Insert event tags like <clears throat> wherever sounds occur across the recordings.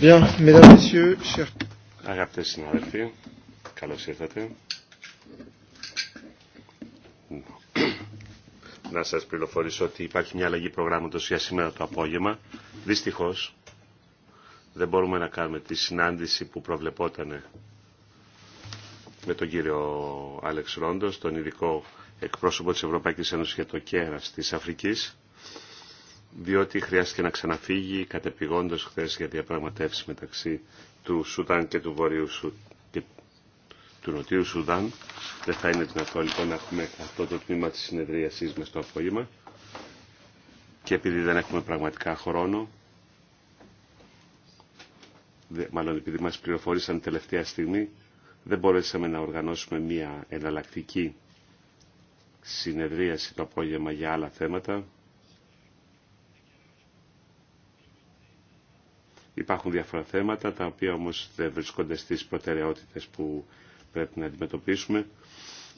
Bien, συνάδελφοι, καλώ ήρθατε. Να σα πληροφορήσω ότι υπάρχει μια αλλαγή προγράμματο για σήμερα το απόγευμα. Δυστυχώ, δεν μπορούμε να κάνουμε τη συνάντηση που προβλεπόταν με τον κύριο Άλεξ Ρόντο, τον ειδικό εκπρόσωπο της Ευρωπαϊκής Ένωσης για το κέρας της Αφρικής διότι χρειάστηκε να ξαναφύγει κατεπηγώντας χθε για διαπραγματεύσει μεταξύ του Σουδάν και του Βορείου του Νοτιού Σουδάν. Δεν θα είναι δυνατό λοιπόν να έχουμε αυτό το τμήμα της συνεδρίασής μας στο απόγευμα. Και επειδή δεν έχουμε πραγματικά χρόνο, μάλλον επειδή μας πληροφορήσαν τελευταία στιγμή, δεν μπορέσαμε να οργανώσουμε μια εναλλακτική συνεδρίαση το απόγευμα για άλλα θέματα. Υπάρχουν διάφορα θέματα τα οποία όμως δεν βρίσκονται στις προτεραιότητες που πρέπει να αντιμετωπίσουμε.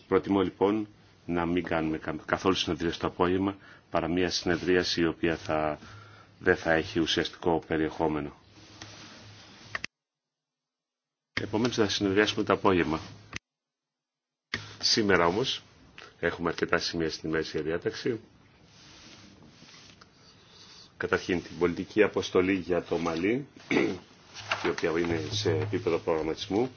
Προτιμώ λοιπόν να μην κάνουμε καθόλου συνεδρία στο απόγευμα παρά μια συνεδρίαση η οποία θα, δεν θα έχει ουσιαστικό περιεχόμενο. Επομένως θα συνεδριάσουμε το απόγευμα. Σήμερα όμως έχουμε αρκετά σημεία στην μέση για διάταξη. Καταρχήν την πολιτική αποστολή για το Μαλί, η οποία είναι σε επίπεδο προγραμματισμού.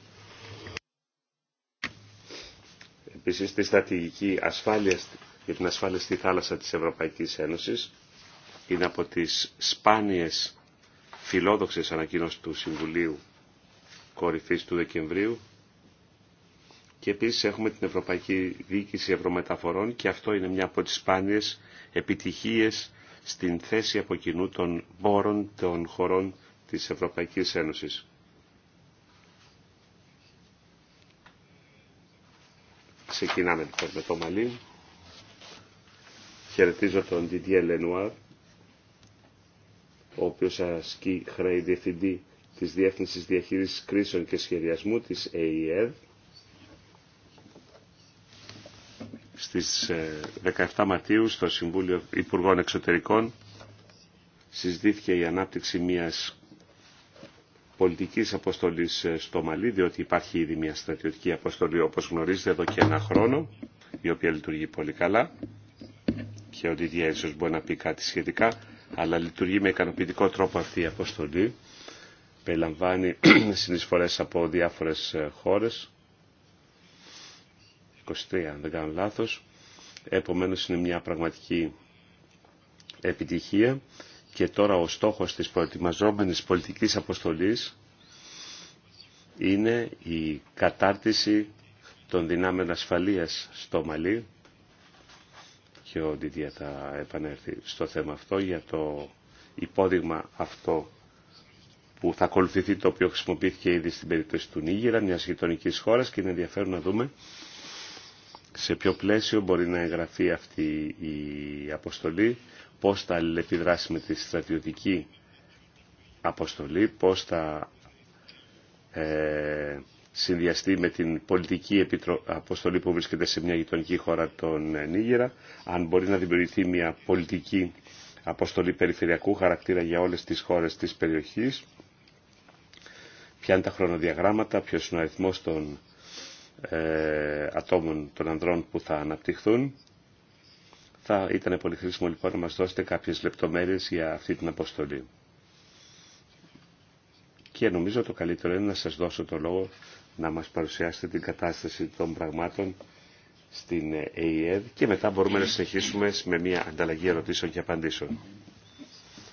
Επίσης τη στρατηγική ασφάλεια για την ασφάλεια στη θάλασσα της Ευρωπαϊκής Ένωσης. Είναι από τις σπάνιες φιλόδοξες ανακοίνωσης του Συμβουλίου κορυφής του Δεκεμβρίου και επίσης έχουμε την Ευρωπαϊκή Διοίκηση Ευρωμεταφορών και αυτό είναι μια από τις σπάνιες επιτυχίες στην θέση από κοινού των πόρων των χωρών της Ευρωπαϊκής Ένωσης. Ξεκινάμε λοιπόν με το Μαλί. Χαιρετίζω τον Didier Lenoir, ο οποίος ασκεί χρέη διευθυντή της Διεύθυνσης Διαχείρισης Κρίσεων και Σχεδιασμού της AEF. Στις 17 ε, Μαρτίου στο Συμβούλιο Υπουργών Εξωτερικών συζητήθηκε η ανάπτυξη μιας πολιτικής αποστολής ε, στο Μαλί, διότι υπάρχει ήδη μια στρατιωτική αποστολή όπως γνωρίζετε εδώ και ένα χρόνο, η οποία λειτουργεί πολύ καλά και ο Διδιά ίσως μπορεί να πει κάτι σχετικά, αλλά λειτουργεί με ικανοποιητικό τρόπο αυτή η αποστολή. Περιλαμβάνει <clears throat> συνεισφορές από διάφορες ε, χώρες 23, αν δεν κάνω λάθος. Επομένως είναι μια πραγματική επιτυχία και τώρα ο στόχος της προετοιμαζόμενης πολιτικής αποστολής είναι η κατάρτιση των δυνάμεων ασφαλείας στο Μαλί και ο Ντιδία θα επανέλθει στο θέμα αυτό για το υπόδειγμα αυτό που θα ακολουθηθεί το οποίο χρησιμοποιήθηκε ήδη στην περίπτωση του Νίγηρα, μιας γειτονική χώρας και είναι ενδιαφέρον να δούμε σε ποιο πλαίσιο μπορεί να εγγραφεί αυτή η αποστολή, πώς θα αλληλεπιδράσει με τη στρατιωτική αποστολή, πώς θα ε, συνδυαστεί με την πολιτική αποστολή που βρίσκεται σε μια γειτονική χώρα των ε, Νίγηρα, αν μπορεί να δημιουργηθεί μια πολιτική αποστολή περιφερειακού χαρακτήρα για όλες τις χώρες της περιοχής, ποια είναι τα χρονοδιαγράμματα, ποιος είναι ο αριθμός των ε, ατόμων των ανδρών που θα αναπτυχθούν. Θα ήταν πολύ χρήσιμο λοιπόν να μας δώσετε κάποιες λεπτομέρειες για αυτή την αποστολή. Και νομίζω το καλύτερο είναι να σας δώσω το λόγο να μας παρουσιάσετε την κατάσταση των πραγμάτων στην Ε.Ε. και μετά μπορούμε να συνεχίσουμε με μια ανταλλαγή ερωτήσεων και απαντήσεων.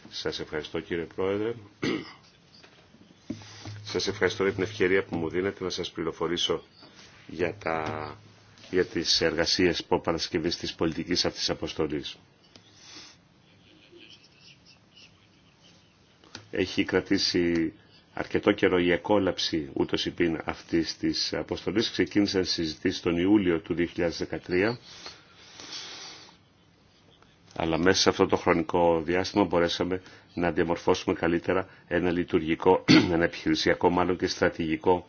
Σας ευχαριστώ κύριε Πρόεδρε. Σας ευχαριστώ για την ευκαιρία που μου δίνετε να σας πληροφορήσω για, τα, για τις εργασίες Παρασκευής της πολιτικής αυτής αποστολής. Έχει κρατήσει αρκετό καιρό η εκόλαψη ούτως υπήν αυτής της αποστολής. Ξεκίνησαν συζητήσεις τον Ιούλιο του 2013 αλλά μέσα σε αυτό το χρονικό διάστημα μπορέσαμε να διαμορφώσουμε καλύτερα ένα λειτουργικό, <clears throat> ένα επιχειρησιακό μάλλον και στρατηγικό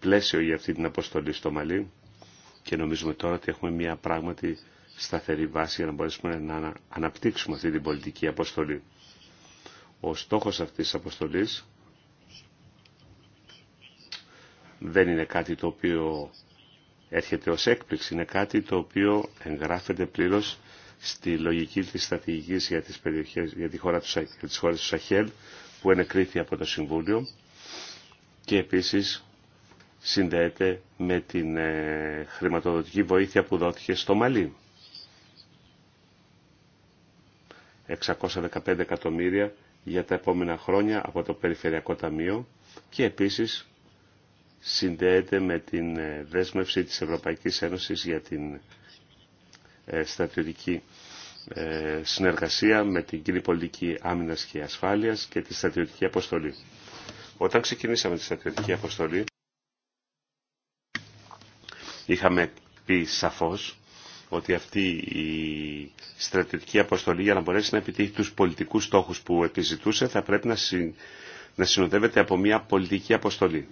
πλαίσιο για αυτή την αποστολή στο Μαλί και νομίζουμε τώρα ότι έχουμε μια πράγματι σταθερή βάση για να μπορέσουμε να αναπτύξουμε αυτή την πολιτική αποστολή. Ο στόχος αυτής της αποστολής δεν είναι κάτι το οποίο έρχεται ως έκπληξη, είναι κάτι το οποίο εγγράφεται πλήρως στη λογική της στρατηγικής για, τις περιοχές, για, τη χώρα του, για τις χώρες του Σαχέλ που ενεκρίθη από το Συμβούλιο και επίσης συνδέεται με την ε, χρηματοδοτική βοήθεια που δόθηκε στο Μαλί. 615 εκατομμύρια για τα επόμενα χρόνια από το Περιφερειακό Ταμείο και επίσης συνδέεται με την ε, δέσμευση της Ευρωπαϊκής Ένωσης για την ε, στρατιωτική συνεργασία με την κοινή πολιτική άμυνας και ασφάλειας και τη στρατιωτική αποστολή. Όταν ξεκινήσαμε τη στρατιωτική αποστολή Είχαμε πει σαφώς ότι αυτή η στρατηγική αποστολή για να μπορέσει να επιτύχει τους πολιτικούς στόχους που επιζητούσε θα πρέπει να, να συνοδεύεται από μια πολιτική αποστολή.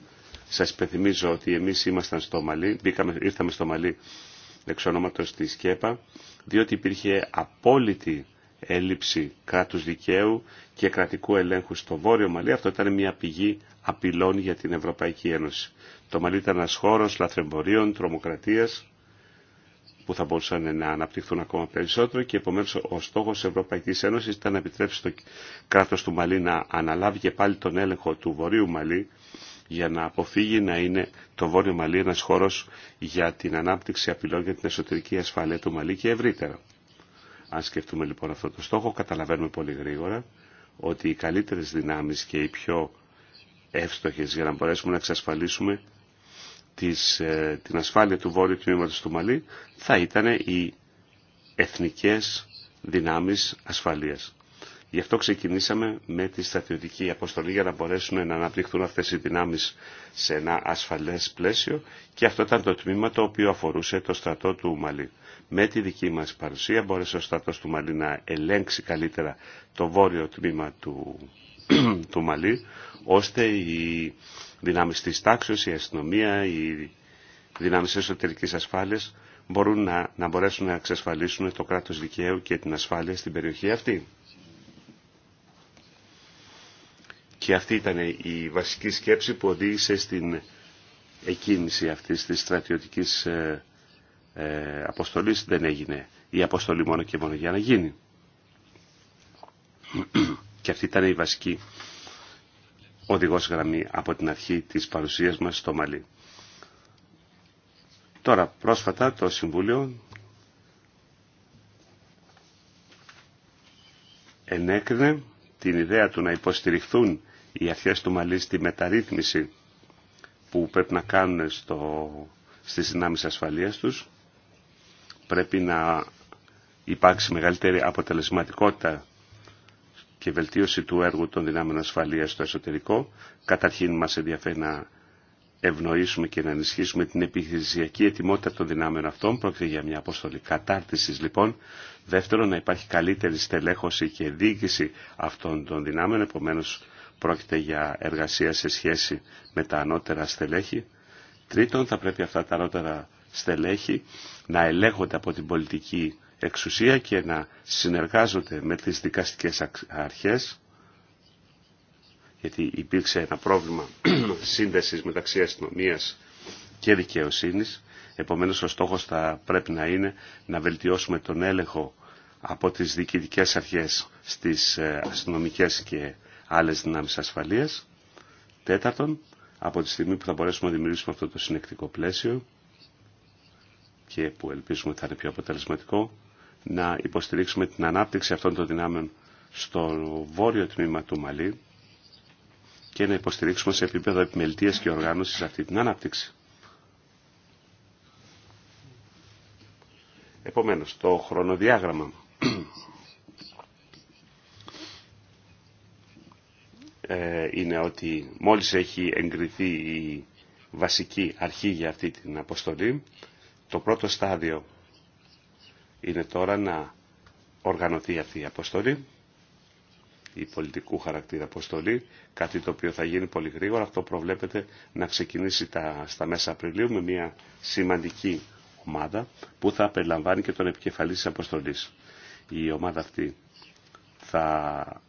Σας υπενθυμίζω ότι εμείς ήμασταν στο Μαλί, ήρθαμε στο Μαλί εξ ονόματος της ΚΕΠΑ, διότι υπήρχε απόλυτη έλλειψη κράτους δικαίου και κρατικού ελέγχου στο Βόρειο Μαλί. Αυτό ήταν μια πηγή απειλών για την Ευρωπαϊκή Ένωση. Το Μαλί ήταν ένας χώρος λαθρεμπορίων, τρομοκρατίας, που θα μπορούσαν να αναπτυχθούν ακόμα περισσότερο και επομένως ο στόχος της Ευρωπαϊκής Ένωσης ήταν να επιτρέψει το κράτος του Μαλί να αναλάβει και πάλι τον έλεγχο του Βορείου Μαλί... για να αποφύγει να είναι το Βόρειο Μαλί ένας χώρος για την ανάπτυξη απειλών για την εσωτερική ασφάλεια του Μαλί και ευρύτερα. Αν σκεφτούμε λοιπόν αυτό το στόχο καταλαβαίνουμε πολύ γρήγορα ότι οι καλύτερες δυνάμεις και οι πιο εύστοχες για να μπορέσουμε να εξασφαλίσουμε της, ε, την ασφάλεια του βόρειου τμήματος του Μαλή θα ήταν οι εθνικές δυνάμεις ασφαλείας. Γι' αυτό ξεκινήσαμε με τη στρατιωτική αποστολή για να μπορέσουν να αναπτυχθούν αυτές οι δυνάμεις σε ένα ασφαλές πλαίσιο και αυτό ήταν το τμήμα το οποίο αφορούσε το στρατό του Μαλή. Με τη δική μας παρουσία μπόρεσε ο στρατός του Μαλή να ελέγξει καλύτερα το βόρειο τμήμα του, <clears throat> του Μαλή ώστε οι δυνάμεις της τάξης, η αστυνομία, οι δυνάμεις εσωτερικής ασφάλειας μπορούν να, να μπορέσουν να εξασφαλίσουν το κράτος δικαίου και την ασφάλεια στην περιοχή αυτή. Και αυτή ήταν η βασική σκέψη που οδήγησε στην εκκίνηση αυτής της στρατιωτικής ε, ε αποστολής. Δεν έγινε η αποστολή μόνο και μόνο για να γίνει. <clears throat> και αυτή ήταν η βασική οδηγός γραμμή από την αρχή της παρουσίας μας στο Μαλί. Τώρα, πρόσφατα το Συμβούλιο ενέκρινε την ιδέα του να υποστηριχθούν οι αρχές του Μαλί στη μεταρρύθμιση που πρέπει να κάνουν στο, στις δυνάμεις ασφαλείας τους. Πρέπει να υπάρξει μεγαλύτερη αποτελεσματικότητα και βελτίωση του έργου των δυνάμεων ασφαλείας στο εσωτερικό. Καταρχήν μας ενδιαφέρει να ευνοήσουμε και να ενισχύσουμε την επιχειρησιακή ετοιμότητα των δυνάμεων αυτών. Πρόκειται για μια αποστολή κατάρτισης λοιπόν. Δεύτερον, να υπάρχει καλύτερη στελέχωση και διοίκηση αυτών των δυνάμεων. Επομένως, πρόκειται για εργασία σε σχέση με τα ανώτερα στελέχη. Τρίτον, θα πρέπει αυτά τα ανώτερα στελέχη να ελέγχονται από την πολιτική εξουσία και να συνεργάζονται με τις δικαστικές αρχές γιατί υπήρξε ένα πρόβλημα <clears throat> σύνδεσης μεταξύ αστυνομία και δικαιοσύνης. Επομένως ο στόχος θα πρέπει να είναι να βελτιώσουμε τον έλεγχο από τις διοικητικές αρχές στις ε, αστυνομικές και άλλες δυνάμεις ασφαλείας. Τέταρτον, από τη στιγμή που θα μπορέσουμε να δημιουργήσουμε αυτό το συνεκτικό πλαίσιο και που ελπίζουμε θα είναι πιο αποτελεσματικό, να υποστηρίξουμε την ανάπτυξη αυτών των δυνάμεων στο βόρειο τμήμα του Μαλή και να υποστηρίξουμε σε επίπεδο επιμελητίας και οργάνωσης αυτή την ανάπτυξη. Επομένως, το χρονοδιάγραμμα ε, είναι ότι μόλις έχει εγκριθεί η βασική αρχή για αυτή την αποστολή, το πρώτο στάδιο είναι τώρα να οργανωθεί αυτή η αποστολή, η πολιτικού χαρακτήρα αποστολή, κάτι το οποίο θα γίνει πολύ γρήγορα. Αυτό προβλέπεται να ξεκινήσει τα, στα μέσα Απριλίου με μια σημαντική ομάδα που θα περιλαμβάνει και τον επικεφαλή τη αποστολή. Η ομάδα αυτή θα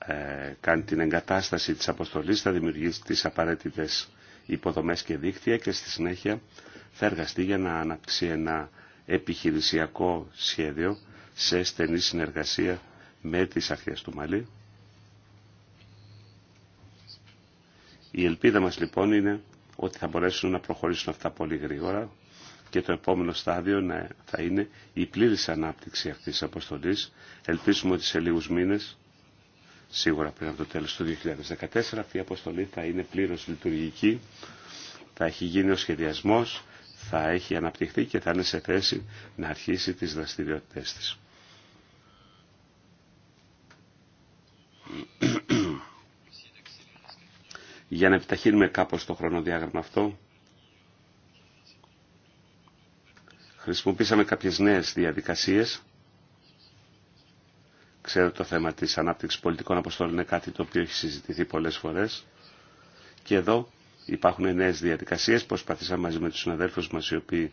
ε, κάνει την εγκατάσταση της αποστολής, θα δημιουργήσει τις απαραίτητες υποδομές και δίκτυα και στη συνέχεια θα εργαστεί για να αναπτύξει ένα επιχειρησιακό σχέδιο σε στενή συνεργασία με τις αρχές του Μαλή. Η ελπίδα μας λοιπόν είναι ότι θα μπορέσουν να προχωρήσουν αυτά πολύ γρήγορα και το επόμενο στάδιο θα είναι η πλήρης ανάπτυξη αυτής της αποστολής. ελπίσουμε ότι σε λίγους μήνες, σίγουρα πριν από το τέλος του 2014, αυτή η αποστολή θα είναι πλήρως λειτουργική, θα έχει γίνει ο σχεδιασμός, θα έχει αναπτυχθεί και θα είναι σε θέση να αρχίσει τις δραστηριότητές της. Για να επιταχύνουμε κάπως το χρονοδιάγραμμα αυτό, χρησιμοποίησαμε κάποιες νέες διαδικασίες. Ξέρω το θέμα της ανάπτυξης πολιτικών αποστόλων είναι κάτι το οποίο έχει συζητηθεί πολλές φορές. Και εδώ Υπάρχουν νέε διαδικασίε, προσπαθήσαμε μαζί με του συναδέλφους μα οι οποίοι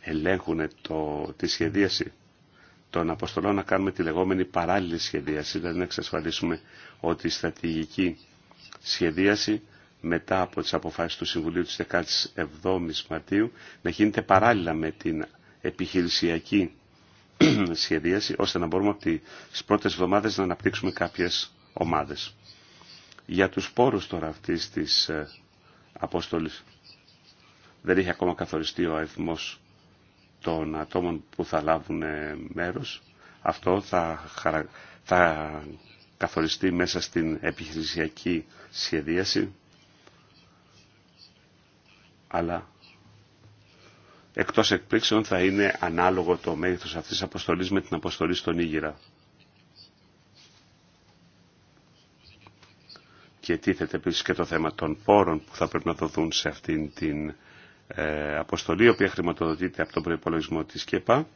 ελέγχουν το, τη σχεδίαση των αποστολών να κάνουμε τη λεγόμενη παράλληλη σχεδίαση, δηλαδή να εξασφαλίσουμε ότι η στρατηγική σχεδίαση μετά από τι αποφάσει του Συμβουλίου τη 17 7η Μαρτίου να γίνεται παράλληλα με την επιχειρησιακή <clears throat> σχεδίαση ώστε να μπορούμε από τι πρώτε εβδομάδε να αναπτύξουμε κάποιε ομάδε. Για τους πόρους τώρα αυτής της ε, αποστολής. Δεν έχει ακόμα καθοριστεί ο αριθμό των ατόμων που θα λάβουν ε, μέρο. Αυτό θα, χαρα... θα καθοριστεί μέσα στην επιχειρησιακή σχεδίαση. Αλλά εκτός εκπλήξεων θα είναι ανάλογο το μέγεθος αυτής της αποστολής με την αποστολή στον Ήγηρα. και τίθεται επίση και το θέμα των πόρων που θα πρέπει να δοθούν σε αυτήν την ε, αποστολή, η οποία χρηματοδοτείται από τον προπολογισμό της ΚΕΠΑ.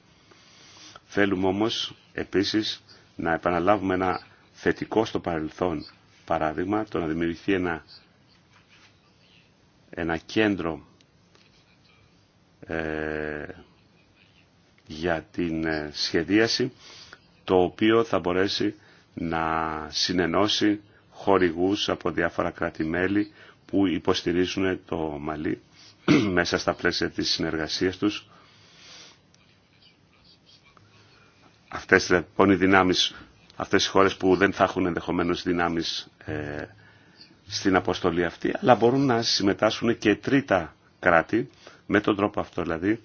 Θέλουμε όμως επίσης να επαναλάβουμε ένα θετικό στο παρελθόν παράδειγμα, το να δημιουργηθεί ένα, ένα κέντρο ε, για την ε, σχεδίαση, το οποίο θα μπορέσει να συνενώσει χορηγούς από διάφορα κράτη-μέλη που υποστηρίζουν το Μαλί <clears throat> μέσα στα πλαίσια της συνεργασίας τους. Αυτές λοιπόν οι δυνάμεις, αυτές οι χώρες που δεν θα έχουν ενδεχομένως δυνάμεις ε, στην αποστολή αυτή, αλλά μπορούν να συμμετάσχουν και τρίτα κράτη, με τον τρόπο αυτό δηλαδή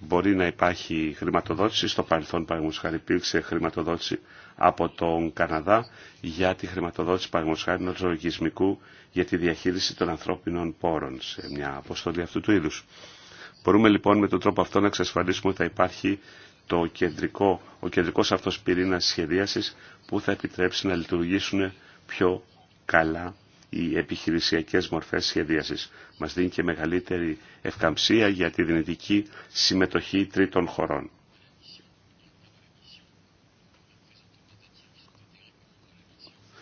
μπορεί να υπάρχει χρηματοδότηση, στο παρελθόν χαρη υπήρξε χρηματοδότηση από τον Καναδά για τη χρηματοδότηση παραγωγικά λογισμικού για τη διαχείριση των ανθρώπινων πόρων σε μια αποστολή αυτού του είδους. Μπορούμε λοιπόν με τον τρόπο αυτό να εξασφαλίσουμε ότι θα υπάρχει το κεντρικό, ο κεντρικός αυτός πυρήνας σχεδίασης που θα επιτρέψει να λειτουργήσουν πιο καλά οι επιχειρησιακές μορφές σχεδίασης. Μας δίνει και μεγαλύτερη ευκαμψία για τη δυνητική συμμετοχή τρίτων χωρών.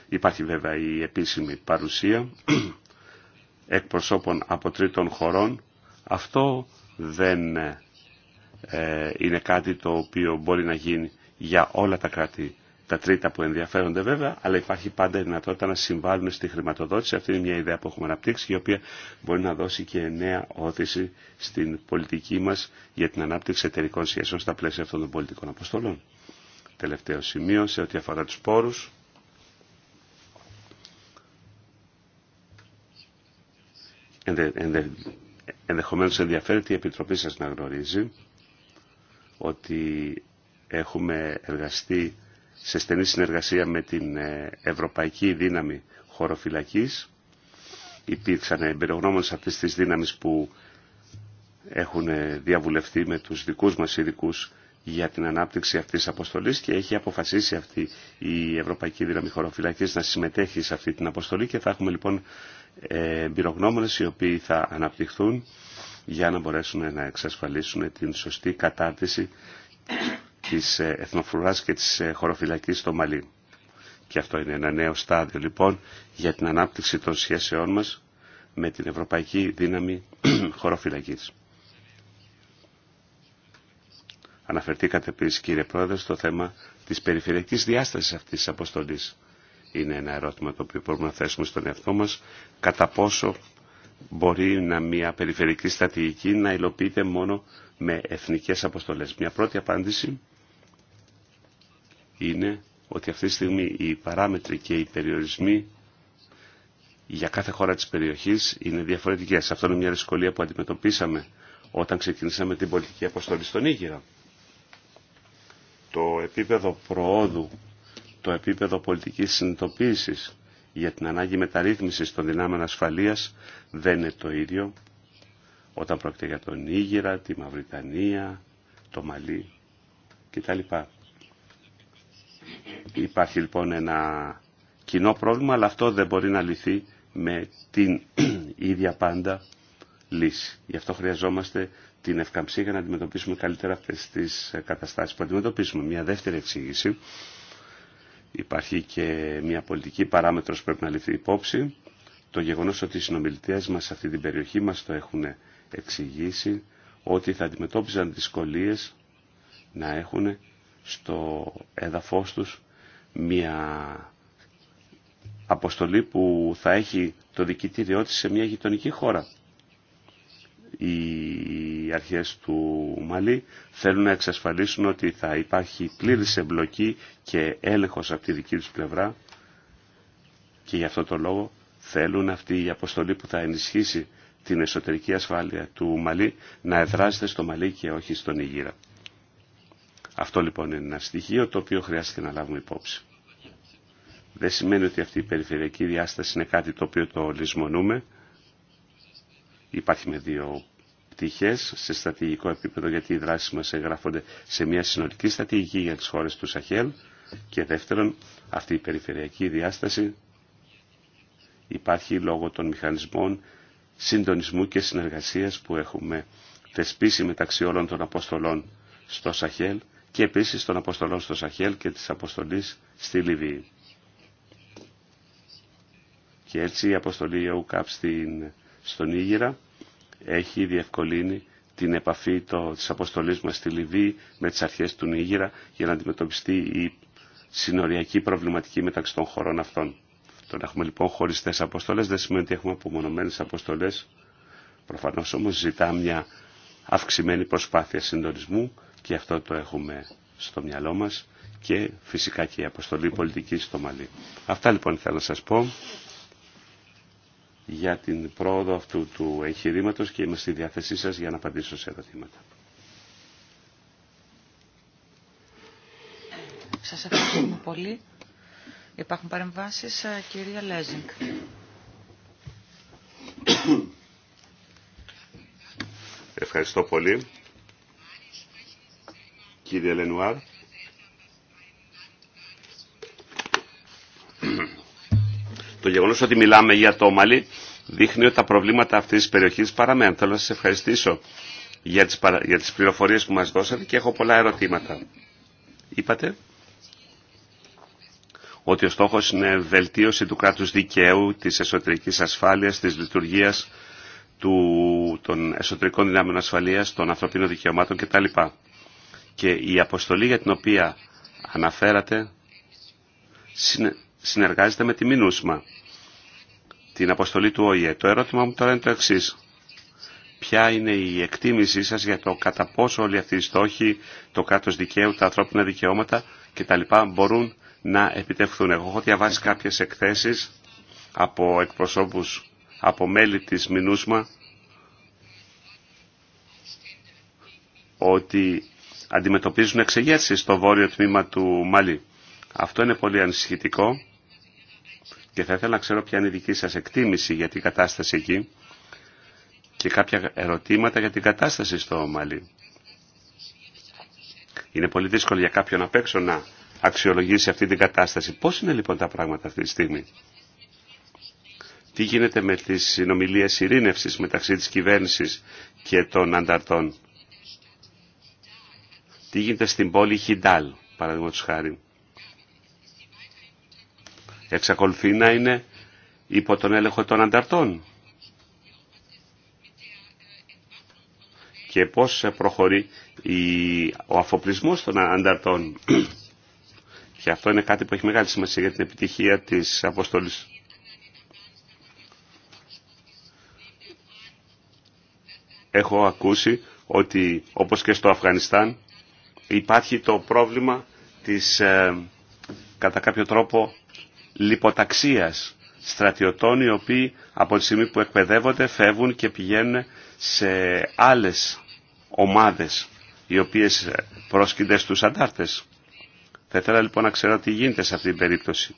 Υπάρχει βέβαια η επίσημη παρουσία <clears throat> εκπροσώπων από τρίτων χωρών. Αυτό δεν ε, είναι κάτι το οποίο μπορεί να γίνει για όλα τα κράτη τα τρίτα που ενδιαφέρονται βέβαια, αλλά υπάρχει πάντα η δυνατότητα να συμβάλλουν στη χρηματοδότηση. Αυτή είναι μια ιδέα που έχουμε αναπτύξει, η οποία μπορεί να δώσει και νέα όθηση στην πολιτική μας για την ανάπτυξη εταιρικών σχέσεων στα πλαίσια αυτών των πολιτικών αποστολών. Τελευταίο σημείο σε ό,τι αφορά τους πόρους. Ενδεχομένω ενδεχομένως ενδιαφέρεται η Επιτροπή σας να γνωρίζει ότι έχουμε εργαστεί σε στενή συνεργασία με την ε, Ευρωπαϊκή Δύναμη Χωροφυλακής. Υπήρξαν εμπειρογνώμονες αυτής της δύναμης που έχουν ε, διαβουλευτεί με τους δικούς μας ειδικού για την ανάπτυξη αυτής της αποστολής και έχει αποφασίσει αυτή η Ευρωπαϊκή Δύναμη Χωροφυλακής να συμμετέχει σε αυτή την αποστολή και θα έχουμε λοιπόν εμπειρογνώμονες οι οποίοι θα αναπτυχθούν για να μπορέσουν να εξασφαλίσουν την σωστή κατάρτιση της ε, εθνοφρουράς και της ε, χωροφυλακής στο Μαλί. Και αυτό είναι ένα νέο στάδιο λοιπόν για την ανάπτυξη των σχέσεών μας με την Ευρωπαϊκή Δύναμη <clears throat> Χωροφυλακής. Αναφερθήκατε επίση, κύριε Πρόεδρε στο θέμα της περιφερειακής διάστασης αυτής της αποστολής είναι ένα ερώτημα το οποίο μπορούμε να θέσουμε στον εαυτό μας, κατά πόσο μπορεί να μια περιφερειακή στρατηγική να υλοποιείται μόνο με εθνικές αποστολές. Μια πρώτη απάντηση είναι ότι αυτή τη στιγμή οι παράμετροι και οι περιορισμοί για κάθε χώρα της περιοχής είναι διαφορετικές. Αυτό είναι μια δυσκολία που αντιμετωπίσαμε όταν ξεκινήσαμε την πολιτική αποστολή στον Ήγηρα. Το επίπεδο προόδου το επίπεδο πολιτικής συνειδητοποίησης για την ανάγκη μεταρρύθμισης των δυνάμεων ασφαλείας δεν είναι το ίδιο όταν πρόκειται για τον Ήγηρα, τη Μαυριτανία, το Μαλί κτλ. Υπάρχει λοιπόν ένα κοινό πρόβλημα, αλλά αυτό δεν μπορεί να λυθεί με την <clears throat> ίδια πάντα λύση. Γι' αυτό χρειαζόμαστε την ευκαμψία για να αντιμετωπίσουμε καλύτερα αυτές τις καταστάσεις που αντιμετωπίσουμε. Μια δεύτερη εξήγηση Υπάρχει και μια πολιτική παράμετρος που πρέπει να ληφθεί υπόψη. Το γεγονός ότι οι συνομιλητές μας σε αυτή την περιοχή μας το έχουν εξηγήσει ότι θα αντιμετώπιζαν δυσκολίες να έχουν στο έδαφος τους μια αποστολή που θα έχει το δικητήριό της σε μια γειτονική χώρα οι αρχές του Μαλή θέλουν να εξασφαλίσουν ότι θα υπάρχει πλήρης εμπλοκή και έλεγχος από τη δική τους πλευρά και γι' αυτό το λόγο θέλουν αυτή η αποστολή που θα ενισχύσει την εσωτερική ασφάλεια του Μαλή να εδράζεται στο Μαλή και όχι στον Ιγύρα. Αυτό λοιπόν είναι ένα στοιχείο το οποίο χρειάζεται να λάβουμε υπόψη. Δεν σημαίνει ότι αυτή η περιφερειακή διάσταση είναι κάτι το οποίο το λησμονούμε. Υπάρχει με δύο πτυχές σε στρατηγικό επίπεδο γιατί οι δράσεις μας εγγράφονται σε μια συνολική στρατηγική για τις χώρες του Σαχέλ και δεύτερον αυτή η περιφερειακή διάσταση υπάρχει λόγω των μηχανισμών συντονισμού και συνεργασίας που έχουμε θεσπίσει μεταξύ όλων των αποστολών στο Σαχέλ και επίσης των αποστολών στο Σαχέλ και της αποστολής στη Λιβύη. Και έτσι η αποστολή ΕΟΚΑΠ στον Ήγηρα έχει διευκολύνει την επαφή το, της αποστολής μας στη Λιβύη με τις αρχές του Νίγηρα για να αντιμετωπιστεί η συνοριακή προβληματική μεταξύ των χωρών αυτών. Τον έχουμε λοιπόν χωριστές αποστολές δεν σημαίνει ότι έχουμε απομονωμένες αποστολές. Προφανώς όμως ζητά μια αυξημένη προσπάθεια συντονισμού και αυτό το έχουμε στο μυαλό μας και φυσικά και η αποστολή πολιτική στο Μαλί. Αυτά λοιπόν θέλω να σας πω για την πρόοδο αυτού του εγχειρήματο και είμαι στη διάθεσή σας για να απαντήσω σε ερωτήματα. Σας ευχαριστούμε πολύ. Υπάρχουν παρεμβάσεις. Ε, κυρία Λέζινγκ. Ευχαριστώ πολύ. Κύριε Λενουάρ. Το γεγονός ότι μιλάμε για το Μαλί δείχνει ότι τα προβλήματα αυτής της περιοχής παραμένουν. Θέλω να σας ευχαριστήσω για τις, πληροφορίε πληροφορίες που μας δώσατε και έχω πολλά ερωτήματα. Είπατε ότι ο στόχος είναι βελτίωση του κράτους δικαίου, της εσωτερικής ασφάλειας, της λειτουργίας του, των εσωτερικών δυνάμεων ασφαλείας, των ανθρωπίνων δικαιωμάτων κτλ. Και η αποστολή για την οποία αναφέρατε συνεργάζεται με τη Μινούσμα, την αποστολή του ΟΗΕ. Το ερώτημα μου τώρα είναι το εξή. Ποια είναι η εκτίμησή σας για το κατά πόσο όλοι αυτοί οι στόχοι, το κάτος δικαίου, τα ανθρώπινα δικαιώματα κτλ. μπορούν να επιτευχθούν. Εγώ έχω διαβάσει κάποιες εκθέσεις από εκπροσώπους, από μέλη της Μινούσμα, ότι αντιμετωπίζουν εξεγέρσεις στο βόρειο τμήμα του Μάλι. Αυτό είναι πολύ ανησυχητικό και θα ήθελα να ξέρω ποια είναι η δική σας εκτίμηση για την κατάσταση εκεί και κάποια ερωτήματα για την κατάσταση στο Μαλί. Είναι πολύ δύσκολο για κάποιον απ' έξω να αξιολογήσει αυτή την κατάσταση. Πώς είναι λοιπόν τα πράγματα αυτή τη στιγμή. Τι γίνεται με τις συνομιλίες ειρήνευσης μεταξύ της κυβέρνησης και των ανταρτών. Τι γίνεται στην πόλη Χιντάλ, παραδείγματος χάρη εξακολουθεί να είναι υπό τον έλεγχο των ανταρτών. Και πώς προχωρεί ο αφοπλισμός των ανταρτών. Και αυτό είναι κάτι που έχει μεγάλη σημασία για την επιτυχία της αποστολής. Έχω ακούσει ότι όπως και στο Αφγανιστάν υπάρχει το πρόβλημα της ε, κατά κάποιο τρόπο λιποταξίας στρατιωτών οι οποίοι από τη στιγμή που εκπαιδεύονται φεύγουν και πηγαίνουν σε άλλες ομάδες οι οποίες πρόσκυνται στους αντάρτες. Θα ήθελα λοιπόν να ξέρω τι γίνεται σε αυτή την περίπτωση.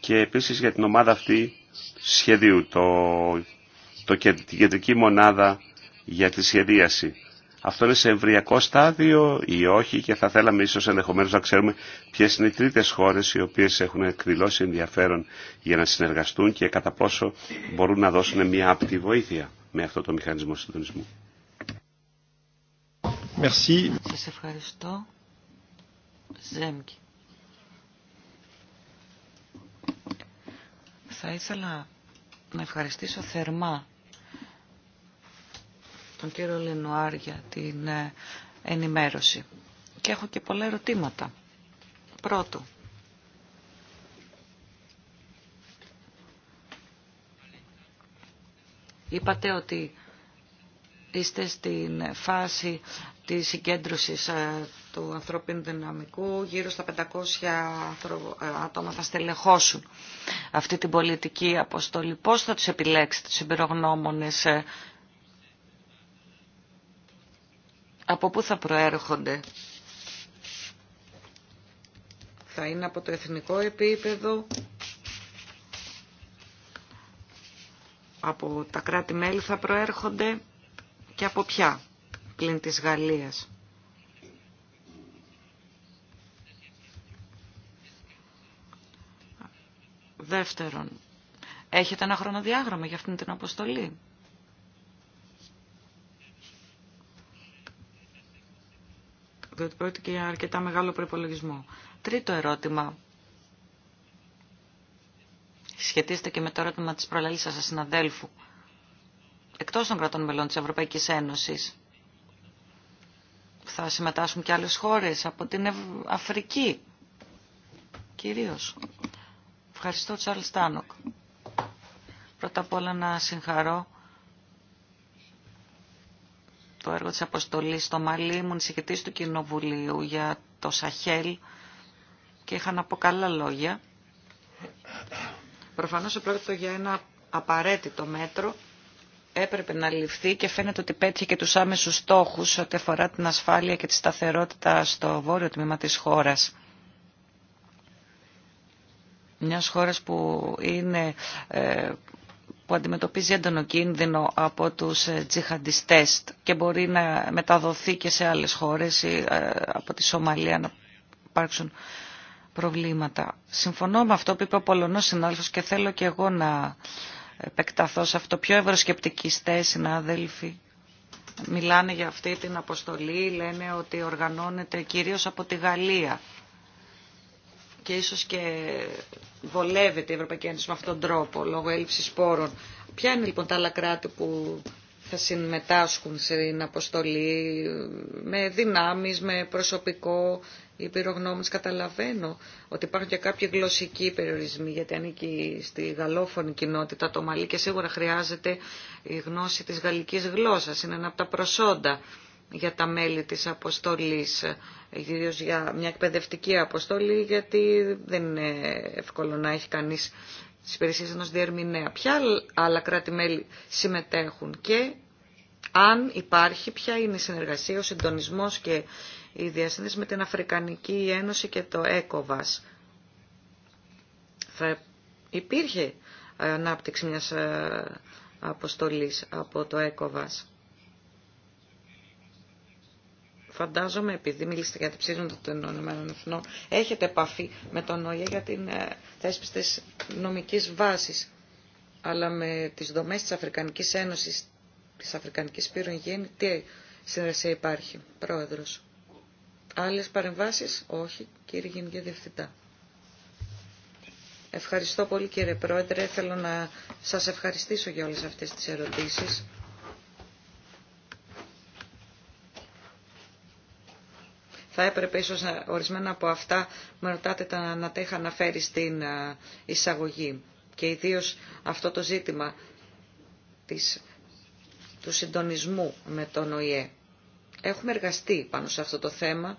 Και επίσης για την ομάδα αυτή σχεδίου, το, το, την κεντρική μονάδα για τη σχεδίαση αυτό είναι σε εμβριακό στάδιο ή όχι και θα θέλαμε ίσως ενδεχομένως να ξέρουμε ποιες είναι οι τρίτες χώρες οι οποίες έχουν εκδηλώσει ενδιαφέρον για να συνεργαστούν και κατά πόσο μπορούν να δώσουν μια απτή βοήθεια με αυτό το μηχανισμό συντονισμού. Merci. Σας ευχαριστώ. Ζέμκι. Θα ήθελα να ευχαριστήσω θερμά τον κύριο Λενουάρ για την ε, ενημέρωση. Και έχω και πολλά ερωτήματα. Πρώτο. Είπατε ότι είστε στην φάση της συγκέντρωσης ε, του ανθρώπινου δυναμικού. Γύρω στα 500 ε, άτομα θα στελεχώσουν αυτή την πολιτική αποστολή. Πώς θα τους επιλέξετε τους εμπειρογνώμονες από πού θα προέρχονται. Θα είναι από το εθνικό επίπεδο, από τα κράτη-μέλη θα προέρχονται και από ποια πλην της Γαλλίας. Δεύτερον, έχετε ένα χρονοδιάγραμμα για αυτήν την αποστολή. διότι πρόκειται και για αρκετά μεγάλο προπολογισμό. Τρίτο ερώτημα. Σχετίζεται και με το ερώτημα της προλαλή σα συναδέλφου. Εκτό των κρατών μελών τη Ευρωπαϊκής Ένωσης, θα συμμετάσχουν και άλλε χώρε από την Αφρική. Κυρίω. Ευχαριστώ, Τσάρλ Στάνοκ. Πρώτα απ' όλα να συγχαρώ το έργο της αποστολής στο Μαλί, ήμουν του Κοινοβουλίου για το Σαχέλ και είχα να πω καλά λόγια. Προφανώς πρόκειται για ένα απαραίτητο μέτρο έπρεπε να ληφθεί και φαίνεται ότι πέτυχε και τους άμεσους στόχους ό,τι αφορά την ασφάλεια και τη σταθερότητα στο βόρειο τμήμα της χώρας. Μιας χώρας που είναι ε, που αντιμετωπίζει έντονο κίνδυνο από τους ε, τζιχαντιστές και μπορεί να μεταδοθεί και σε άλλες χώρες ή ε, από τη Σομαλία να υπάρξουν προβλήματα. Συμφωνώ με αυτό που είπε ο Πολωνός συνάδελφος και θέλω και εγώ να επεκταθώ σε αυτό. Πιο ευρωσκεπτικιστές συνάδελφοι μιλάνε για αυτή την αποστολή, λένε ότι οργανώνεται κυρίως από τη Γαλλία και ίσως και βολεύεται η Ευρωπαϊκή Ένωση με αυτόν τον τρόπο λόγω έλλειψη σπόρων. Ποια είναι λοιπόν τα άλλα κράτη που θα συμμετάσχουν σε την αποστολή με δυνάμεις, με προσωπικό υπηρογνώμης. Καταλαβαίνω ότι υπάρχουν και κάποιοι γλωσσικοί περιορισμοί γιατί ανήκει στη γαλλόφωνη κοινότητα το Μαλί και σίγουρα χρειάζεται η γνώση της γαλλικής γλώσσας. Είναι ένα από τα προσόντα για τα μέλη της αποστολής, ιδίω για μια εκπαιδευτική αποστολή, γιατί δεν είναι εύκολο να έχει κανείς τις υπηρεσίες ενός διερμηνέα. Ποια άλλα κράτη-μέλη συμμετέχουν και αν υπάρχει, ποια είναι η συνεργασία, ο συντονισμός και η διασύνδεση με την Αφρικανική Ένωση και το ΕΚΟΒΑΣ. Θα υπήρχε ανάπτυξη μιας ε, αποστολής από το ΕΚΟΒΑΣ. Φαντάζομαι, επειδή μιλήσατε για την ψήφιση των Ηνωμένων Εθνών, έχετε επαφή με τον ΟΗΕ για την ε, θέσπιση της νομικής βάσης. Αλλά με τις δομές της Αφρικανικής Ένωσης, της Αφρικανικής Πύρων Γέννη, τι συνεργασία υπάρχει, Πρόεδρος. Άλλες παρεμβάσεις, όχι, κύριε Γενική Διευθυντά. Ευχαριστώ πολύ κύριε Πρόεδρε. Θέλω να σας ευχαριστήσω για όλες αυτές τις ερωτήσεις. Θα έπρεπε ίσως ορισμένα από αυτά με ρωτάτε τα, να τα είχα αναφέρει στην εισαγωγή. Και ιδίως αυτό το ζήτημα της, του συντονισμού με τον ΟΗΕ. Έχουμε εργαστεί πάνω σε αυτό το θέμα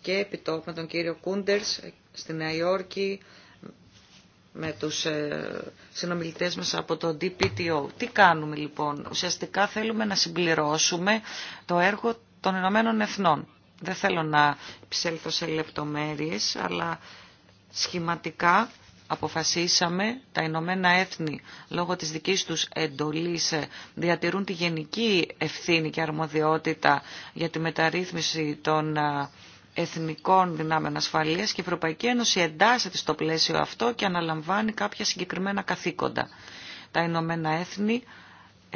και επί το, με τον κύριο Κούντερς στη Νέα Υόρκη, με τους ε, συνομιλητές μας από το DPTO. Τι κάνουμε λοιπόν. Ουσιαστικά θέλουμε να συμπληρώσουμε το έργο των Ηνωμένων Εθνών. Δεν θέλω να ψέλθω σε λεπτομέρειες, αλλά σχηματικά αποφασίσαμε τα Ηνωμένα Έθνη λόγω της δικής τους εντολής διατηρούν τη γενική ευθύνη και αρμοδιότητα για τη μεταρρύθμιση των εθνικών δυνάμεων ασφαλείας και η Ευρωπαϊκή Ένωση εντάσσεται στο πλαίσιο αυτό και αναλαμβάνει κάποια συγκεκριμένα καθήκοντα. Τα Ηνωμένα Έθνη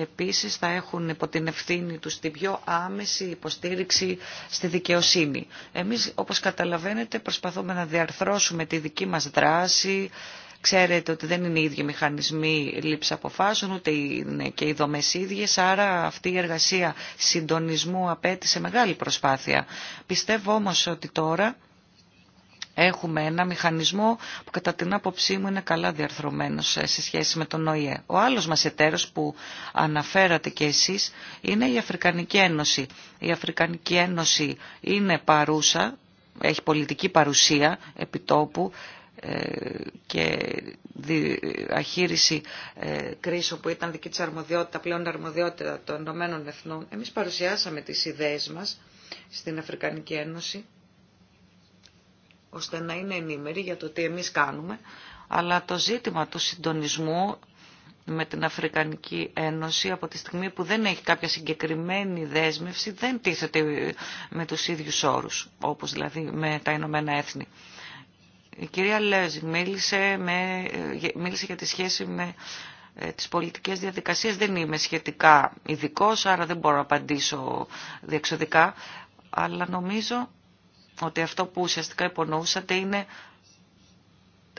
επίσης θα έχουν υπό την ευθύνη τους την πιο άμεση υποστήριξη στη δικαιοσύνη. Εμείς, όπως καταλαβαίνετε, προσπαθούμε να διαρθρώσουμε τη δική μας δράση. Ξέρετε ότι δεν είναι οι ίδιοι μηχανισμοί λήψη αποφάσεων, ούτε είναι και οι δομέ ίδιε. άρα αυτή η εργασία συντονισμού απέτησε μεγάλη προσπάθεια. Πιστεύω όμω ότι τώρα έχουμε ένα μηχανισμό που κατά την άποψή μου είναι καλά διαρθρωμένος ε, σε σχέση με τον ΟΗΕ. Ο άλλος μας εταίρος που αναφέρατε και εσείς είναι η Αφρικανική Ένωση. Η Αφρικανική Ένωση είναι παρούσα, έχει πολιτική παρουσία επιτόπου ε, και διαχείριση ε, κρίσεων που ήταν δική της αρμοδιότητα, πλέον αρμοδιότητα των Ηνωμένων Εθνών. Εμείς παρουσιάσαμε τις ιδέες μας στην Αφρικανική Ένωση ώστε να είναι ενήμεροι για το τι εμείς κάνουμε, αλλά το ζήτημα του συντονισμού με την Αφρικανική Ένωση από τη στιγμή που δεν έχει κάποια συγκεκριμένη δέσμευση δεν τίθεται με τους ίδιους όρους, όπως δηλαδή με τα Ηνωμένα Έθνη. Η κυρία Λέζη μίλησε, με, μίλησε για τη σχέση με ε, τις πολιτικές διαδικασίες. Δεν είμαι σχετικά ειδικό, άρα δεν μπορώ να απαντήσω διεξοδικά, αλλά νομίζω ότι αυτό που ουσιαστικά υπονοούσατε είναι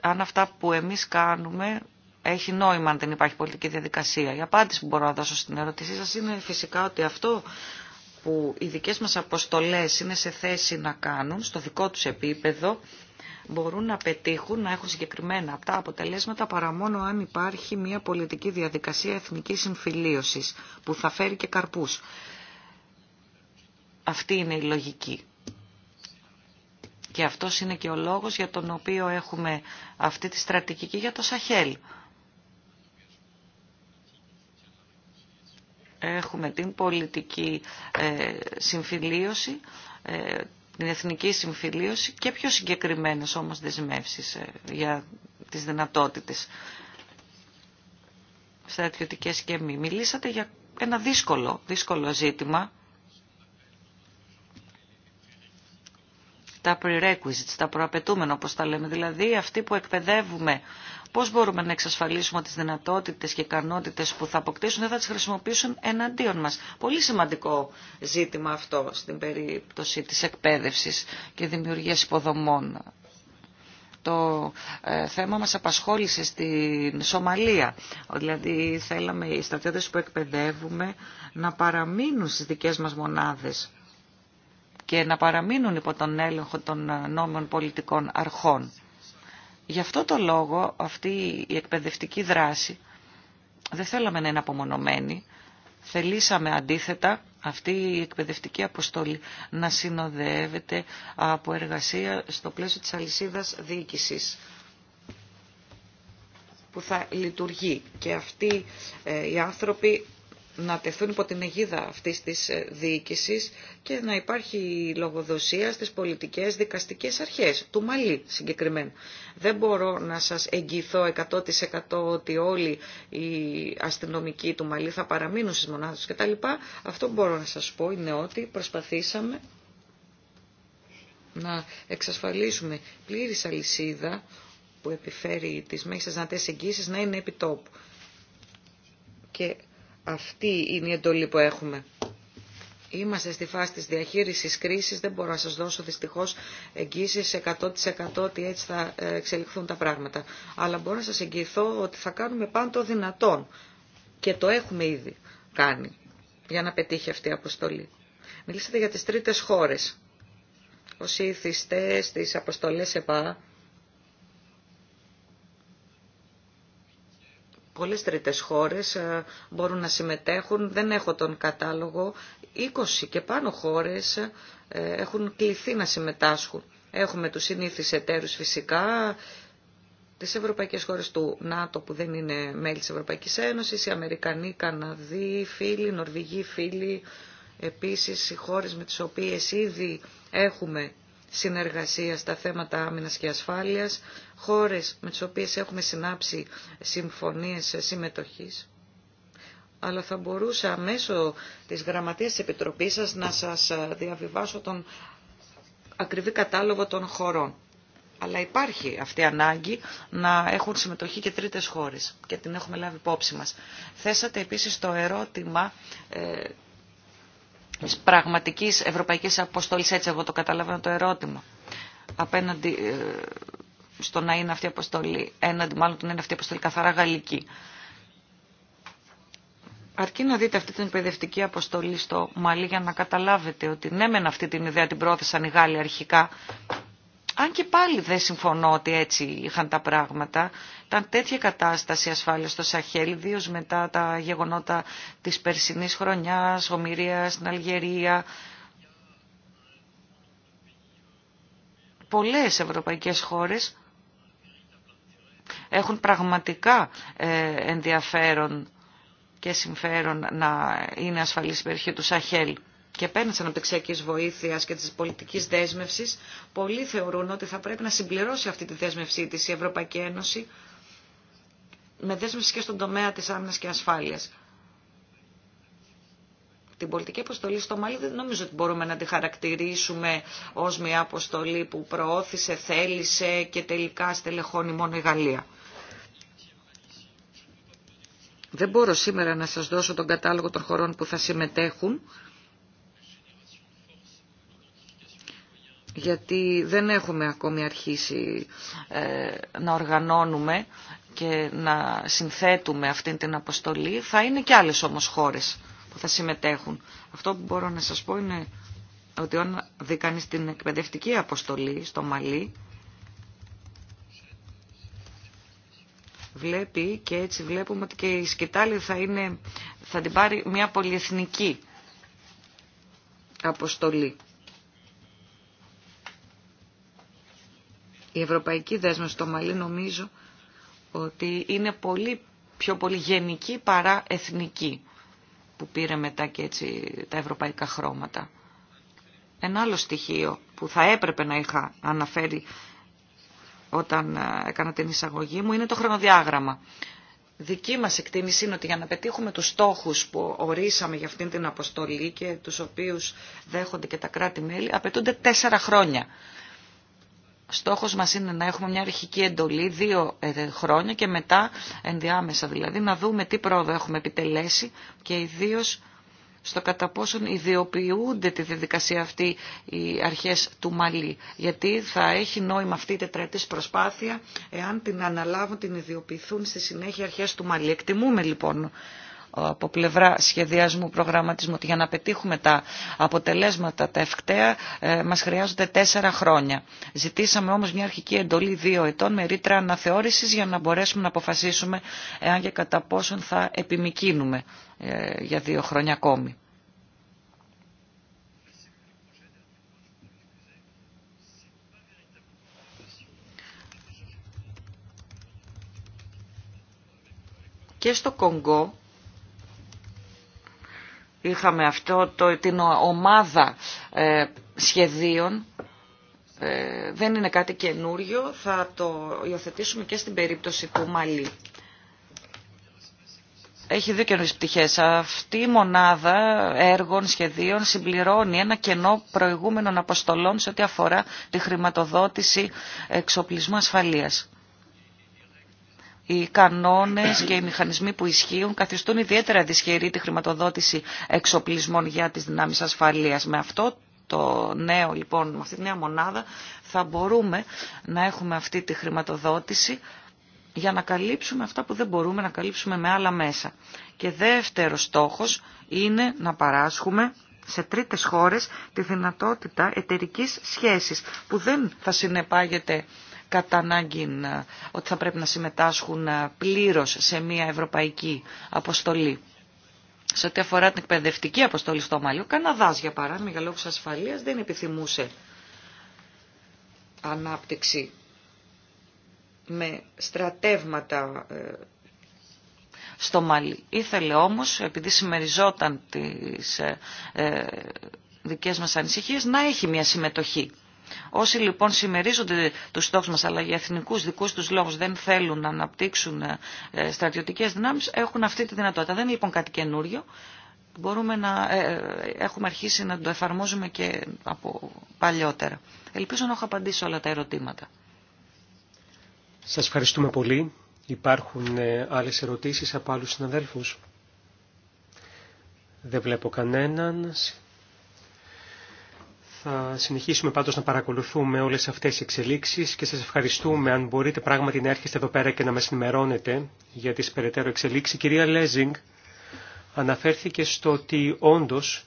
αν αυτά που εμείς κάνουμε έχει νόημα αν δεν υπάρχει πολιτική διαδικασία. Η απάντηση που μπορώ να δώσω στην ερώτησή σας είναι φυσικά ότι αυτό που οι δικές μας αποστολές είναι σε θέση να κάνουν στο δικό τους επίπεδο μπορούν να πετύχουν, να έχουν συγκεκριμένα αυτά αποτελέσματα παρά μόνο αν υπάρχει μια πολιτική διαδικασία εθνικής συμφιλίωσης που θα φέρει και καρπούς. Αυτή είναι η λογική και αυτός είναι και ο λόγος για τον οποίο έχουμε αυτή τη στρατηγική για το Σαχέλ. Έχουμε την πολιτική ε, συμφιλίωση, ε, την εθνική συμφιλίωση και πιο συγκεκριμένες όμως δεσμεύσεις ε, για τις δυνατότητες στρατιωτικές και μη. Μιλήσατε για ένα δύσκολο, δύσκολο ζήτημα τα prerequisites, τα προαπαιτούμενα όπως τα λέμε, δηλαδή αυτοί που εκπαιδεύουμε πώς μπορούμε να εξασφαλίσουμε τις δυνατότητες και ικανότητες που θα αποκτήσουν δεν θα τις χρησιμοποιήσουν εναντίον μας. Πολύ σημαντικό ζήτημα αυτό στην περίπτωση της εκπαίδευσης και δημιουργίας υποδομών. Το ε, θέμα μας απασχόλησε στην Σομαλία. Δηλαδή θέλαμε οι στρατιώτες που εκπαιδεύουμε να παραμείνουν στις δικές μας μονάδες και να παραμείνουν υπό τον έλεγχο των νόμιων πολιτικών αρχών. Γι' αυτό το λόγο αυτή η εκπαιδευτική δράση δεν θέλαμε να είναι απομονωμένη. Θελήσαμε αντίθετα αυτή η εκπαιδευτική αποστολή να συνοδεύεται από εργασία στο πλαίσιο της αλυσίδας διοίκησης που θα λειτουργεί. Και αυτοί ε, οι άνθρωποι να τεθούν υπό την αιγίδα αυτής της ε, διοίκησης και να υπάρχει λογοδοσία στις πολιτικές δικαστικές αρχές, του Μαλή συγκεκριμένα. Δεν μπορώ να σας εγγυηθώ 100% ότι όλοι οι αστυνομικοί του Μαλή θα παραμείνουν στις μονάδες τα κτλ. Αυτό που μπορώ να σας πω είναι ότι προσπαθήσαμε να εξασφαλίσουμε πλήρη αλυσίδα που επιφέρει τις στις δυνατές εγγύσεις να είναι επιτόπου. Και αυτή είναι η εντολή που έχουμε. Είμαστε στη φάση της διαχείρισης κρίσης, δεν μπορώ να σας δώσω δυστυχώς εγγύσεις 100% ότι έτσι θα ε, εξελιχθούν τα πράγματα. Αλλά μπορώ να σας εγγυηθώ ότι θα κάνουμε πάντο δυνατόν και το έχουμε ήδη κάνει για να πετύχει αυτή η αποστολή. Μιλήσατε για τις τρίτες χώρες, ως ήθιστές, τις αποστολές ΕΠΑ, Πολλές τρίτες χώρες ε, μπορούν να συμμετέχουν, δεν έχω τον κατάλογο. 20 και πάνω χώρες ε, έχουν κληθεί να συμμετάσχουν. Έχουμε τους συνήθεις εταίρους φυσικά, τις ευρωπαϊκές χώρες του ΝΑΤΟ που δεν είναι μέλη της Ευρωπαϊκής Ένωσης, οι Αμερικανοί, Καναδοί, φίλοι, Νορβηγοί φίλοι, επίσης οι χώρες με τις οποίες ήδη έχουμε συνεργασία στα θέματα άμυνας και ασφάλειας, χώρες με τις οποίες έχουμε συνάψει συμφωνίες συμμετοχής. Αλλά θα μπορούσα μέσω της γραμματείας της Επιτροπής σας να σας διαβιβάσω τον ακριβή κατάλογο των χωρών. Αλλά υπάρχει αυτή η ανάγκη να έχουν συμμετοχή και τρίτες χώρες και την έχουμε λάβει υπόψη μας. Θέσατε επίσης το ερώτημα ε, πραγματικής ευρωπαϊκής αποστολής, έτσι εγώ το καταλαβαίνω το ερώτημα, απέναντι ε, στο να είναι αυτή η αποστολή, έναντι μάλλον του να είναι αυτή η αποστολή καθαρά γαλλική. Αρκεί να δείτε αυτή την παιδευτική αποστολή στο Μαλί για να καταλάβετε ότι ναι μεν αυτή την ιδέα την πρόθεσαν οι Γάλλοι αρχικά, αν και πάλι δεν συμφωνώ ότι έτσι είχαν τα πράγματα, ήταν τέτοια κατάσταση ασφάλεια στο Σαχέλ, ιδίω μετά τα γεγονότα της περσινής χρονιάς, ομοιρία στην Αλγερία. Πολλές ευρωπαϊκές χώρες έχουν πραγματικά ε, ενδιαφέρον και συμφέρον να είναι ασφαλής η περιοχή του Σαχέλ και πέραν τη αναπτυξιακή βοήθεια και τη πολιτική δέσμευση, πολλοί θεωρούν ότι θα πρέπει να συμπληρώσει αυτή τη δέσμευσή τη η Ευρωπαϊκή Ένωση με δέσμευση και στον τομέα τη άμυνα και ασφάλεια. Την πολιτική αποστολή στο Μάλι δεν νομίζω ότι μπορούμε να τη χαρακτηρίσουμε ως μια αποστολή που προώθησε, θέλησε και τελικά στελεχώνει μόνο η Γαλλία. Δεν μπορώ σήμερα να σας δώσω τον κατάλογο των χωρών που θα συμμετέχουν γιατί δεν έχουμε ακόμη αρχίσει ε, να οργανώνουμε και να συνθέτουμε αυτή την αποστολή. Θα είναι και άλλες όμως χώρες που θα συμμετέχουν. Αυτό που μπορώ να σας πω είναι ότι όταν δει κανείς την εκπαιδευτική αποστολή στο Μαλή βλέπει και έτσι βλέπουμε ότι και η σκητάλη θα, είναι, θα την πάρει μια πολυεθνική αποστολή. η ευρωπαϊκή δέσμευση στο Μαλή νομίζω ότι είναι πολύ πιο πολύ γενική παρά εθνική που πήρε μετά και έτσι τα ευρωπαϊκά χρώματα. Ένα άλλο στοιχείο που θα έπρεπε να είχα αναφέρει όταν ε, έκανα την εισαγωγή μου είναι το χρονοδιάγραμμα. Δική μας εκτίμηση είναι ότι για να πετύχουμε τους στόχους που ορίσαμε για αυτήν την αποστολή και τους οποίους δέχονται και τα κράτη-μέλη, απαιτούνται τέσσερα χρόνια. Στόχος μας είναι να έχουμε μια αρχική εντολή δύο ε, χρόνια και μετά ενδιάμεσα δηλαδή να δούμε τι πρόοδο έχουμε επιτελέσει και ιδίω στο κατά πόσον ιδιοποιούνται τη διαδικασία αυτή οι αρχές του Μαλή. Γιατί θα έχει νόημα αυτή η τετραετή προσπάθεια εάν την αναλάβουν, την ιδιοποιηθούν στη συνέχεια οι αρχές του Μαλή. Εκτιμούμε λοιπόν από πλευρά σχεδιασμού προγραμματισμού ότι για να πετύχουμε τα αποτελέσματα τα ευκταία ε, μας χρειάζονται τέσσερα χρόνια. Ζητήσαμε όμως μια αρχική εντολή δύο ετών με ρήτρα αναθεώρησης για να μπορέσουμε να αποφασίσουμε εάν και κατά πόσον θα επιμικίνουμε ε, για δύο χρόνια ακόμη. Και στο Κονγκό είχαμε αυτό, το, την ομάδα ε, σχεδίων. Ε, δεν είναι κάτι καινούριο, θα το υιοθετήσουμε και στην περίπτωση του Μαλή. Έχει δύο καινούριες πτυχέ. Αυτή η μονάδα έργων, σχεδίων συμπληρώνει ένα κενό προηγούμενων αποστολών σε ό,τι αφορά τη χρηματοδότηση εξοπλισμού ασφαλείας οι κανόνες και οι μηχανισμοί που ισχύουν καθιστούν ιδιαίτερα δυσχερή τη χρηματοδότηση εξοπλισμών για τις δυνάμεις ασφαλείας. Με αυτό το νέο, λοιπόν, αυτή τη νέα μονάδα θα μπορούμε να έχουμε αυτή τη χρηματοδότηση για να καλύψουμε αυτά που δεν μπορούμε να καλύψουμε με άλλα μέσα. Και δεύτερος στόχος είναι να παράσχουμε σε τρίτες χώρες τη δυνατότητα εταιρικής σχέσης που δεν θα συνεπάγεται κατά ανάγκη ότι θα πρέπει να συμμετάσχουν ε, πλήρως σε μια ευρωπαϊκή αποστολή. Σε ό,τι αφορά την εκπαιδευτική αποστολή στο Μαλί, ο Καναδάς για παράδειγμα για λόγους ασφαλείας δεν επιθυμούσε ανάπτυξη με στρατεύματα ε, στο Μαλί. Ήθελε όμως, επειδή συμμεριζόταν τις ε, δικές μας ανησυχίες, να έχει μια συμμετοχή Όσοι λοιπόν συμμερίζονται τους στόχους μας αλλά για εθνικούς δικούς τους λόγους δεν θέλουν να αναπτύξουν ε, ε, στρατιωτικές δυνάμεις έχουν αυτή τη δυνατότητα. Δεν είναι λοιπόν κάτι καινούριο. Μπορούμε να ε, έχουμε αρχίσει να το εφαρμόζουμε και από παλιότερα. Ελπίζω να έχω απαντήσει όλα τα ερωτήματα. Σας ευχαριστούμε πολύ. Υπάρχουν άλλες ερωτήσεις από άλλους συναδέλφους. Δεν βλέπω κανέναν. Θα συνεχίσουμε πάντως να παρακολουθούμε όλες αυτές τις εξελίξεις και σας ευχαριστούμε αν μπορείτε πράγματι να έρχεστε εδώ πέρα και να μας ενημερώνετε για τις περαιτέρω εξελίξεις. Η κυρία Λέζινγκ αναφέρθηκε στο ότι όντως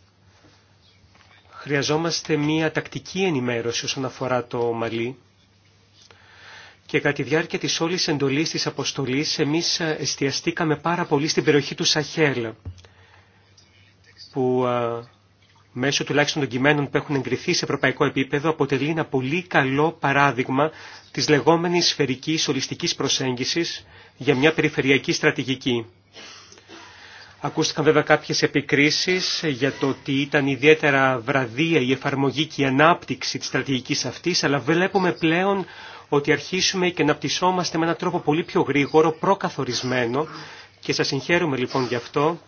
χρειαζόμαστε μία τακτική ενημέρωση όσον αφορά το Μαλί και κατά τη διάρκεια της όλης εντολής της αποστολής εμείς εστιαστήκαμε πάρα πολύ στην περιοχή του Σαχέλ που μέσω τουλάχιστον των κειμένων που έχουν εγκριθεί σε ευρωπαϊκό επίπεδο, αποτελεί ένα πολύ καλό παράδειγμα της λεγόμενης σφαιρικής ολιστικής προσέγγισης για μια περιφερειακή στρατηγική. Ακούστηκαν βέβαια κάποιες επικρίσεις για το ότι ήταν ιδιαίτερα βραδία η εφαρμογή και η ανάπτυξη της στρατηγικής αυτής, αλλά βλέπουμε πλέον ότι αρχίσουμε και να αναπτυσσόμαστε με έναν τρόπο πολύ πιο γρήγορο, προκαθορισμένο και σας συγχαίρουμε λοιπόν γι' αυτό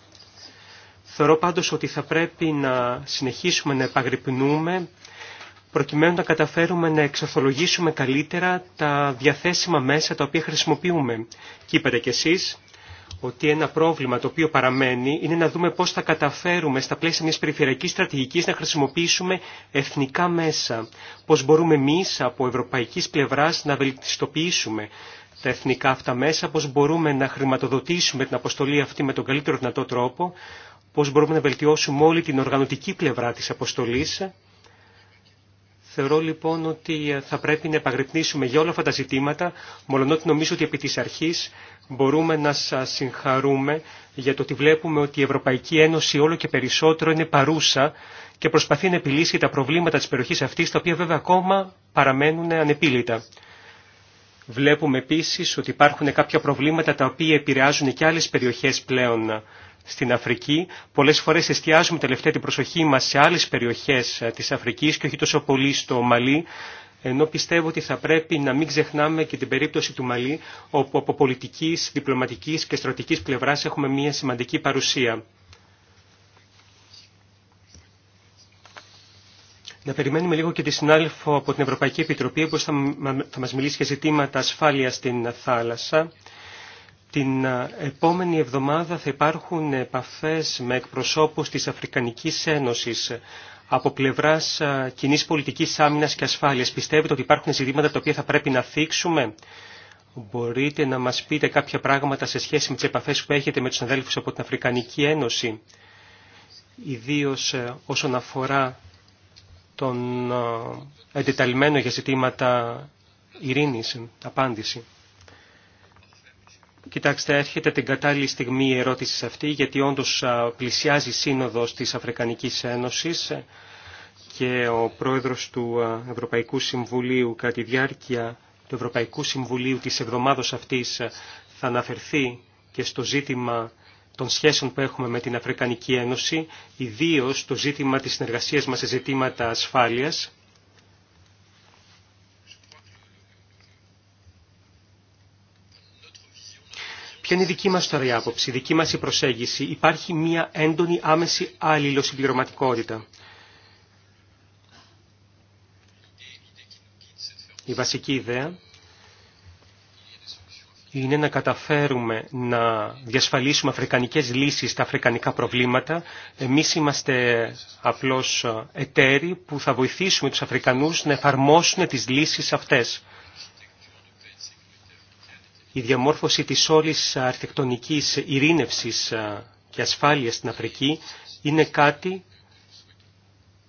Θεωρώ πάντως ότι θα πρέπει να συνεχίσουμε να επαγρυπνούμε προκειμένου να καταφέρουμε να εξορθολογήσουμε καλύτερα τα διαθέσιμα μέσα τα οποία χρησιμοποιούμε. Και είπατε κι εσείς ότι ένα πρόβλημα το οποίο παραμένει είναι να δούμε πώς θα καταφέρουμε στα πλαίσια μιας περιφερειακής στρατηγικής να χρησιμοποιήσουμε εθνικά μέσα. Πώς μπορούμε εμείς από ευρωπαϊκής πλευράς να βελτιστοποιήσουμε τα εθνικά αυτά μέσα, πώς μπορούμε να χρηματοδοτήσουμε την αποστολή αυτή με τον καλύτερο δυνατό τρόπο, πώς μπορούμε να βελτιώσουμε όλη την οργανωτική πλευρά της αποστολής. Θεωρώ λοιπόν ότι θα πρέπει να επαγρυπνήσουμε για όλα αυτά τα ζητήματα, μολονότι νομίζω ότι επί της αρχής μπορούμε να σας συγχαρούμε για το ότι βλέπουμε ότι η Ευρωπαϊκή Ένωση όλο και περισσότερο είναι παρούσα και προσπαθεί να επιλύσει τα προβλήματα της περιοχής αυτής, τα οποία βέβαια ακόμα παραμένουν ανεπίλητα. Βλέπουμε επίσης ότι υπάρχουν κάποια προβλήματα τα οποία επηρεάζουν και άλλες περιοχές πλέον στην Αφρική. Πολλές φορές εστιάζουμε τελευταία την προσοχή μας σε άλλες περιοχές ε, της Αφρικής και όχι τόσο πολύ στο Μαλί, ενώ πιστεύω ότι θα πρέπει να μην ξεχνάμε και την περίπτωση του Μαλί, όπου από πολιτικής, διπλωματικής και στρατικής πλευρά έχουμε μια σημαντική παρουσία. Να περιμένουμε λίγο και τη συνάδελφο από την Ευρωπαϊκή Επιτροπή, όπως θα μας μιλήσει για ζητήματα ασφάλειας στην θάλασσα. Την ε, επόμενη εβδομάδα θα υπάρχουν επαφές με εκπροσώπους της Αφρικανικής Ένωσης ε, από πλευράς ε, κοινής πολιτικής άμυνας και ασφάλειας. Πιστεύετε ότι υπάρχουν ζητήματα τα οποία θα πρέπει να θίξουμε. Μπορείτε να μας πείτε κάποια πράγματα σε σχέση με τις επαφές που έχετε με τους αδέλφους από την Αφρικανική Ένωση, ιδίως όσον αφορά τον εντεταλμένο για ζητήματα ειρήνης απάντηση. Κοιτάξτε, έρχεται την κατάλληλη στιγμή η ερώτηση αυτή, γιατί όντως πλησιάζει σύνοδος της Αφρικανικής Ένωσης και ο πρόεδρος του Ευρωπαϊκού Συμβουλίου κατά τη διάρκεια του Ευρωπαϊκού Συμβουλίου της εβδομάδος αυτής θα αναφερθεί και στο ζήτημα των σχέσεων που έχουμε με την Αφρικανική Ένωση, ιδίως το ζήτημα της συνεργασίας μας σε ζητήματα ασφάλειας. Ποια είναι η δική μας τώρα η άποψη, η δική μας η προσέγγιση. Υπάρχει μια έντονη άμεση αλληλοσυμπληρωματικότητα. Η βασική ιδέα είναι να καταφέρουμε να διασφαλίσουμε αφρικανικές λύσεις στα αφρικανικά προβλήματα. Εμείς είμαστε απλώς εταίροι που θα βοηθήσουμε τους Αφρικανούς να εφαρμόσουν τις λύσεις αυτές η διαμόρφωση της όλης αρχιτεκτονικής ειρήνευσης ε, και ασφάλειας στην Αφρική είναι κάτι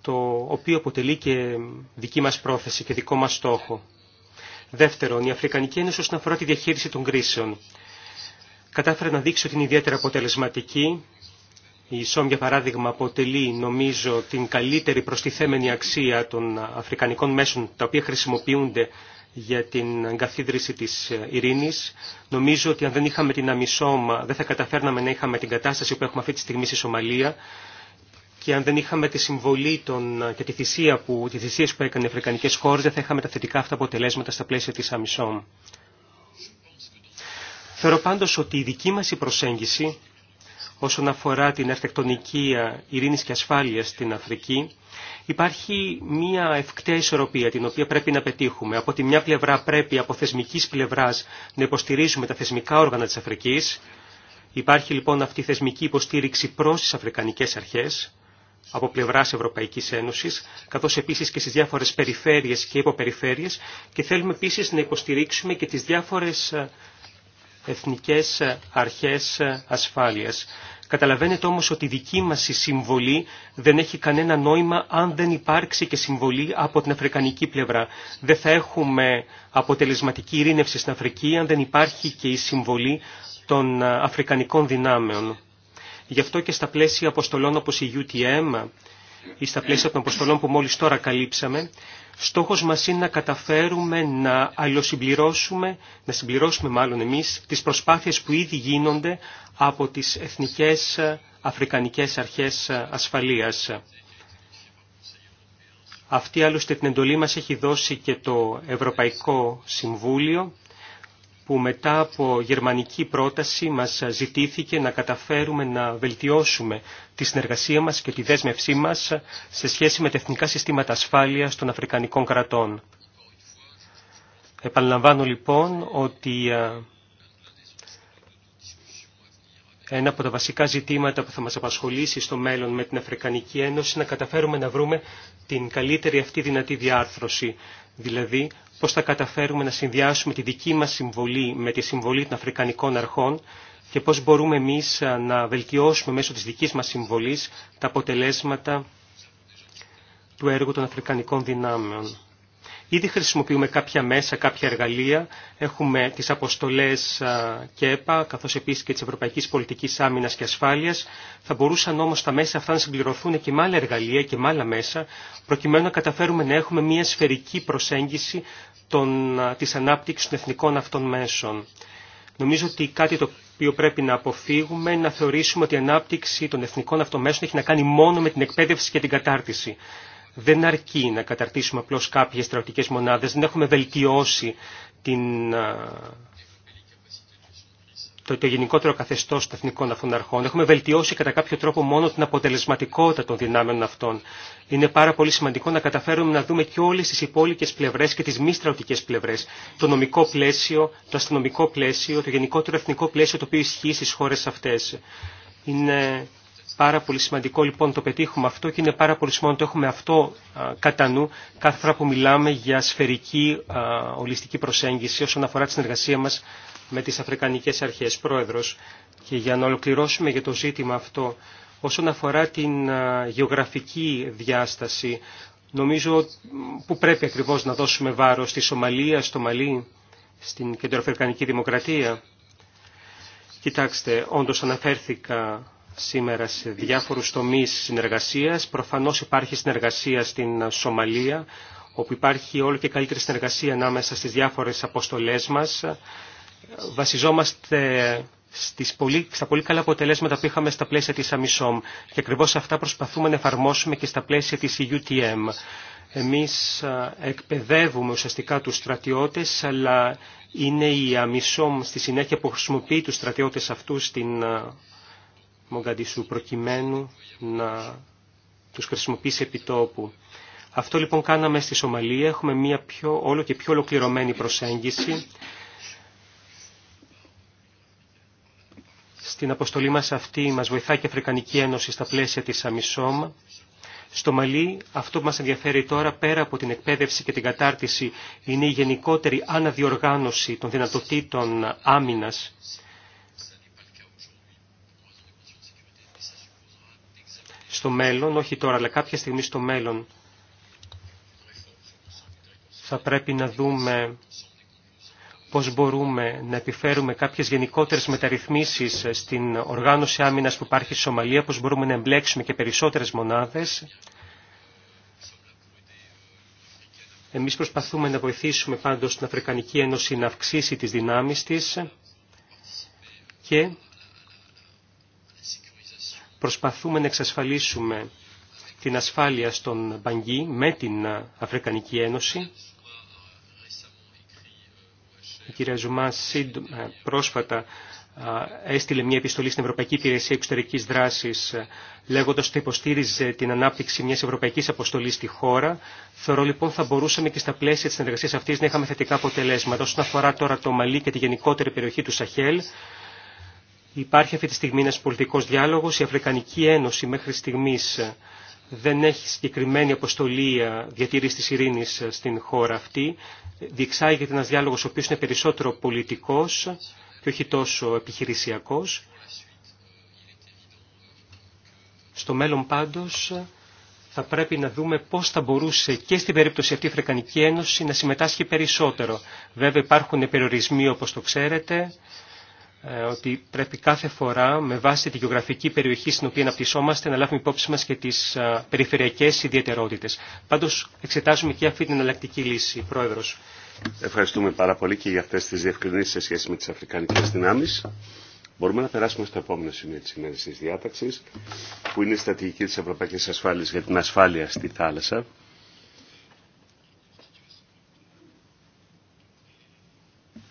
το οποίο αποτελεί και δική μας πρόθεση και δικό μας στόχο. Δεύτερον, η Αφρικανική Ένωση όσον αφορά τη διαχείριση των κρίσεων. Κατάφερε να δείξει ότι είναι ιδιαίτερα αποτελεσματική. Η ΣΟΜ, για παράδειγμα, αποτελεί, νομίζω, την καλύτερη προστιθέμενη αξία των αφρικανικών μέσων τα οποία χρησιμοποιούνται για την εγκαθίδρυση της ε, ειρήνης. Νομίζω ότι αν δεν είχαμε την αμισόμα δεν θα καταφέρναμε να είχαμε την κατάσταση που έχουμε αυτή τη στιγμή στη Σομαλία και αν δεν είχαμε τη συμβολή των, ε, και τη θυσία που, έκανε οι Αφρικανικές χώρες δεν θα είχαμε τα θετικά αυτά αποτελέσματα στα πλαίσια της αμισόμ. Θεωρώ πάντως ότι η δική μας η προσέγγιση όσον αφορά την αρχιτεκτονική ε, ειρήνης και ασφάλειας στην Αφρική Υπάρχει μία ευκταία ισορροπία την οποία πρέπει να πετύχουμε. Από τη μια πλευρά πρέπει από θεσμικής πλευράς να υποστηρίζουμε τα θεσμικά όργανα της Αφρικής. Υπάρχει λοιπόν αυτή η θεσμική υποστήριξη προς τις αφρικανικές αρχές από πλευρά Ευρωπαϊκή Ένωση, καθώ επίση και στι διάφορε περιφέρειε και υποπεριφέρειε και θέλουμε επίση να υποστηρίξουμε και τι διάφορε ε, εθνικέ ε, αρχέ ε, ασφάλεια. Καταλαβαίνετε όμως ότι η δική μας η συμβολή δεν έχει κανένα νόημα αν δεν υπάρξει και συμβολή από την αφρικανική πλευρά. Δεν θα έχουμε αποτελεσματική ειρήνευση στην Αφρική αν δεν υπάρχει και η συμβολή των ε, αφρικανικών δυνάμεων. Γι' αυτό και στα πλαίσια αποστολών όπως η UTM ή στα πλαίσια των αποστολών που μόλις τώρα καλύψαμε, στόχος μας είναι να καταφέρουμε να αλλοσυμπληρώσουμε, να συμπληρώσουμε μάλλον εμείς, τις προσπάθειες που ήδη γίνονται από τις εθνικές αφρικανικές αρχές ασφαλείας. Αυτή άλλωστε την εντολή μας έχει δώσει και το Ευρωπαϊκό Συμβούλιο που μετά από γερμανική πρόταση μας ζητήθηκε να καταφέρουμε να βελτιώσουμε τη συνεργασία μας και τη δέσμευσή μας σε σχέση με τα εθνικά συστήματα ασφάλειας των Αφρικανικών κρατών. Επαναλαμβάνω λοιπόν ότι ένα από τα βασικά ζητήματα που θα μας απασχολήσει στο μέλλον με την Αφρικανική Ένωση να καταφέρουμε να βρούμε την καλύτερη αυτή δυνατή διάρθρωση. Δηλαδή, πώς θα καταφέρουμε να συνδυάσουμε τη δική μας συμβολή με τη συμβολή των Αφρικανικών αρχών και πώς μπορούμε εμείς να βελτιώσουμε μέσω της δικής μας συμβολής τα αποτελέσματα του έργου των Αφρικανικών δυνάμεων. Ήδη χρησιμοποιούμε κάποια μέσα, κάποια εργαλεία. Έχουμε τις αποστολές ΚΕΠΑ, καθώς επίσης και της Ευρωπαϊκής Πολιτικής Άμυνας και Ασφάλειας. Θα μπορούσαν όμως τα μέσα αυτά να συμπληρωθούν και με άλλα εργαλεία και με άλλα μέσα, προκειμένου να καταφέρουμε να έχουμε μια σφαιρική προσέγγιση τη της ανάπτυξης των εθνικών αυτών μέσων. Νομίζω ότι κάτι το οποίο πρέπει να αποφύγουμε είναι να θεωρήσουμε ότι η ανάπτυξη των εθνικών αυτομέσων έχει να κάνει μόνο με την εκπαίδευση και την κατάρτιση δεν αρκεί να καταρτήσουμε απλώς κάποιες στρατιωτικές μονάδες, δεν έχουμε βελτιώσει την, το, το γενικότερο καθεστώς των εθνικών αυτών αρχών. Έχουμε βελτιώσει κατά κάποιο τρόπο μόνο την αποτελεσματικότητα των δυνάμεων αυτών. Είναι πάρα πολύ σημαντικό να καταφέρουμε να δούμε και όλες τις υπόλοιπες πλευρές και τις μη στρατιωτικές πλευρές. Το νομικό πλαίσιο, το αστυνομικό πλαίσιο, το γενικότερο εθνικό πλαίσιο το οποίο ισχύει στις χώρες αυτές. Είναι Πάρα πολύ σημαντικό λοιπόν το πετύχουμε αυτό και είναι πάρα πολύ σημαντικό το έχουμε αυτό κατά νου κάθε φορά που μιλάμε για σφαιρική ολιστική προσέγγιση όσον αφορά τη συνεργασία μας με τις Αφρικανικές Αρχές. Πρόεδρος, και για να ολοκληρώσουμε για το ζήτημα αυτό, όσον αφορά την γεωγραφική διάσταση, νομίζω που πρέπει ακριβώς να δώσουμε βάρος στη Σομαλία, στο Μαλί, στην Κεντροαφρικανική Δημοκρατία. Κοιτάξτε, όντως αναφέρθηκα σήμερα σε διάφορους τομείς συνεργασίας. Προφανώς υπάρχει συνεργασία στην Σομαλία, όπου υπάρχει όλο και καλύτερη συνεργασία ανάμεσα στις διάφορες αποστολές μας. Βασιζόμαστε στις πολύ, στα πολύ καλά αποτελέσματα που είχαμε στα πλαίσια της Αμισόμ και ακριβώς αυτά προσπαθούμε να εφαρμόσουμε και στα πλαίσια της e UTM. Εμείς εκπαιδεύουμε ουσιαστικά τους στρατιώτες, αλλά είναι η Αμισόμ στη συνέχεια που χρησιμοποιεί τους στρατιώτες αυτούς στην Μογκαντισού προκειμένου να τους χρησιμοποιήσει επιτόπου. Αυτό λοιπόν κάναμε στη Σομαλία. Έχουμε μια πιο, όλο και πιο ολοκληρωμένη προσέγγιση. Στην αποστολή μας αυτή μας βοηθάει και η Αφρικανική Ένωση στα πλαίσια της Αμισόμα. Στο Μαλί αυτό που μας ενδιαφέρει τώρα πέρα από την εκπαίδευση και την κατάρτιση είναι η γενικότερη αναδιοργάνωση των δυνατοτήτων άμυνας στο μέλλον, όχι τώρα, αλλά κάποια στιγμή στο μέλλον, θα πρέπει να δούμε πώς μπορούμε να επιφέρουμε κάποιες γενικότερες μεταρρυθμίσεις στην οργάνωση άμυνας που υπάρχει στη Σομαλία, πώς μπορούμε να εμπλέξουμε και περισσότερες μονάδες. Εμείς προσπαθούμε να βοηθήσουμε πάντως την Αφρικανική Ένωση να αυξήσει τις δυνάμεις της και προσπαθούμε να εξασφαλίσουμε την ασφάλεια στον Μπαγκή με την Αφρικανική Ένωση. Η κυρία Ζουμά ε, πρόσφατα ε, έστειλε μια επιστολή στην Ευρωπαϊκή Υπηρεσία Εξωτερικής Δράσης ε, λέγοντας ότι υποστήριζε την ανάπτυξη μιας ευρωπαϊκής αποστολής στη χώρα. Θεωρώ λοιπόν θα μπορούσαμε και στα πλαίσια της συνεργασία αυτής να είχαμε θετικά αποτελέσματα. Όσον αφορά τώρα το Μαλί και τη γενικότερη περιοχή του Σαχέλ, Υπάρχει αυτή τη στιγμή ένας πολιτικός διάλογος. Η Αφρικανική Ένωση μέχρι στιγμής δεν έχει συγκεκριμένη αποστολή ε, διατήρηση της ειρήνης ε, στην χώρα αυτή. Διεξάγεται ένας διάλογος ο οποίος είναι περισσότερο πολιτικός και όχι τόσο επιχειρησιακός. Στο μέλλον πάντως ε, θα πρέπει να δούμε πώς θα μπορούσε και στην περίπτωση αυτή η Αφρικανική Ένωση να συμμετάσχει περισσότερο. Βέβαια υπάρχουν περιορισμοί όπως το ξέρετε ε, ότι πρέπει κάθε φορά με βάση τη γεωγραφική περιοχή στην οποία αναπτυσσόμαστε να λάβουμε υπόψη μας και τις ε, περιφερειακές ιδιαιτερότητες. Πάντως εξετάζουμε και αυτή την εναλλακτική λύση, Πρόεδρος. Ευχαριστούμε πάρα πολύ και για αυτές τις διευκρινήσεις σε σχέση με τις αφρικανικές δυνάμεις. Μπορούμε να περάσουμε στο επόμενο σημείο της ημέρας τη διάταξης, που είναι η στρατηγική της Ευρωπαϊκής Ασφάλειας για την ασφάλεια στη θάλασσα.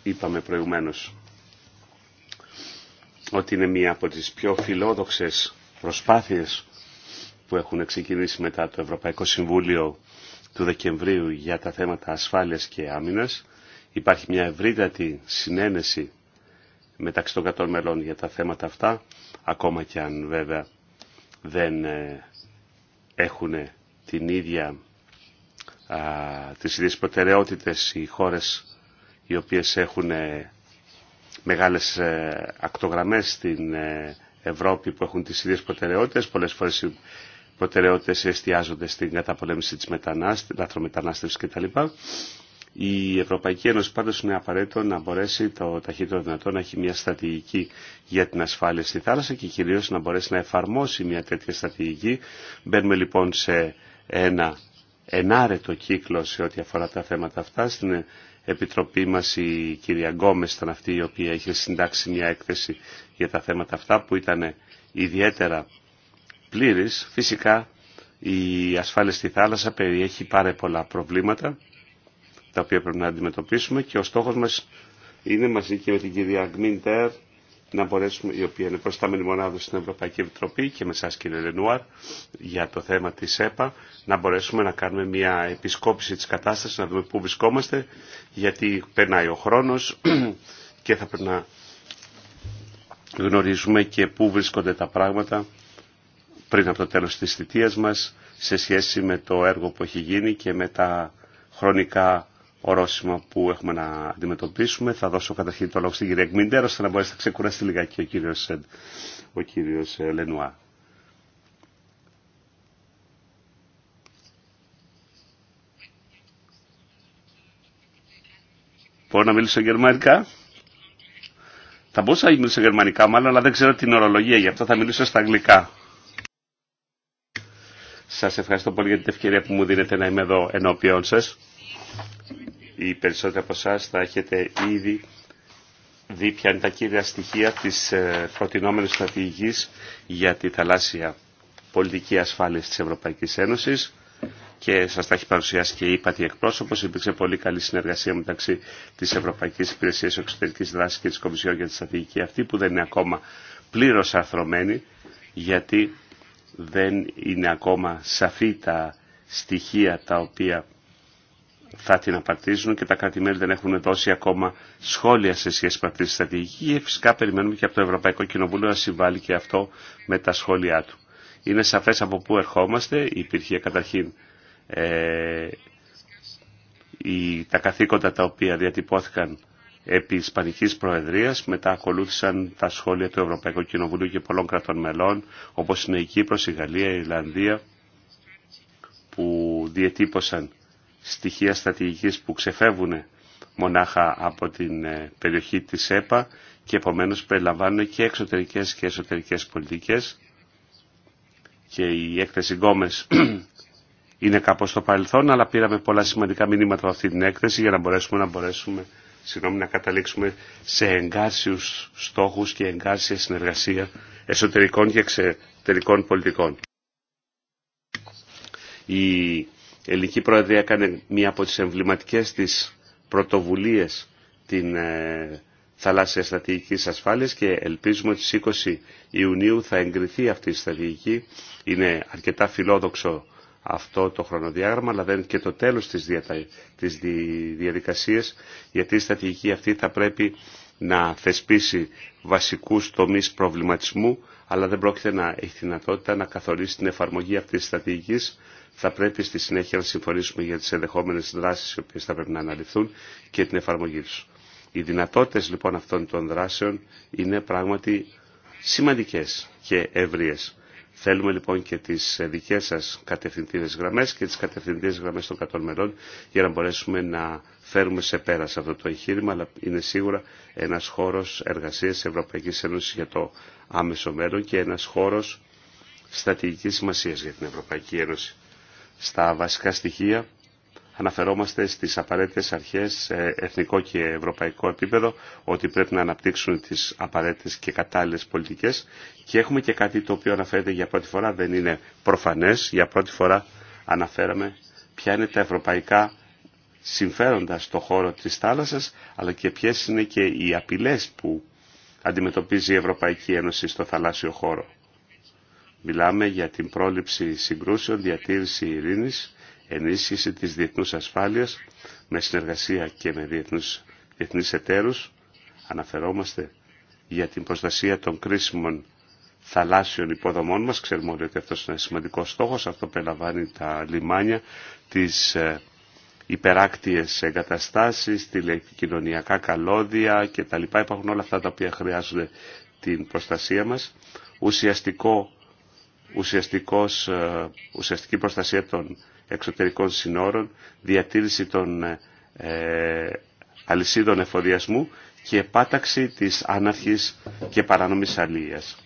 Είπαμε προηγουμένω ότι είναι μία από τις πιο φιλόδοξες προσπάθειες που έχουν ξεκινήσει μετά το Ευρωπαϊκό Συμβούλιο του Δεκεμβρίου για τα θέματα ασφάλειας και άμυνας. Υπάρχει μια ευρύτατη συνένεση μεταξύ των 100 μελών για τα θέματα αυτά, ακόμα και αν βέβαια δεν ε, έχουν την ίδια, α, τις ίδιες προτεραιότητες οι χώρες οι οποίες έχουν ε, μεγάλες ε, ακτογραμμές στην ε, Ευρώπη που έχουν τις ίδιες προτεραιότητες. Πολλές φορές οι προτεραιότητες εστιάζονται στην καταπολέμηση της λαθρομετανάστευσης κτλ. Η Ευρωπαϊκή Ένωση πάντως είναι απαραίτητο να μπορέσει το ταχύτερο δυνατό να έχει μια στρατηγική για την ασφάλεια στη θάλασσα και κυρίως να μπορέσει να εφαρμόσει μια τέτοια στρατηγική. Μπαίνουμε λοιπόν σε ένα ενάρετο κύκλο σε ό,τι αφορά τα θέματα αυτά. Στην επιτροπή μας η κυρία Γκόμες ήταν αυτή η οποία είχε συντάξει μια έκθεση για τα θέματα αυτά που ήταν ιδιαίτερα πλήρης. Φυσικά η ασφάλεια στη θάλασσα περιέχει πάρα πολλά προβλήματα τα οποία πρέπει να αντιμετωπίσουμε και ο στόχος μας είναι μαζί και με την κυρία Γκμίντερ να μπορέσουμε, η οποία είναι προστάμενη μονάδα στην Ευρωπαϊκή Επιτροπή και με εσάς κύριε Λενουάρ για το θέμα της ΕΠΑ, να μπορέσουμε να κάνουμε μια επισκόπηση της κατάστασης, να δούμε πού βρισκόμαστε, γιατί περνάει ο χρόνος <clears throat> και θα πρέπει να γνωρίζουμε και πού βρίσκονται τα πράγματα πριν από το τέλος της θητείας μας σε σχέση με το έργο που έχει γίνει και με τα χρονικά ορόσημα που έχουμε να αντιμετωπίσουμε. Θα δώσω καταρχήν το λόγο στην κυρία Γκμίντερ ώστε να μπορέσει να ξεκουραστεί λιγάκι ο κύριος, ε, ο κύριος ε, Λενουά. Μπορώ να μιλήσω γερμανικά. Θα μπορούσα να μιλήσω γερμανικά μάλλον, αλλά δεν ξέρω την ορολογία, γι' αυτό θα μιλήσω στα αγγλικά. Σας ευχαριστώ πολύ για την ευκαιρία που μου δίνετε να είμαι εδώ ενώπιον σας οι περισσότεροι από εσά θα έχετε ήδη δει ποια είναι τα κύρια στοιχεία της ε, προτινόμενης στρατηγικής για τη θαλάσσια πολιτική ασφάλεια της Ευρωπαϊκής Ένωσης και σα τα έχει παρουσιάσει και η ΥΠΑΤΗ εκπρόσωπο. Υπήρξε πολύ καλή συνεργασία μεταξύ τη Ευρωπαϊκή Υπηρεσία Εξωτερική Δράση και τη Κομισιόν για τη στρατηγική αυτή που δεν είναι ακόμα πλήρω αρθρωμένη γιατί δεν είναι ακόμα σαφή τα στοιχεία τα οποία θα την απαρτίζουν και τα κρατη δεν έχουν δώσει ακόμα σχόλια σε σχέση με αυτή τη στρατηγική. Φυσικά περιμένουμε και από το Ευρωπαϊκό Κοινοβούλιο να συμβάλλει και αυτό με τα σχόλιά του. Είναι σαφές από πού ερχόμαστε. Υπήρχε καταρχήν ε, η, τα καθήκοντα τα οποία διατυπώθηκαν επί Ισπανικής Προεδρίας, μετά ακολούθησαν τα σχόλια του Ευρωπαϊκού Κοινοβουλίου και πολλών κρατών μελών, όπως είναι η Κύπρος, η Γαλλία, η Ιρλανδία, που διατύπωσαν στοιχεία στρατηγικής που ξεφεύγουν μονάχα από την ε, περιοχή της ΕΠΑ και επομένως περιλαμβάνουν και εξωτερικές και εσωτερικές πολιτικές και η έκθεση Γκόμες <clears throat> είναι κάπως στο παρελθόν αλλά πήραμε πολλά σημαντικά μηνύματα από αυτή την έκθεση για να μπορέσουμε να μπορέσουμε συγγνώμη, να καταλήξουμε σε εγκάσιους στόχους και εγκάσια συνεργασία εσωτερικών και εξωτερικών πολιτικών. Η ελληνική Προεδρία έκανε μία από τις εμβληματικές της πρωτοβουλίες την ε, θαλάσσια στρατηγική ασφάλειας και ελπίζουμε ότι στις 20 Ιουνίου θα εγκριθεί αυτή η στρατηγική. Είναι αρκετά φιλόδοξο αυτό το χρονοδιάγραμμα, αλλά δεν είναι και το τέλος της, της διαδικασίας, γιατί η στρατηγική αυτή θα πρέπει να θεσπίσει βασικούς τομείς προβληματισμού, αλλά δεν πρόκειται να έχει δυνατότητα να καθορίσει την εφαρμογή αυτής της στρατηγικής, θα πρέπει στη συνέχεια να συμφωνήσουμε για τις ενδεχόμενε δράσεις οι οποίες θα πρέπει να αναλυθούν και την εφαρμογή τους. Οι δυνατότητες λοιπόν αυτών των δράσεων είναι πράγματι σημαντικές και ευρείες. Θέλουμε λοιπόν και τις δικές σας κατευθυντήρες γραμμές και τις κατευθυντήρες γραμμές των κατών μελών για να μπορέσουμε να φέρουμε σε πέρα σε αυτό το εγχείρημα, αλλά είναι σίγουρα ένας χώρος εργασίας Ευρωπαϊκής Ένωσης για το άμεσο μέλλον και ένα χώρος στρατηγικής σημασία για την Ευρωπαϊκή Ένωση. Στα βασικά στοιχεία αναφερόμαστε στις απαραίτητες αρχές σε εθνικό και ευρωπαϊκό επίπεδο ότι πρέπει να αναπτύξουν τις απαραίτητες και κατάλληλες πολιτικές και έχουμε και κάτι το οποίο αναφέρεται για πρώτη φορά, δεν είναι προφανές, για πρώτη φορά αναφέραμε ποια είναι τα ευρωπαϊκά συμφέροντα στο χώρο της θάλασσας αλλά και ποιες είναι και οι απειλές που αντιμετωπίζει η Ευρωπαϊκή Ένωση στο θαλάσσιο χώρο. Μιλάμε για την πρόληψη συγκρούσεων, διατήρηση ειρήνης, ενίσχυση της διεθνούς ασφάλειας με συνεργασία και με διεθνούς, διεθνείς εταίρους. Αναφερόμαστε για την προστασία των κρίσιμων θαλάσσιων υποδομών μας. Ξέρουμε όλοι ότι αυτός είναι σημαντικός στόχος. Αυτό περιλαμβάνει τα λιμάνια, τις ε, υπεράκτιες εγκαταστάσεις, τηλεκοινωνιακά καλώδια κτλ. Υπάρχουν όλα αυτά τα οποία χρειάζονται την προστασία μας. Ουσιαστικό ουσιαστικός, ε, ουσιαστική προστασία των εξωτερικών συνόρων, διατήρηση των ε, αλυσίδων εφοδιασμού και επάταξη της άναρχης και παράνομης αλίας.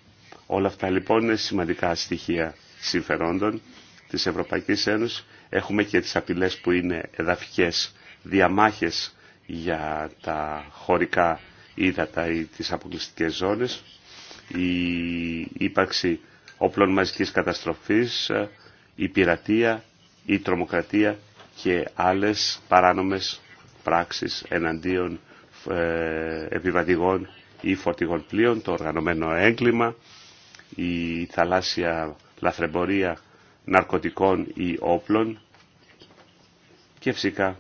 Όλα αυτά λοιπόν είναι σημαντικά στοιχεία συμφερόντων της Ευρωπαϊκής Ένωσης. Έχουμε και τις απειλές που είναι εδαφικές διαμάχες για τα χωρικά ύδατα ή τις αποκλειστικές ζώνες. Η ύπαρξη όπλων μαζικής καταστροφής, ε, η πειρατεία, η τρομοκρατία και άλλες παράνομες πράξεις εναντίον ε, επιβατηγών ή φορτηγών πλοίων, το οργανωμένο έγκλημα, η θαλάσσια λαθρεμπορία ναρκωτικών ή όπλων και φυσικά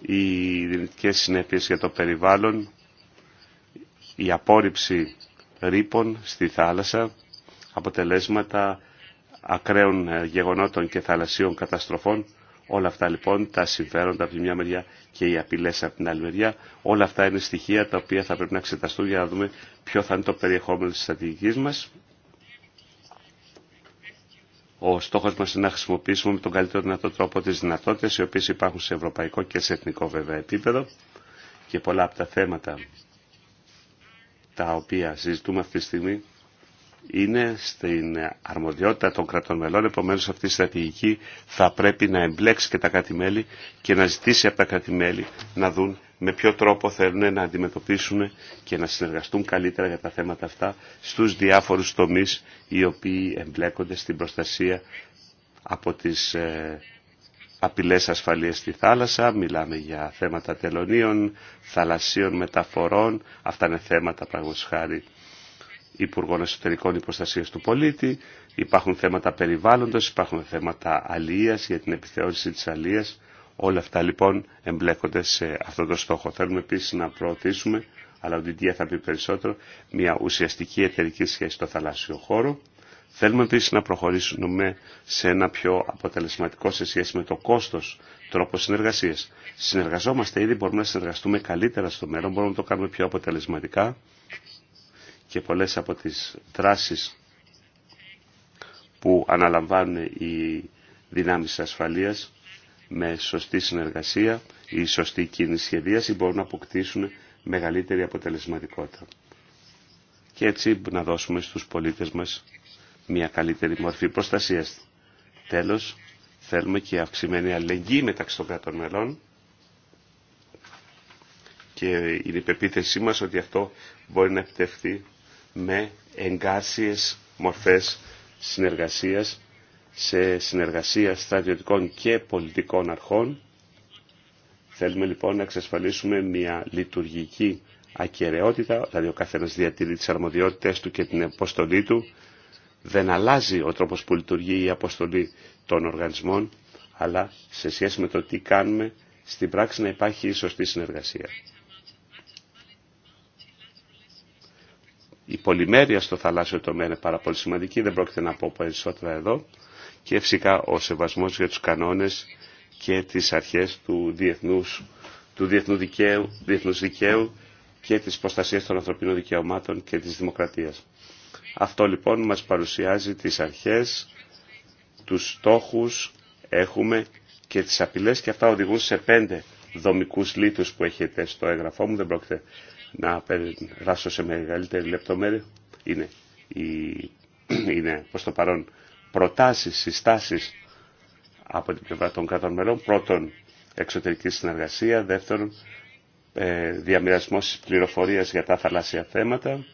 οι δυνητικές συνέπειες για το περιβάλλον, η απόρριψη ρήπων στη θάλασσα, αποτελέσματα ακραίων ε, γεγονότων και θαλασσίων καταστροφών. Όλα αυτά λοιπόν, τα συμφέροντα από τη μια μεριά και οι απειλέ από την άλλη μεριά, όλα αυτά είναι στοιχεία τα οποία θα πρέπει να εξεταστούν για να δούμε ποιο θα είναι το περιεχόμενο τη στρατηγική μα. Ο στόχο μα είναι να χρησιμοποιήσουμε με τον καλύτερο δυνατό τρόπο τι δυνατότητε οι οποίε υπάρχουν σε ευρωπαϊκό και σε εθνικό βέβαια επίπεδο και πολλά από τα θέματα τα οποία συζητούμε αυτή τη στιγμή είναι στην αρμοδιότητα των κρατών μελών. Επομένω, αυτή η στρατηγική θα πρέπει να εμπλέξει και τα κράτη-μέλη και να ζητήσει από τα κράτη-μέλη να δουν με ποιο τρόπο θέλουν να αντιμετωπίσουν και να συνεργαστούν καλύτερα για τα θέματα αυτά στους διάφορους τομείς οι οποίοι εμπλέκονται στην προστασία από τις ε, απειλές ασφαλείας στη θάλασσα, μιλάμε για θέματα τελωνίων, θαλασσίων μεταφορών, αυτά είναι θέματα πραγματικά χάρη Υπουργών Εσωτερικών Υποστασίας του Πολίτη, υπάρχουν θέματα περιβάλλοντος, υπάρχουν θέματα αλίας για την επιθεώρηση της αλίας. Όλα αυτά λοιπόν εμπλέκονται σε αυτό το στόχο. Θέλουμε επίσης να προωθήσουμε, αλλά ο Διντία θα πει περισσότερο, μια ουσιαστική εταιρική σχέση στο θαλάσσιο χώρο. Θέλουμε επίσης να προχωρήσουμε σε ένα πιο αποτελεσματικό σε σχέση με το κόστος τρόπο συνεργασίας. Συνεργαζόμαστε ήδη, μπορούμε να συνεργαστούμε καλύτερα στο μέλλον, μπορούμε να το κάνουμε πιο αποτελεσματικά και πολλές από τις δράσεις που αναλαμβάνουν οι δυνάμεις ασφαλείας με σωστή συνεργασία ή σωστή κίνηση σχεδίαση μπορούν να αποκτήσουν μεγαλύτερη αποτελεσματικότητα. Και έτσι να δώσουμε στους πολίτες μας μια καλύτερη μορφή προστασίας. Τέλος, θέλουμε και αυξημένη αλληλεγγύη μεταξύ των κρατών μελών και είναι η πεποίθησή μας ότι αυτό μπορεί να επιτευχθεί με εγκάρσιες μορφές συνεργασίας σε συνεργασία στρατιωτικών και πολιτικών αρχών. Θέλουμε λοιπόν να εξασφαλίσουμε μια λειτουργική ακαιρεότητα, δηλαδή ο καθένας διατηρεί τις αρμοδιότητες του και την αποστολή του. Δεν αλλάζει ο τρόπος που λειτουργεί η αποστολή των οργανισμών, αλλά σε σχέση με το τι κάνουμε, στην πράξη να υπάρχει η σωστή συνεργασία. η πολυμέρεια στο θαλάσσιο τομέα είναι πάρα πολύ σημαντική, δεν πρόκειται να πω περισσότερα εδώ και φυσικά ο σεβασμός για τους κανόνες και τις αρχές του διεθνούς, του διεθνού δικαίου, διεθνούς δικαίου και της προστασίας των ανθρωπίνων δικαιωμάτων και της δημοκρατίας. Αυτό λοιπόν μας παρουσιάζει τις αρχές, τους στόχους έχουμε και τις απειλές και αυτά οδηγούν σε πέντε δομικούς λίθους που έχετε στο έγγραφό μου. Δεν πρόκειται να περάσω σε μεγαλύτερη λεπτομέρεια. Είναι, η, <clears throat> είναι προς το παρόν προτάσεις, συστάσεις από την πλευρά των κρατών μελών. Πρώτον, εξωτερική συνεργασία. Δεύτερον, ε, διαμοιρασμός πληροφορίας για τα θαλάσσια θέματα.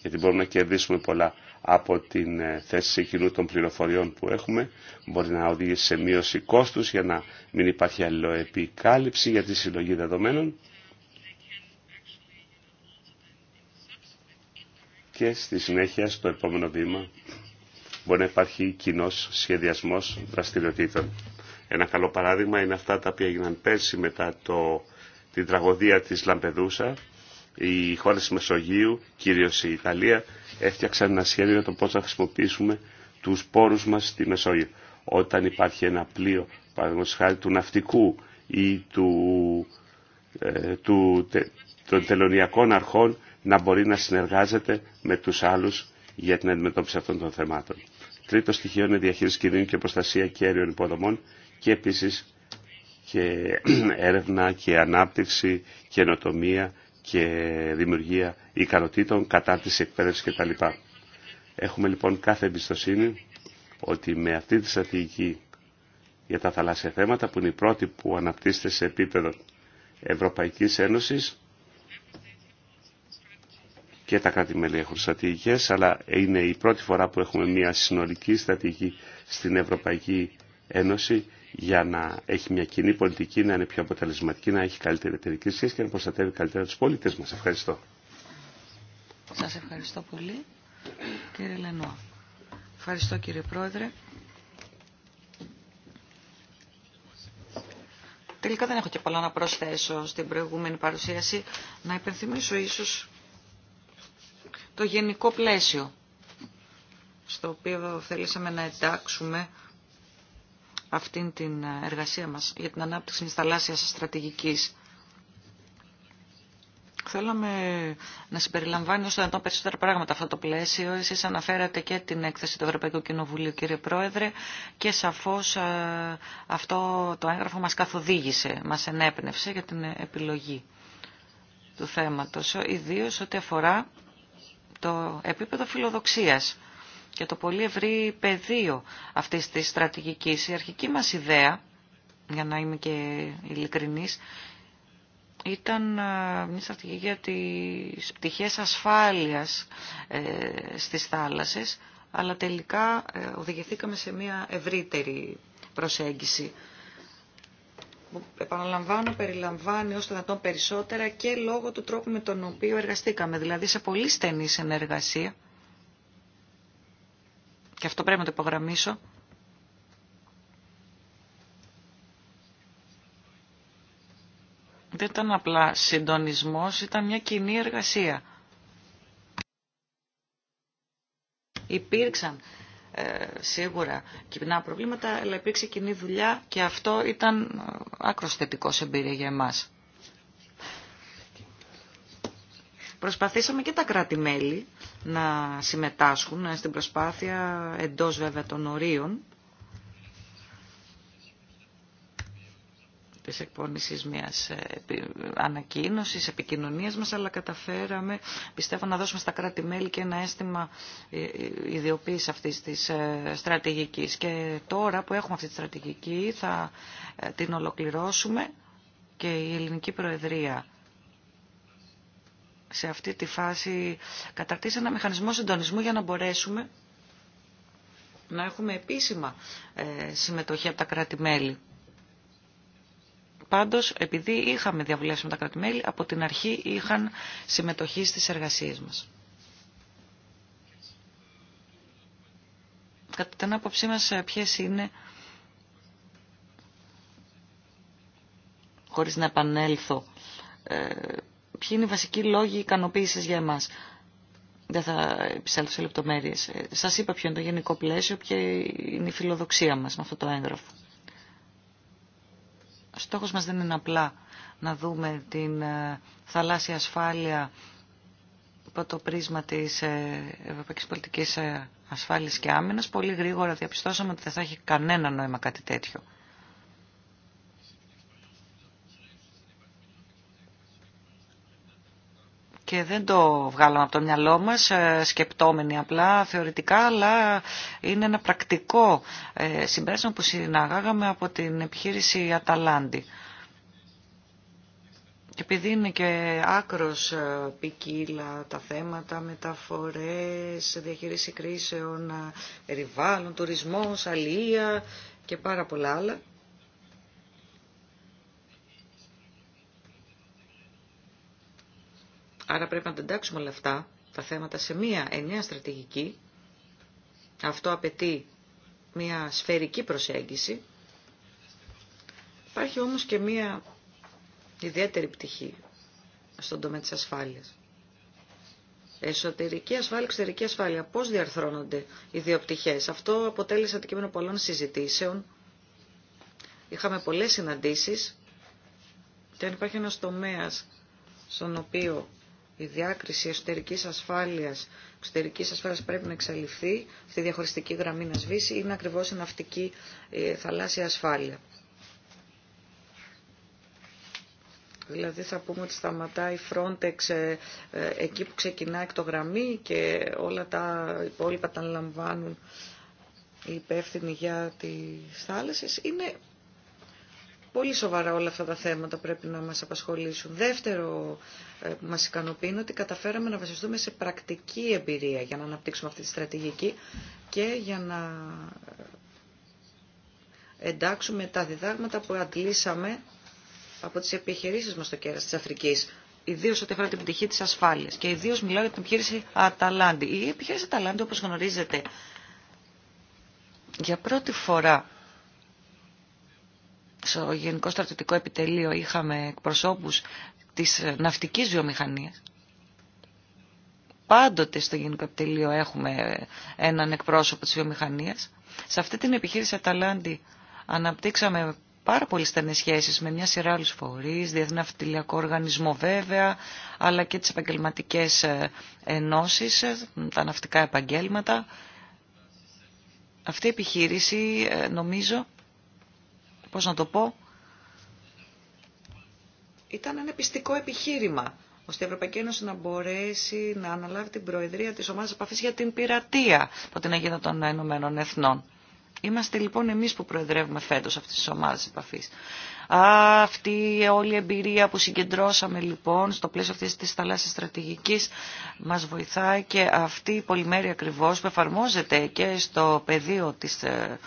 Γιατί μπορούμε να κερδίσουμε πολλά από την ε, θέση σε κοινού των πληροφοριών που έχουμε μπορεί να οδηγήσει σε μείωση κόστους για να μην υπάρχει αλληλοεπικάλυψη για τη συλλογή δεδομένων και στη συνέχεια στο επόμενο βήμα μπορεί να υπάρχει κοινό σχεδιασμός δραστηριοτήτων. Ένα καλό παράδειγμα είναι αυτά τα οποία έγιναν πέρσι μετά το, την τραγωδία της Λαμπεδούσα οι χώρες της Μεσογείου, κυρίως η Ιταλία, έφτιαξαν ένα σχέδιο για το πώς θα χρησιμοποιήσουμε τους πόρους μας στη Μεσόγειο. Όταν υπάρχει ένα πλοίο, παραδείγματος χάρη του ναυτικού ή του, ε, του, τε, των τελωνιακών αρχών, να μπορεί να συνεργάζεται με τους άλλους για την αντιμετώπιση αυτών των θεμάτων. Τρίτο στοιχείο είναι διαχείριση κινδύνου και προστασία κέριων υποδομών και επίσης και <clears throat> έρευνα και ανάπτυξη, καινοτομία και δημιουργία ικανοτήτων, τη εκπαίδευση κτλ. Έχουμε λοιπόν κάθε εμπιστοσύνη ότι με αυτή τη στρατηγική για τα θαλάσσια θέματα, που είναι η πρώτη που αναπτύσσεται σε επίπεδο Ευρωπαϊκής Ένωσης, και τα κράτη-μέλη έχουν στρατηγικές, αλλά είναι η πρώτη φορά που έχουμε μια συνολική στρατηγική στην Ευρωπαϊκή Ένωση για να έχει μια κοινή πολιτική, να είναι πιο αποτελεσματική, να έχει καλύτερη εταιρική σχέση και να προστατεύει καλύτερα του πολίτες μας. Ευχαριστώ. Σα ευχαριστώ πολύ, κύριε Λενό. Ευχαριστώ, κύριε Πρόεδρε. Τελικά δεν έχω και πολλά να προσθέσω στην προηγούμενη παρουσίαση. Να υπενθυμίσω ίσως το γενικό πλαίσιο στο οποίο θέλησαμε να εντάξουμε αυτήν την εργασία μας για την ανάπτυξη της θαλάσσιας στρατηγικής. Θέλαμε να συμπεριλαμβάνει όσο δυνατόν περισσότερα πράγματα αυτό το πλαίσιο. Εσείς αναφέρατε και την έκθεση του Ευρωπαϊκού Κοινοβουλίου, κύριε Πρόεδρε, και σαφώς αυτό το έγγραφο μας καθοδήγησε, μας ενέπνευσε για την επιλογή του θέματος, ιδίως ό,τι αφορά το επίπεδο φιλοδοξίας και το πολύ ευρύ πεδίο αυτής της στρατηγικής. Η αρχική μας ιδέα, για να είμαι και ειλικρινής, ήταν ε, μια στρατηγική για τις πτυχές ασφάλειας ε, στις θάλασσες, αλλά τελικά ε, οδηγηθήκαμε σε μια ευρύτερη προσέγγιση επαναλαμβάνω περιλαμβάνει όσο το δυνατόν περισσότερα και λόγω του τρόπου με τον οποίο εργαστήκαμε, δηλαδή σε πολύ στενή συνεργασία και αυτό πρέπει να το υπογραμμίσω, δεν ήταν απλά συντονισμός, ήταν μια κοινή εργασία. Υπήρξαν ε, σίγουρα κοινά προβλήματα, αλλά υπήρξε κοινή δουλειά και αυτό ήταν ε, άκρο θετικό εμπειρία για εμάς. Προσπαθήσαμε και τα κράτη-μέλη να συμμετάσχουν ε, στην προσπάθεια εντός βέβαια των ορίων της εκπόνησης μιας ε, ανακοίνωσης, επικοινωνίας μας, αλλά καταφέραμε, πιστεύω, να δώσουμε στα κράτη-μέλη και ένα αίσθημα ε, ιδιοποίηση αυτής της στρατηγικής. Και τώρα που έχουμε αυτή τη στρατηγική θα την ολοκληρώσουμε και η Ελληνική Προεδρία σε αυτή τη φάση καταρτήσει ένα μηχανισμό συντονισμού για να μπορέσουμε να έχουμε επίσημα ε, συμμετοχή από τα κράτη-μέλη. Πάντως, επειδή είχαμε διαβουλεύσει με τα κράτη-μέλη, από την αρχή είχαν συμμετοχή στις εργασίες μας. Κατά την άποψή μας, ε, ποιες είναι, χωρίς να επανέλθω ε, ποιοι είναι οι βασικοί λόγοι ικανοποίησης για εμάς. Δεν θα επισέλθω σε λεπτομέρειες. Ε, σας είπα ποιο είναι το γενικό πλαίσιο, ποια είναι η φιλοδοξία μας με αυτό το έγγραφο. Ο στόχος μας δεν είναι απλά να δούμε την ε, θαλάσσια ασφάλεια από το πρίσμα της ε, Ευρωπαϊκής Πολιτικής Ασφάλειας και Άμυνας. Πολύ γρήγορα διαπιστώσαμε ότι δεν θα έχει κανένα νόημα κάτι τέτοιο. και δεν το βγάλαμε από το μυαλό μας ε, σκεπτόμενοι απλά θεωρητικά, αλλά είναι ένα πρακτικό ε, συμπέρασμα που συναγάγαμε από την επιχείρηση Αταλάντη. Και επειδή είναι και άκρος ε, ποικίλα τα θέματα, μεταφορές, διαχείριση κρίσεων, περιβάλλον, τουρισμός, αλία και πάρα πολλά άλλα, Άρα πρέπει να τα εντάξουμε όλα αυτά τα θέματα σε μία ενιαία στρατηγική. Αυτό απαιτεί μία σφαιρική προσέγγιση. Υπάρχει όμως και μία ιδιαίτερη πτυχή στον τομέα της ασφάλειας. Εσωτερική ασφάλεια, εξωτερική ασφάλεια. Πώς διαρθρώνονται οι δύο πτυχές. Αυτό αποτέλεσε αντικείμενο πολλών συζητήσεων. Είχαμε πολλές συναντήσεις. Και αν υπάρχει ένας τομέας στον οποίο η διάκριση εσωτερικής ασφάλειας, εξωτερικής ασφάλειας πρέπει να εξαλειφθεί στη διαχωριστική γραμμή να σβήσει, είναι ακριβώς η ναυτική θαλάσσια ασφάλεια. Δηλαδή θα πούμε ότι σταματάει η Frontex ε, ε, εκεί που ξεκινά το γραμμή και όλα τα υπόλοιπα τα λαμβάνουν οι υπεύθυνοι για τις θάλασσες. Είναι Πολύ σοβαρά όλα αυτά τα θέματα πρέπει να μας απασχολήσουν. Δεύτερο ε, που μας ικανοποιεί είναι ότι καταφέραμε να βασιστούμε σε πρακτική εμπειρία για να αναπτύξουμε αυτή τη στρατηγική και για να ε, εντάξουμε τα διδάγματα που αντλήσαμε από τις επιχειρήσεις μας στο κέρας της Αφρικής. Ιδίω ό,τι αφορά την επιτυχία τη ασφάλεια. Και ιδίω μιλάω για την επιχείρηση Αταλάντη. Η επιχείρηση Αταλάντη, όπω γνωρίζετε, για πρώτη φορά στο Γενικό Στρατιωτικό Επιτελείο είχαμε εκπροσώπους της ναυτικής βιομηχανίας. Πάντοτε στο Γενικό Επιτελείο έχουμε έναν εκπρόσωπο της βιομηχανίας. Σε αυτή την επιχείρηση Αταλάντη αναπτύξαμε πάρα πολύ στενέ σχέσεις με μια σειρά άλλου φορεί, Διεθνή Αυτιλιακό Οργανισμό βέβαια, αλλά και τι επαγγελματικέ ε, ενώσεις, ε, τα ναυτικά επαγγέλματα. Αυτή η επιχείρηση ε, νομίζω πώς να το πω, ήταν ένα πιστικό επιχείρημα ώστε η Ευρωπαϊκή Ένωση να μπορέσει να αναλάβει την προεδρία της ομάδας επαφής για την πειρατεία από την Αγίδα των Ηνωμένων Εθνών. Είμαστε λοιπόν εμείς που προεδρεύουμε φέτος αυτής της ομάδας επαφής. αυτή όλη η εμπειρία που συγκεντρώσαμε λοιπόν στο πλαίσιο αυτής της θαλάσσης στρατηγικής μας βοηθάει και αυτή η πολυμέρεια ακριβώς που εφαρμόζεται και στο πεδίο της ε,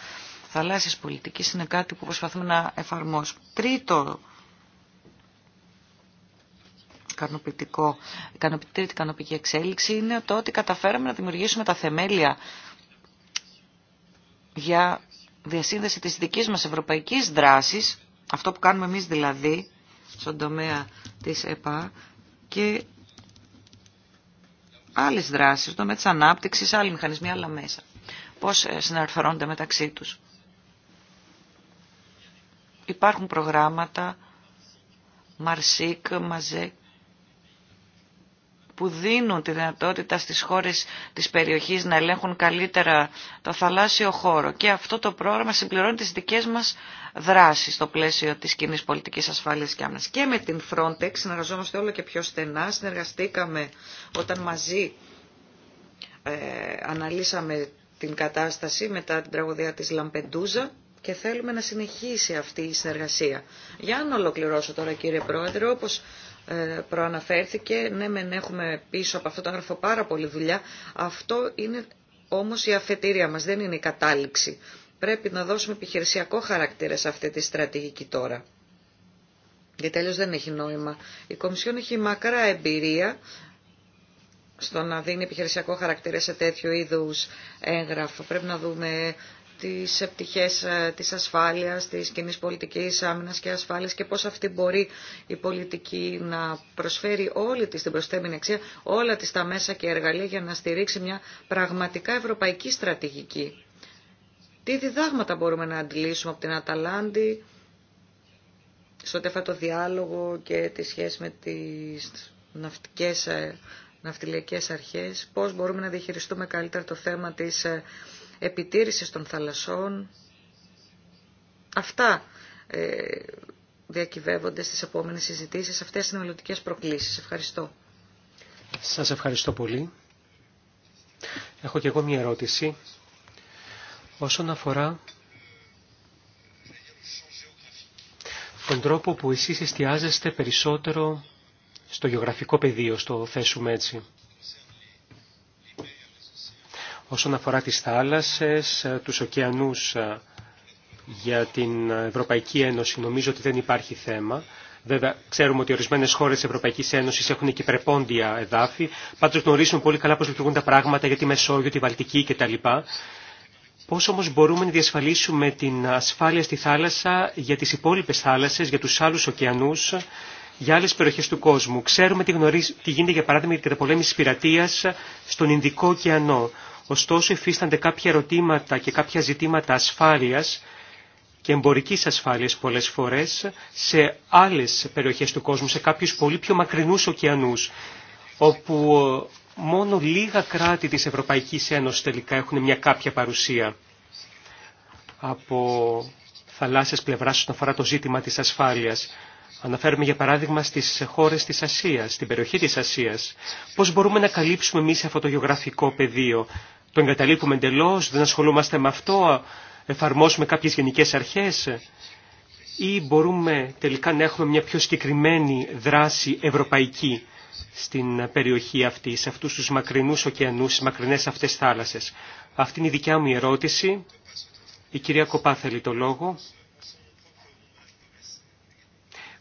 θαλάσσιας πολιτικής είναι κάτι που προσπαθούμε να εφαρμόσουμε. Τρίτο ικανοποιητικό, ικανοποιητική, ικανοποιητική εξέλιξη είναι το ότι καταφέραμε να δημιουργήσουμε τα θεμέλια για διασύνδεση της δικής μας ευρωπαϊκής δράσης, αυτό που κάνουμε εμείς δηλαδή στον τομέα της ΕΠΑ και άλλες δράσεις, το τομέα της ανάπτυξης, άλλοι μηχανισμοί, άλλα μέσα. Πώς ε, συναρθρώνονται μεταξύ τους. Υπάρχουν προγράμματα, Μαρσίκ, Μαζέ, που δίνουν τη δυνατότητα στις χώρες της περιοχής να ελέγχουν καλύτερα το θαλάσσιο χώρο. Και αυτό το πρόγραμμα συμπληρώνει τις δικές μας δράσεις στο πλαίσιο της κοινή πολιτικής ασφάλειας και άμυνας. Και με την Frontex συνεργαζόμαστε όλο και πιο στενά. Συνεργαστήκαμε όταν μαζί ε, αναλύσαμε την κατάσταση μετά την τραγωδία της Λαμπεντούζα και θέλουμε να συνεχίσει αυτή η συνεργασία. Για να ολοκληρώσω τώρα κύριε Πρόεδρε, όπως ε, προαναφέρθηκε, ναι μεν έχουμε πίσω από αυτό το έγγραφο πάρα πολλή δουλειά, αυτό είναι όμως η αφετηρία μας, δεν είναι η κατάληξη. Πρέπει να δώσουμε επιχειρησιακό χαρακτήρα σε αυτή τη στρατηγική τώρα. Γιατί τέλος δεν έχει νόημα. Η Κομισιόν έχει μακρά εμπειρία στο να δίνει επιχειρησιακό χαρακτήρα σε τέτοιου είδους έγγραφο. Πρέπει να δούμε τις επιτυχίες ε, της ασφάλειας, της κοινή πολιτικής άμυνας και ασφάλειας και πώς αυτή μπορεί η πολιτική να προσφέρει όλη της την προσθέμενη αξία, όλα τη τα μέσα και εργαλεία για να στηρίξει μια πραγματικά ευρωπαϊκή στρατηγική. Τι διδάγματα μπορούμε να αντιλήσουμε από την Αταλάντη στο τεφατό διάλογο και τη σχέση με τις ναυτικές, ε, ναυτιλιακές αρχές, πώς μπορούμε να διαχειριστούμε καλύτερα το θέμα της ε, επιτήρησης των θαλασσών. Αυτά ε, διακυβεύονται στις επόμενες συζητήσεις. Αυτές είναι μελλοντικέ προκλήσεις. Ευχαριστώ. Σας ευχαριστώ πολύ. Έχω και εγώ μια ερώτηση. Όσον αφορά τον τρόπο που εσείς εστιάζεστε περισσότερο στο γεωγραφικό πεδίο, στο θέσουμε έτσι όσον αφορά τις θάλασσες, ε, τους ωκεανούς ε, για την Ευρωπαϊκή Ένωση νομίζω ότι δεν υπάρχει θέμα. Βέβαια, ξέρουμε ότι ορισμένε χώρε τη Ευρωπαϊκή Ένωση έχουν και υπερπόντια εδάφη. Πάντω γνωρίζουμε πολύ καλά πώ λειτουργούν τα πράγματα για τη Μεσόγειο, τη Βαλτική κτλ. Πώ όμω μπορούμε να διασφαλίσουμε την ασφάλεια στη θάλασσα για τι υπόλοιπε θάλασσε, για του άλλου ωκεανού, για άλλε περιοχέ του κόσμου. Ξέρουμε τι, τι γίνεται, για παράδειγμα, για την καταπολέμηση πειρατεία στον Ινδικό ωκεανό ωστόσο υφίστανται κάποια ερωτήματα και κάποια ζητήματα ασφάλειας και εμπορικής ασφάλειας πολλές φορές σε άλλες περιοχές του κόσμου, σε κάποιους πολύ πιο μακρινούς ωκεανούς, όπου μόνο λίγα κράτη της Ευρωπαϊκής Ένωσης τελικά έχουν μια κάποια παρουσία από θαλάσσιας πλευράς όσον αφορά το ζήτημα της ασφάλειας. Αναφέρουμε για παράδειγμα στις χώρες της Ασίας, στην περιοχή της Ασίας. Πώς μπορούμε να καλύψουμε εμείς αυτό το γεωγραφικό πεδίο το εγκαταλείπουμε εντελώ, δεν ασχολούμαστε με αυτό, εφαρμόσουμε κάποιες γενικές αρχές ή μπορούμε τελικά να έχουμε μια πιο συγκεκριμένη δράση ευρωπαϊκή στην περιοχή αυτή, σε αυτούς τους μακρινούς ωκεανούς, στις μακρινές αυτές θάλασσες. Αυτή είναι η δικιά μου ερώτηση. Η κυρία Κοπά θέλει το λόγο.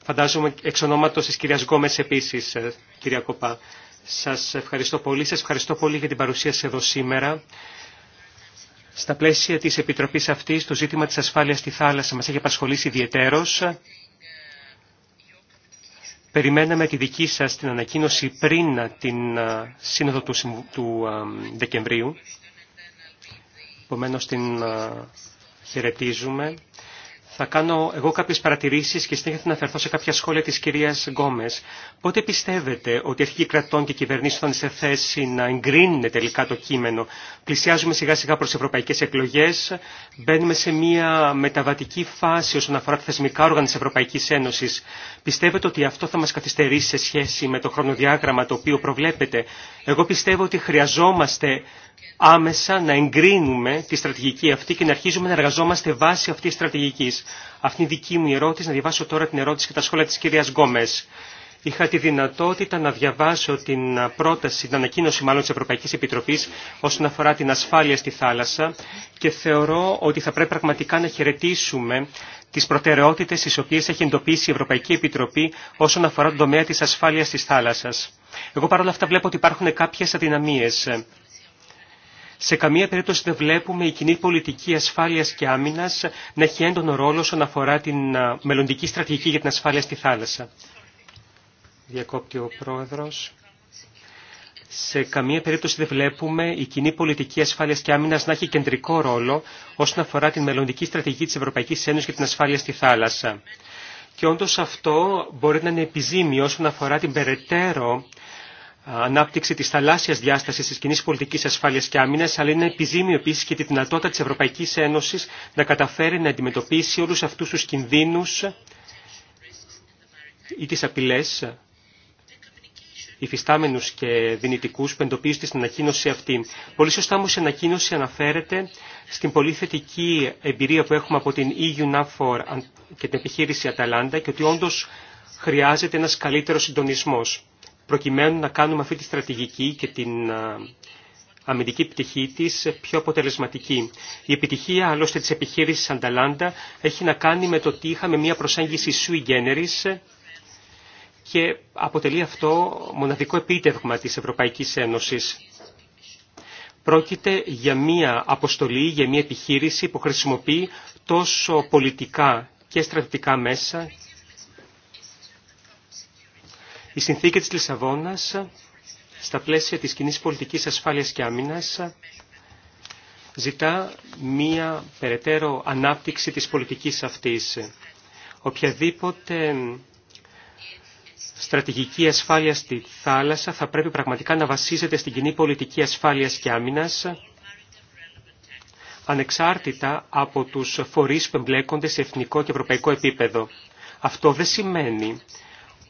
Φαντάζομαι εξ ονόματος της κυρίας Γκόμες επίσης, ε, κυρία Κοπά. Σας ευχαριστώ πολύ. Σας ευχαριστώ πολύ για την παρουσία σας εδώ σήμερα. Στα πλαίσια της Επιτροπής αυτής, το ζήτημα της ασφάλειας στη θάλασσα μας έχει απασχολήσει ιδιαιτέρως. Περιμέναμε τη δική σας την ανακοίνωση πριν την σύνοδο του Δεκεμβρίου. Επομένως την χαιρετίζουμε. Θα κάνω εγώ κάποιες παρατηρήσεις και συνέχεια θα αναφερθώ σε κάποια σχόλια της κυρίας Γκόμες. Πότε πιστεύετε ότι οι κρατών και κυβερνήσεων θα είναι σε θέση να εγκρίνουν τελικά το κείμενο. Πλησιάζουμε σιγά σιγά προς ευρωπαϊκές εκλογές, μπαίνουμε σε μια μεταβατική φάση όσον αφορά τα θεσμικά όργανα της Ευρωπαϊκής Ένωσης. Πιστεύετε ότι αυτό θα μας καθυστερήσει σε σχέση με το χρονοδιάγραμμα το οποίο προβλέπετε. Εγώ πιστεύω ότι χρειαζόμαστε άμεσα να εγκρίνουμε τη στρατηγική αυτή και να αρχίζουμε να εργαζόμαστε βάσει αυτή τη στρατηγική. Αυτή είναι η δική μου ερώτηση, να διαβάσω τώρα την ερώτηση και τα σχόλια τη κυρία Γκόμε. Είχα τη δυνατότητα να διαβάσω την πρόταση, την ανακοίνωση μάλλον τη Ευρωπαϊκή Επιτροπή όσον αφορά την ασφάλεια στη θάλασσα και θεωρώ ότι θα πρέπει πραγματικά να χαιρετήσουμε τις προτεραιότητες τις οποίες έχει εντοπίσει η Ευρωπαϊκή Επιτροπή όσον αφορά τον τομέα της ασφάλειας τη θάλασσα. Εγώ παρόλα αυτά βλέπω ότι υπάρχουν κάποιες αδυναμίες. Σε καμία περίπτωση δεν βλέπουμε η κοινή πολιτική ασφάλεια και άμυνα να έχει έντονο ρόλο όσον αφορά την μελλοντική στρατηγική για την ασφάλεια στη θάλασσα. Διακόπτει ο πρόεδρος. Σε καμία περίπτωση δεν βλέπουμε η κοινή πολιτική ασφάλεια και άμυνα να έχει κεντρικό ρόλο όσον αφορά την μελλοντική στρατηγική τη Ευρωπαϊκή Ένωση για την ασφάλεια στη θάλασσα. Και όντω αυτό μπορεί να είναι επιζήμιο όσον αφορά την περαιτέρω ανάπτυξη τη θάλασσια διάσταση τη κοινή πολιτική ασφάλεια και άμυνα, αλλά είναι επιζήμιο επίση και τη δυνατότητα τη Ευρωπαϊκή Ένωση να καταφέρει να αντιμετωπίσει όλου αυτού του κινδύνου η τι απειλέ, στην πολύ δυνητικού που εντοπιζονται στην ανακοινωση αυτη πολυ σωστα ομω η ανακοινωση από την EU-NAFOR και την επιχείρηση Αταλάντα και ότι όντω χρειάζεται ένας καλύτερος συντονισμός προκειμένου να κάνουμε αυτή τη στρατηγική και την αμυντική πτυχή της πιο αποτελεσματική. Η επιτυχία άλλωστε της επιχείρησης Ανταλάντα έχει να κάνει με το ότι είχαμε μια προσέγγιση sui generis και αποτελεί αυτό μοναδικό επίτευγμα της Ευρωπαϊκής Ένωσης. Πρόκειται για μια αποστολή, για μια επιχείρηση που χρησιμοποιεί τόσο πολιτικά και στρατιωτικά μέσα η συνθήκη της Λισαβόνας στα πλαίσια της κοινή πολιτικής ασφάλειας και άμυνας ζητά μία περαιτέρω ανάπτυξη της πολιτικής αυτής. Οποιαδήποτε στρατηγική ασφάλεια στη θάλασσα θα πρέπει πραγματικά να βασίζεται στην κοινή πολιτική ασφάλειας και άμυνας ανεξάρτητα από τους φορείς που εμπλέκονται σε εθνικό και ευρωπαϊκό επίπεδο. Αυτό δεν σημαίνει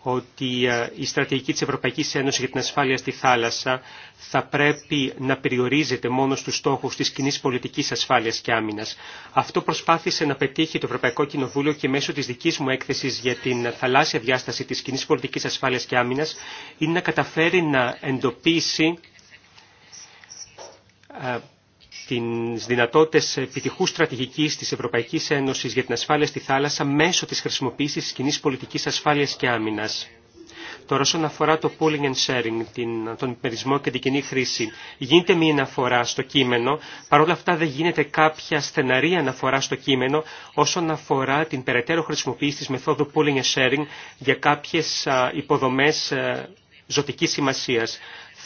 ότι ε, η στρατηγική της Ευρωπαϊκής Ένωσης για την ασφάλεια στη θάλασσα θα πρέπει να περιορίζεται μόνο στους στόχους της κοινή πολιτικής ασφάλειας και άμυνας. Αυτό προσπάθησε να πετύχει το Ευρωπαϊκό Κοινοβούλιο και μέσω της δικής μου έκθεσης για την θαλάσσια διάσταση της κοινή πολιτικής ασφάλειας και άμυνας είναι να καταφέρει να εντοπίσει ε, στις δυνατότητες επιτυχούς στρατηγικής της Ευρωπαϊκής Ένωσης για την ασφάλεια στη θάλασσα μέσω της χρησιμοποίησης της κοινής πολιτικής ασφάλειας και άμυνας. Τώρα, όσον αφορά το pooling and sharing, τον περισμό και την κοινή χρήση, γίνεται μία αναφορά στο κείμενο. παρόλα αυτά, δεν γίνεται κάποια στεναρή αναφορά στο κείμενο όσον αφορά την περαιτέρω χρησιμοποίηση τη μεθόδου pooling and sharing για κάποιε υποδομέ ε, ζωτική σημασία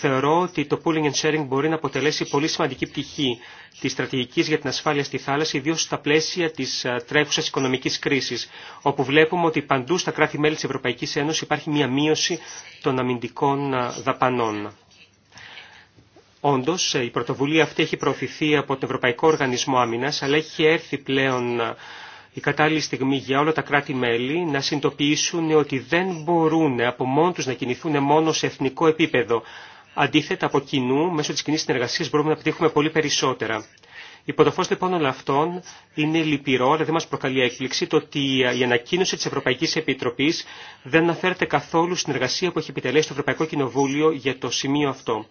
θεωρώ ότι το pooling and sharing μπορεί να αποτελέσει πολύ σημαντική πτυχή τη στρατηγική για την ασφάλεια στη θάλασσα, ιδίω στα πλαίσια τη ε, τρέχουσα οικονομική κρίση, όπου βλέπουμε ότι παντού στα κράτη-μέλη τη Ευρωπαϊκή Ένωση υπάρχει μια μείωση των αμυντικών ε, δαπανών. Όντω, ε, η πρωτοβουλία αυτή έχει προωθηθεί από τον Ευρωπαϊκό Οργανισμό Άμυνα, αλλά έχει έρθει πλέον η κατάλληλη στιγμή για όλα τα κράτη-μέλη να συνειδητοποιήσουν ότι δεν μπορούν από μόνο τους να κινηθούν μόνο σε εθνικό επίπεδο. Αντίθετα, από κοινού, μέσω της κοινή συνεργασία μπορούμε να πετύχουμε πολύ περισσότερα. Υπό το φω λοιπόν όλων αυτών είναι λυπηρό, αλλά δεν δηλαδή, μα προκαλεί έκπληξη, το ότι η ανακοίνωση της Ευρωπαϊκής Επιτροπής δεν αναφέρεται καθόλου στην εργασία που έχει επιτελέσει το Ευρωπαϊκό Κοινοβούλιο για το σημείο αυτό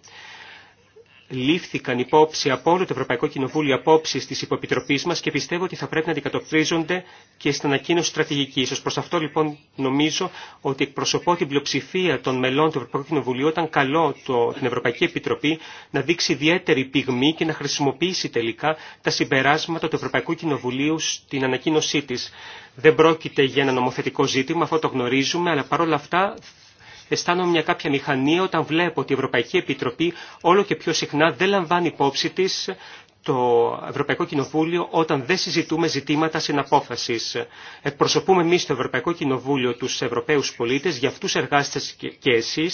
λήφθηκαν υπόψη από όλο το Ευρωπαϊκό Κοινοβούλιο απόψει τη υποπιτροπή μα και πιστεύω ότι θα πρέπει να αντικατοπτρίζονται και στην ανακοίνωση στρατηγική. Ω προ αυτό λοιπόν νομίζω ότι εκπροσωπώ την πλειοψηφία των μελών του Ευρωπαϊκού Κοινοβουλίου όταν καλό το, την Ευρωπαϊκή Επιτροπή να δείξει ιδιαίτερη πυγμή και να χρησιμοποιήσει τελικά τα συμπεράσματα του Ευρωπαϊκού Κοινοβουλίου στην ανακοίνωσή τη. Δεν πρόκειται για ένα νομοθετικό ζήτημα, αυτό το γνωρίζουμε, αλλά παρόλα αυτά αισθάνομαι μια κάποια μηχανία όταν βλέπω ότι η Ευρωπαϊκή Επιτροπή όλο και πιο συχνά δεν λαμβάνει υπόψη τη το Ευρωπαϊκό Κοινοβούλιο όταν δεν συζητούμε ζητήματα συναπόφαση. Εκπροσωπούμε εμεί το Ευρωπαϊκό Κοινοβούλιο του Ευρωπαίου πολίτε, για αυτού εργάστε και εσεί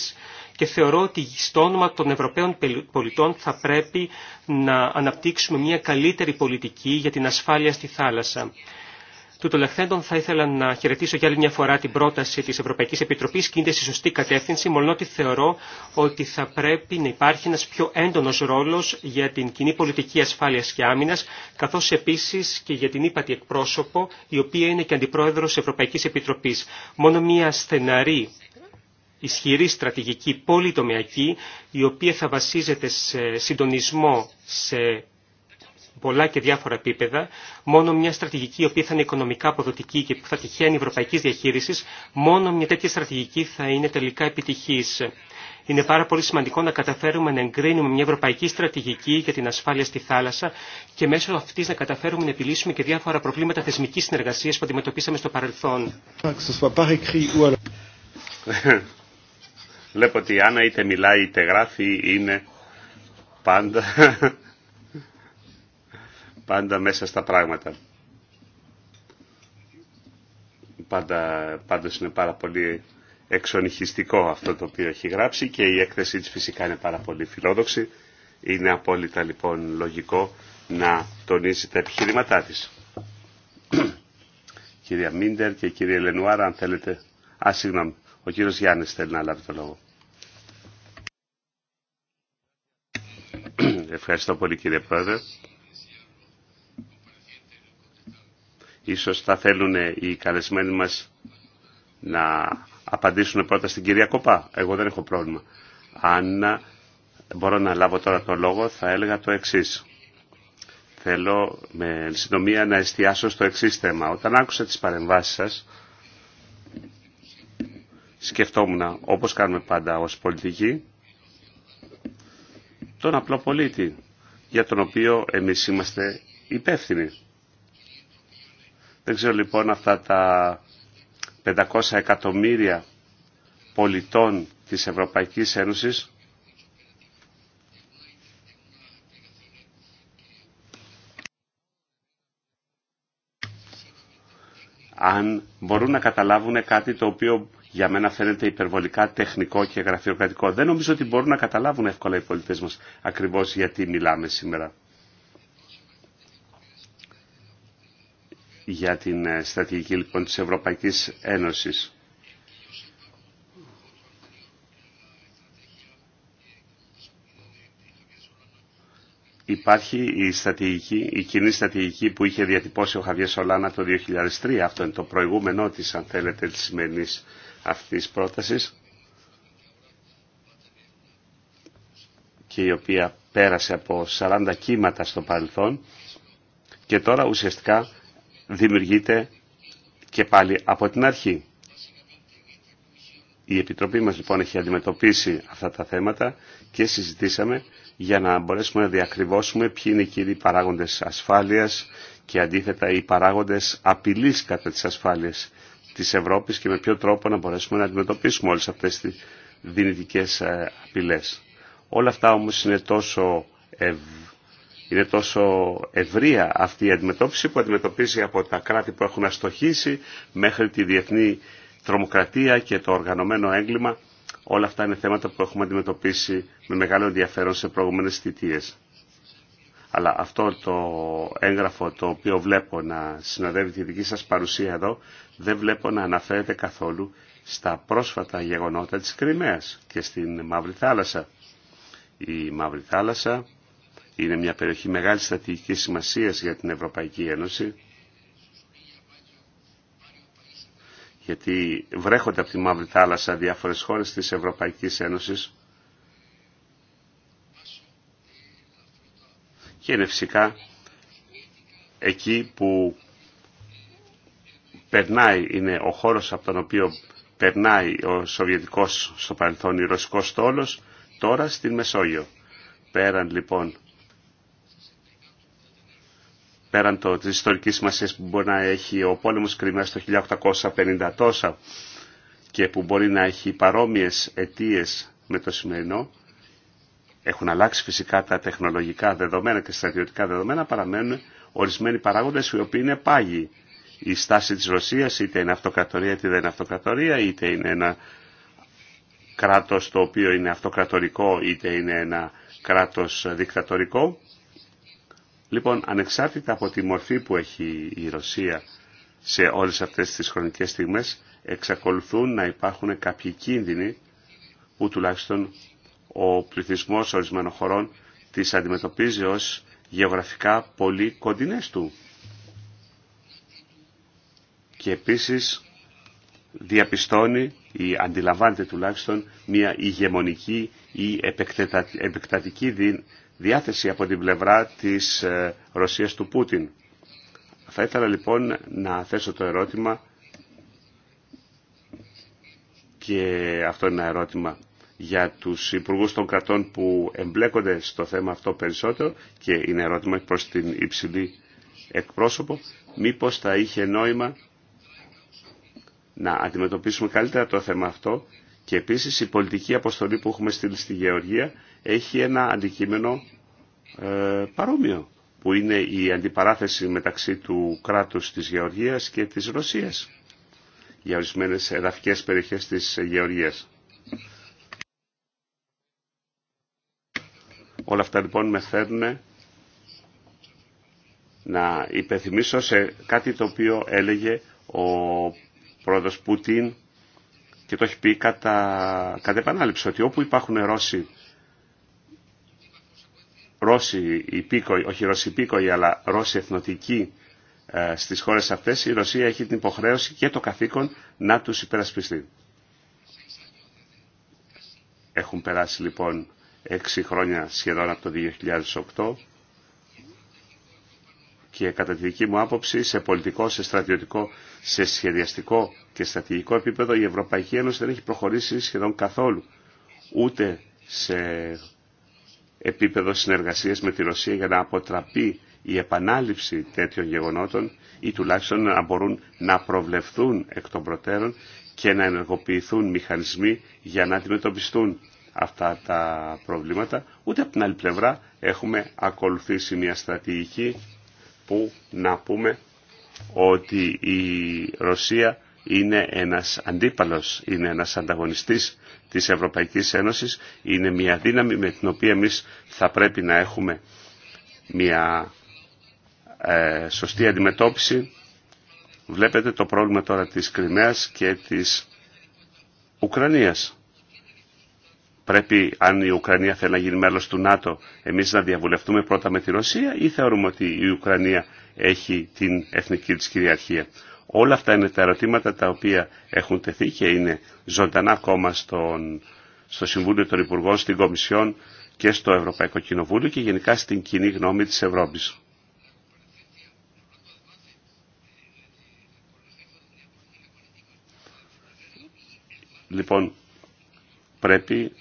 και θεωρώ ότι στο όνομα των Ευρωπαίων πολιτών θα πρέπει να αναπτύξουμε μια καλύτερη πολιτική για την ασφάλεια στη θάλασσα. Του των θα ήθελα να χαιρετήσω για άλλη μια φορά την πρόταση της Ευρωπαϊκής Επιτροπής και είναι στη σωστή κατεύθυνση, μόνο ότι θεωρώ ότι θα πρέπει να υπάρχει ένας πιο έντονος ρόλος για την κοινή πολιτική ασφάλειας και άμυνας, καθώς επίσης και για την ύπατη εκπρόσωπο, η οποία είναι και αντιπρόεδρος της Ευρωπαϊκής Επιτροπής. Μόνο μια στεναρή ισχυρή στρατηγική πολυτομιακή, η οποία θα βασίζεται σε συντονισμό, σε πολλά και διάφορα επίπεδα, μόνο μια στρατηγική η οποία θα είναι οικονομικά αποδοτική και που θα τυχαίνει ευρωπαϊκή διαχείριση, μόνο μια τέτοια στρατηγική θα είναι τελικά επιτυχή. Είναι πάρα πολύ σημαντικό να καταφέρουμε να εγκρίνουμε μια ευρωπαϊκή στρατηγική για την ασφάλεια στη θάλασσα και μέσω αυτή να καταφέρουμε να επιλύσουμε και διάφορα προβλήματα θεσμική συνεργασία που αντιμετωπίσαμε στο παρελθόν. Βλέπω ότι η είτε μιλάει είτε γράφει είναι πάντα πάντα μέσα στα πράγματα. Πάντα, πάντως είναι πάρα πολύ εξονυχιστικό αυτό το οποίο έχει γράψει και η έκθεσή της φυσικά είναι πάρα πολύ φιλόδοξη. Είναι απόλυτα λοιπόν λογικό να τονίζει τα επιχειρήματά της. <clears throat> κυρία Μίντερ και κύριε Λενουάρα αν θέλετε. Α, συγγνώμη, ο κύριος Γιάννης θέλει να λάβει το λόγο. Ευχαριστώ πολύ κύριε Πρόεδρε. Ίσως θα θέλουν οι καλεσμένοι μας να απαντήσουν πρώτα στην κυρία Κοπά. Εγώ δεν έχω πρόβλημα. Αν μπορώ να λάβω τώρα το λόγο, θα έλεγα το εξή. Θέλω με συντομία να εστιάσω στο εξή θέμα. Όταν άκουσα τις παρεμβάσεις σας, σκεφτόμουν, όπως κάνουμε πάντα ως πολιτικοί, τον απλό πολίτη, για τον οποίο εμείς είμαστε υπεύθυνοι. Δεν ξέρω λοιπόν αυτά τα 500 εκατομμύρια πολιτών της Ευρωπαϊκής Ένωσης αν μπορούν να καταλάβουν κάτι το οποίο για μένα φαίνεται υπερβολικά τεχνικό και γραφειοκρατικό. Δεν νομίζω ότι μπορούν να καταλάβουν εύκολα οι πολίτες μας ακριβώς γιατί μιλάμε σήμερα. για την ε, στρατηγική λοιπόν της Ευρωπαϊκής Ένωσης. Υπάρχει η, στρατηγική, η κοινή στρατηγική που είχε διατυπώσει ο Χαβιέ Σολάνα το 2003. Αυτό είναι το προηγούμενό τη αν θέλετε, της σημερινής αυτής πρότασης. Και η οποία πέρασε από 40 κύματα στο παρελθόν. Και τώρα ουσιαστικά δημιουργείται και πάλι από την αρχή. Η Επιτροπή μας λοιπόν έχει αντιμετωπίσει αυτά τα θέματα και συζητήσαμε για να μπορέσουμε να διακριβώσουμε ποιοι είναι οι κύριοι παράγοντες ασφάλειας και αντίθετα οι παράγοντες απειλής κατά της ασφάλειας της Ευρώπης και με ποιο τρόπο να μπορέσουμε να αντιμετωπίσουμε όλες αυτές τις δυνητικές ε, απειλές. Όλα αυτά όμως είναι τόσο ευ είναι τόσο ευρία αυτή η αντιμετώπιση που αντιμετωπίζει από τα κράτη που έχουν αστοχήσει μέχρι τη διεθνή τρομοκρατία και το οργανωμένο έγκλημα. Όλα αυτά είναι θέματα που έχουμε αντιμετωπίσει με μεγάλο ενδιαφέρον σε προηγούμενες θητείες. Αλλά αυτό το έγγραφο το οποίο βλέπω να συνοδεύει τη δική σας παρουσία εδώ δεν βλέπω να αναφέρεται καθόλου στα πρόσφατα γεγονότα της Κρυμαίας και στην Μαύρη Θάλασσα. Η Μαύρη Θάλασσα είναι μια περιοχή μεγάλης στρατηγικής σημασίας για την Ευρωπαϊκή Ένωση γιατί βρέχονται από τη Μαύρη Θάλασσα διάφορες χώρες της Ευρωπαϊκής Ένωσης και είναι φυσικά εκεί που περνάει, είναι ο χώρος από τον οποίο περνάει ο Σοβιετικός στο παρελθόν, η Ρωσικός στόλος, τώρα στην Μεσόγειο. Πέραν λοιπόν πέραν το, της ιστορικής σημασίας που μπορεί να έχει ο πόλεμος Κρυμαίας το 1850 τόσα και που μπορεί να έχει παρόμοιες αιτίες με το σημερινό, έχουν αλλάξει φυσικά τα τεχνολογικά δεδομένα και στρατιωτικά δεδομένα, παραμένουν ορισμένοι παράγοντες οι οποίοι είναι πάγοι Η στάση της Ρωσίας είτε είναι αυτοκρατορία είτε δεν είναι αυτοκρατορία, είτε είναι ένα κράτος το οποίο είναι αυτοκρατορικό είτε είναι ένα κράτος δικτατορικό Λοιπόν, ανεξάρτητα από τη μορφή που έχει η Ρωσία σε όλες αυτές τις χρονικές στιγμές, εξακολουθούν να υπάρχουν κάποιοι κίνδυνοι που τουλάχιστον ο πληθυσμός ορισμένων χωρών τις αντιμετωπίζει ως γεωγραφικά πολύ κοντινές του. Και επίσης διαπιστώνει ή αντιλαμβάνεται τουλάχιστον μια ηγεμονική ή επεκτατική διάθεση από την πλευρά της ε, Ρωσίας του Πούτιν. Θα ήθελα λοιπόν να θέσω το ερώτημα και αυτό είναι ένα ερώτημα για τους υπουργούς των κρατών που εμπλέκονται στο θέμα αυτό περισσότερο και είναι ερώτημα προς την υψηλή εκπρόσωπο, μήπως θα είχε νόημα να αντιμετωπίσουμε καλύτερα το θέμα αυτό και επίσης η πολιτική αποστολή που έχουμε στείλει στη Γεωργία έχει ένα αντικείμενο ε, παρόμοιο που είναι η αντιπαράθεση μεταξύ του κράτους της Γεωργίας και της Ρωσίας για ορισμένε εδαφικές περιοχές της Γεωργίας. Όλα αυτά λοιπόν με φέρνουν να υπενθυμίσω σε κάτι το οποίο έλεγε ο πρόεδρος Πούτιν και το έχει πει κατά, κατά επανάληψη ότι όπου υπάρχουν Ρώσοι Ρώσοι υπήκοοι, όχι Ρώσοι υπήκοοι, αλλά Ρώσοι εθνοτικοί ε, στις χώρες αυτές, η Ρωσία έχει την υποχρέωση και το καθήκον να τους υπερασπιστεί. Έχουν περάσει λοιπόν έξι χρόνια σχεδόν από το 2008 και κατά τη δική μου άποψη σε πολιτικό, σε στρατιωτικό, σε σχεδιαστικό και στρατηγικό επίπεδο η Ευρωπαϊκή Ένωση δεν έχει προχωρήσει σχεδόν καθόλου ούτε σε επίπεδο συνεργασίας με τη Ρωσία για να αποτραπεί η επανάληψη τέτοιων γεγονότων ή τουλάχιστον να μπορούν να προβλεφθούν εκ των προτέρων και να ενεργοποιηθούν μηχανισμοί για να αντιμετωπιστούν αυτά τα προβλήματα. Ούτε από την άλλη πλευρά έχουμε ακολουθήσει μια στρατηγική που να πούμε ότι η Ρωσία είναι ένας αντίπαλος, είναι ένας ανταγωνιστής της Ευρωπαϊκής Ένωσης είναι μια δύναμη με την οποία εμείς θα πρέπει να έχουμε μια ε, σωστή αντιμετώπιση. Βλέπετε το πρόβλημα τώρα της Κρυμαίας και της Ουκρανίας. Πρέπει, αν η Ουκρανία θέλει να γίνει μέλος του ΝΑΤΟ, εμείς να διαβουλευτούμε πρώτα με τη Ρωσία ή θεωρούμε ότι η Ουκρανία έχει την εθνική της κυριαρχία. Όλα αυτά είναι τα ερωτήματα τα οποία έχουν τεθεί και είναι ζωντανά ακόμα στον, στο Συμβούλιο των Υπουργών, στην Κομισιόν και στο Ευρωπαϊκό Κοινοβούλιο και γενικά στην κοινή γνώμη της Ευρώπης. Λοιπόν, πρέπει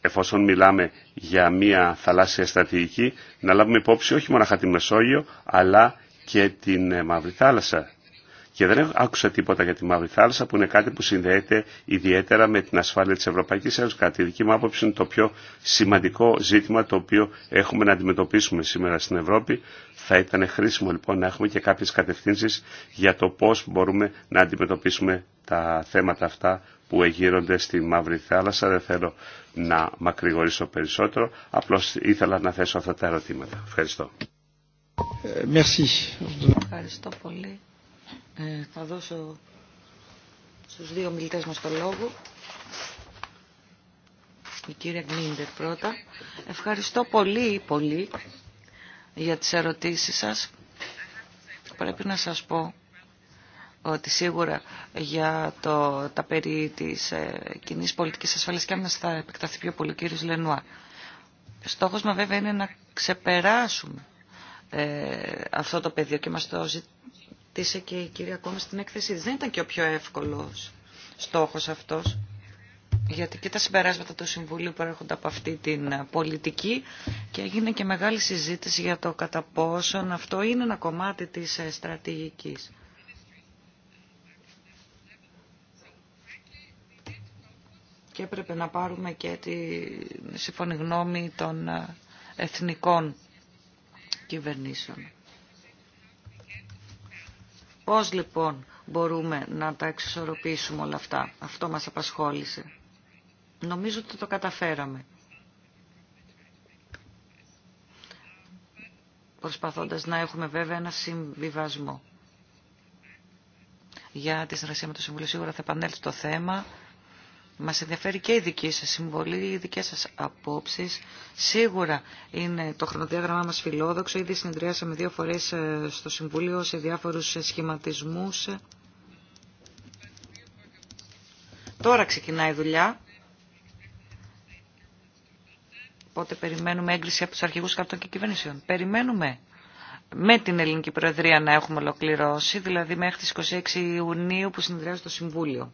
εφόσον μιλάμε για μια θαλάσσια στρατηγική, να λάβουμε υπόψη όχι μόνο τη Μεσόγειο, αλλά και την ε, Μαύρη Θάλασσα. Και δεν άκουσα τίποτα για τη Μαύρη Θάλασσα που είναι κάτι που συνδέεται ιδιαίτερα με την ασφάλεια της Ευρωπαϊκής Ένωσης. Κατά τη δική μου άποψη είναι το πιο σημαντικό ζήτημα το οποίο έχουμε να αντιμετωπίσουμε σήμερα στην Ευρώπη. Θα ήταν χρήσιμο λοιπόν να έχουμε και κάποιες κατευθύνσεις για το πώς μπορούμε να αντιμετωπίσουμε τα θέματα αυτά που εγείρονται στη Μαύρη Θάλασσα. Δεν θέλω να μακρηγορήσω περισσότερο. Απλώς ήθελα να θέσω αυτά τα ερωτήματα. Ευχαριστώ. Ε, Ευχαριστώ πολύ. Ε, θα δώσω στους δύο μιλητές μας το λόγο. Η κυρία Γκνίντερ πρώτα. Ευχαριστώ πολύ, πολύ για τις ερωτήσεις σας. Πρέπει να σας πω ότι σίγουρα για το, τα περί της ε, κοινή πολιτικής ασφάλειας και άμυνας θα επεκταθεί πιο πολύ ο κύριος Λενουά. Στόχος μας βέβαια είναι να ξεπεράσουμε ε, αυτό το πεδίο και μας το Τήσε και η κυρία Κόμη στην έκθεση. Δεν ήταν και ο πιο εύκολος στόχος αυτός, γιατί και τα συμπεράσματα του Συμβουλίου προέρχονται από αυτή την ε, πολιτική και έγινε και μεγάλη συζήτηση για το κατά πόσον αυτό είναι ένα κομμάτι της ε, στρατηγικής. Και έπρεπε να πάρουμε και τη συμφωνή γνώμη των ε, εθνικών κυβερνήσεων. Πώς λοιπόν μπορούμε να τα εξισορροπήσουμε όλα αυτά. Αυτό μας απασχόλησε. Νομίζω ότι το καταφέραμε. Προσπαθώντας να έχουμε βέβαια ένα συμβιβασμό. Για τη συνεργασία με το Συμβουλίο σίγουρα θα επανέλθει το θέμα. Μας ενδιαφέρει και η δική σας συμβολή, οι δικές σας απόψεις. Σίγουρα είναι το χρονοδιάγραμμά μας φιλόδοξο. Ήδη συνεδριάσαμε δύο φορές ε, στο Συμβούλιο σε διάφορους σχηματισμούς. Τώρα ξεκινάει η δουλειά. Οπότε περιμένουμε έγκριση από τους αρχηγούς καρτών και κυβερνήσεων. Περιμένουμε με την Ελληνική Προεδρία να έχουμε ολοκληρώσει, δηλαδή μέχρι τις 26 Ιουνίου που συνεδριάζει το Συμβούλιο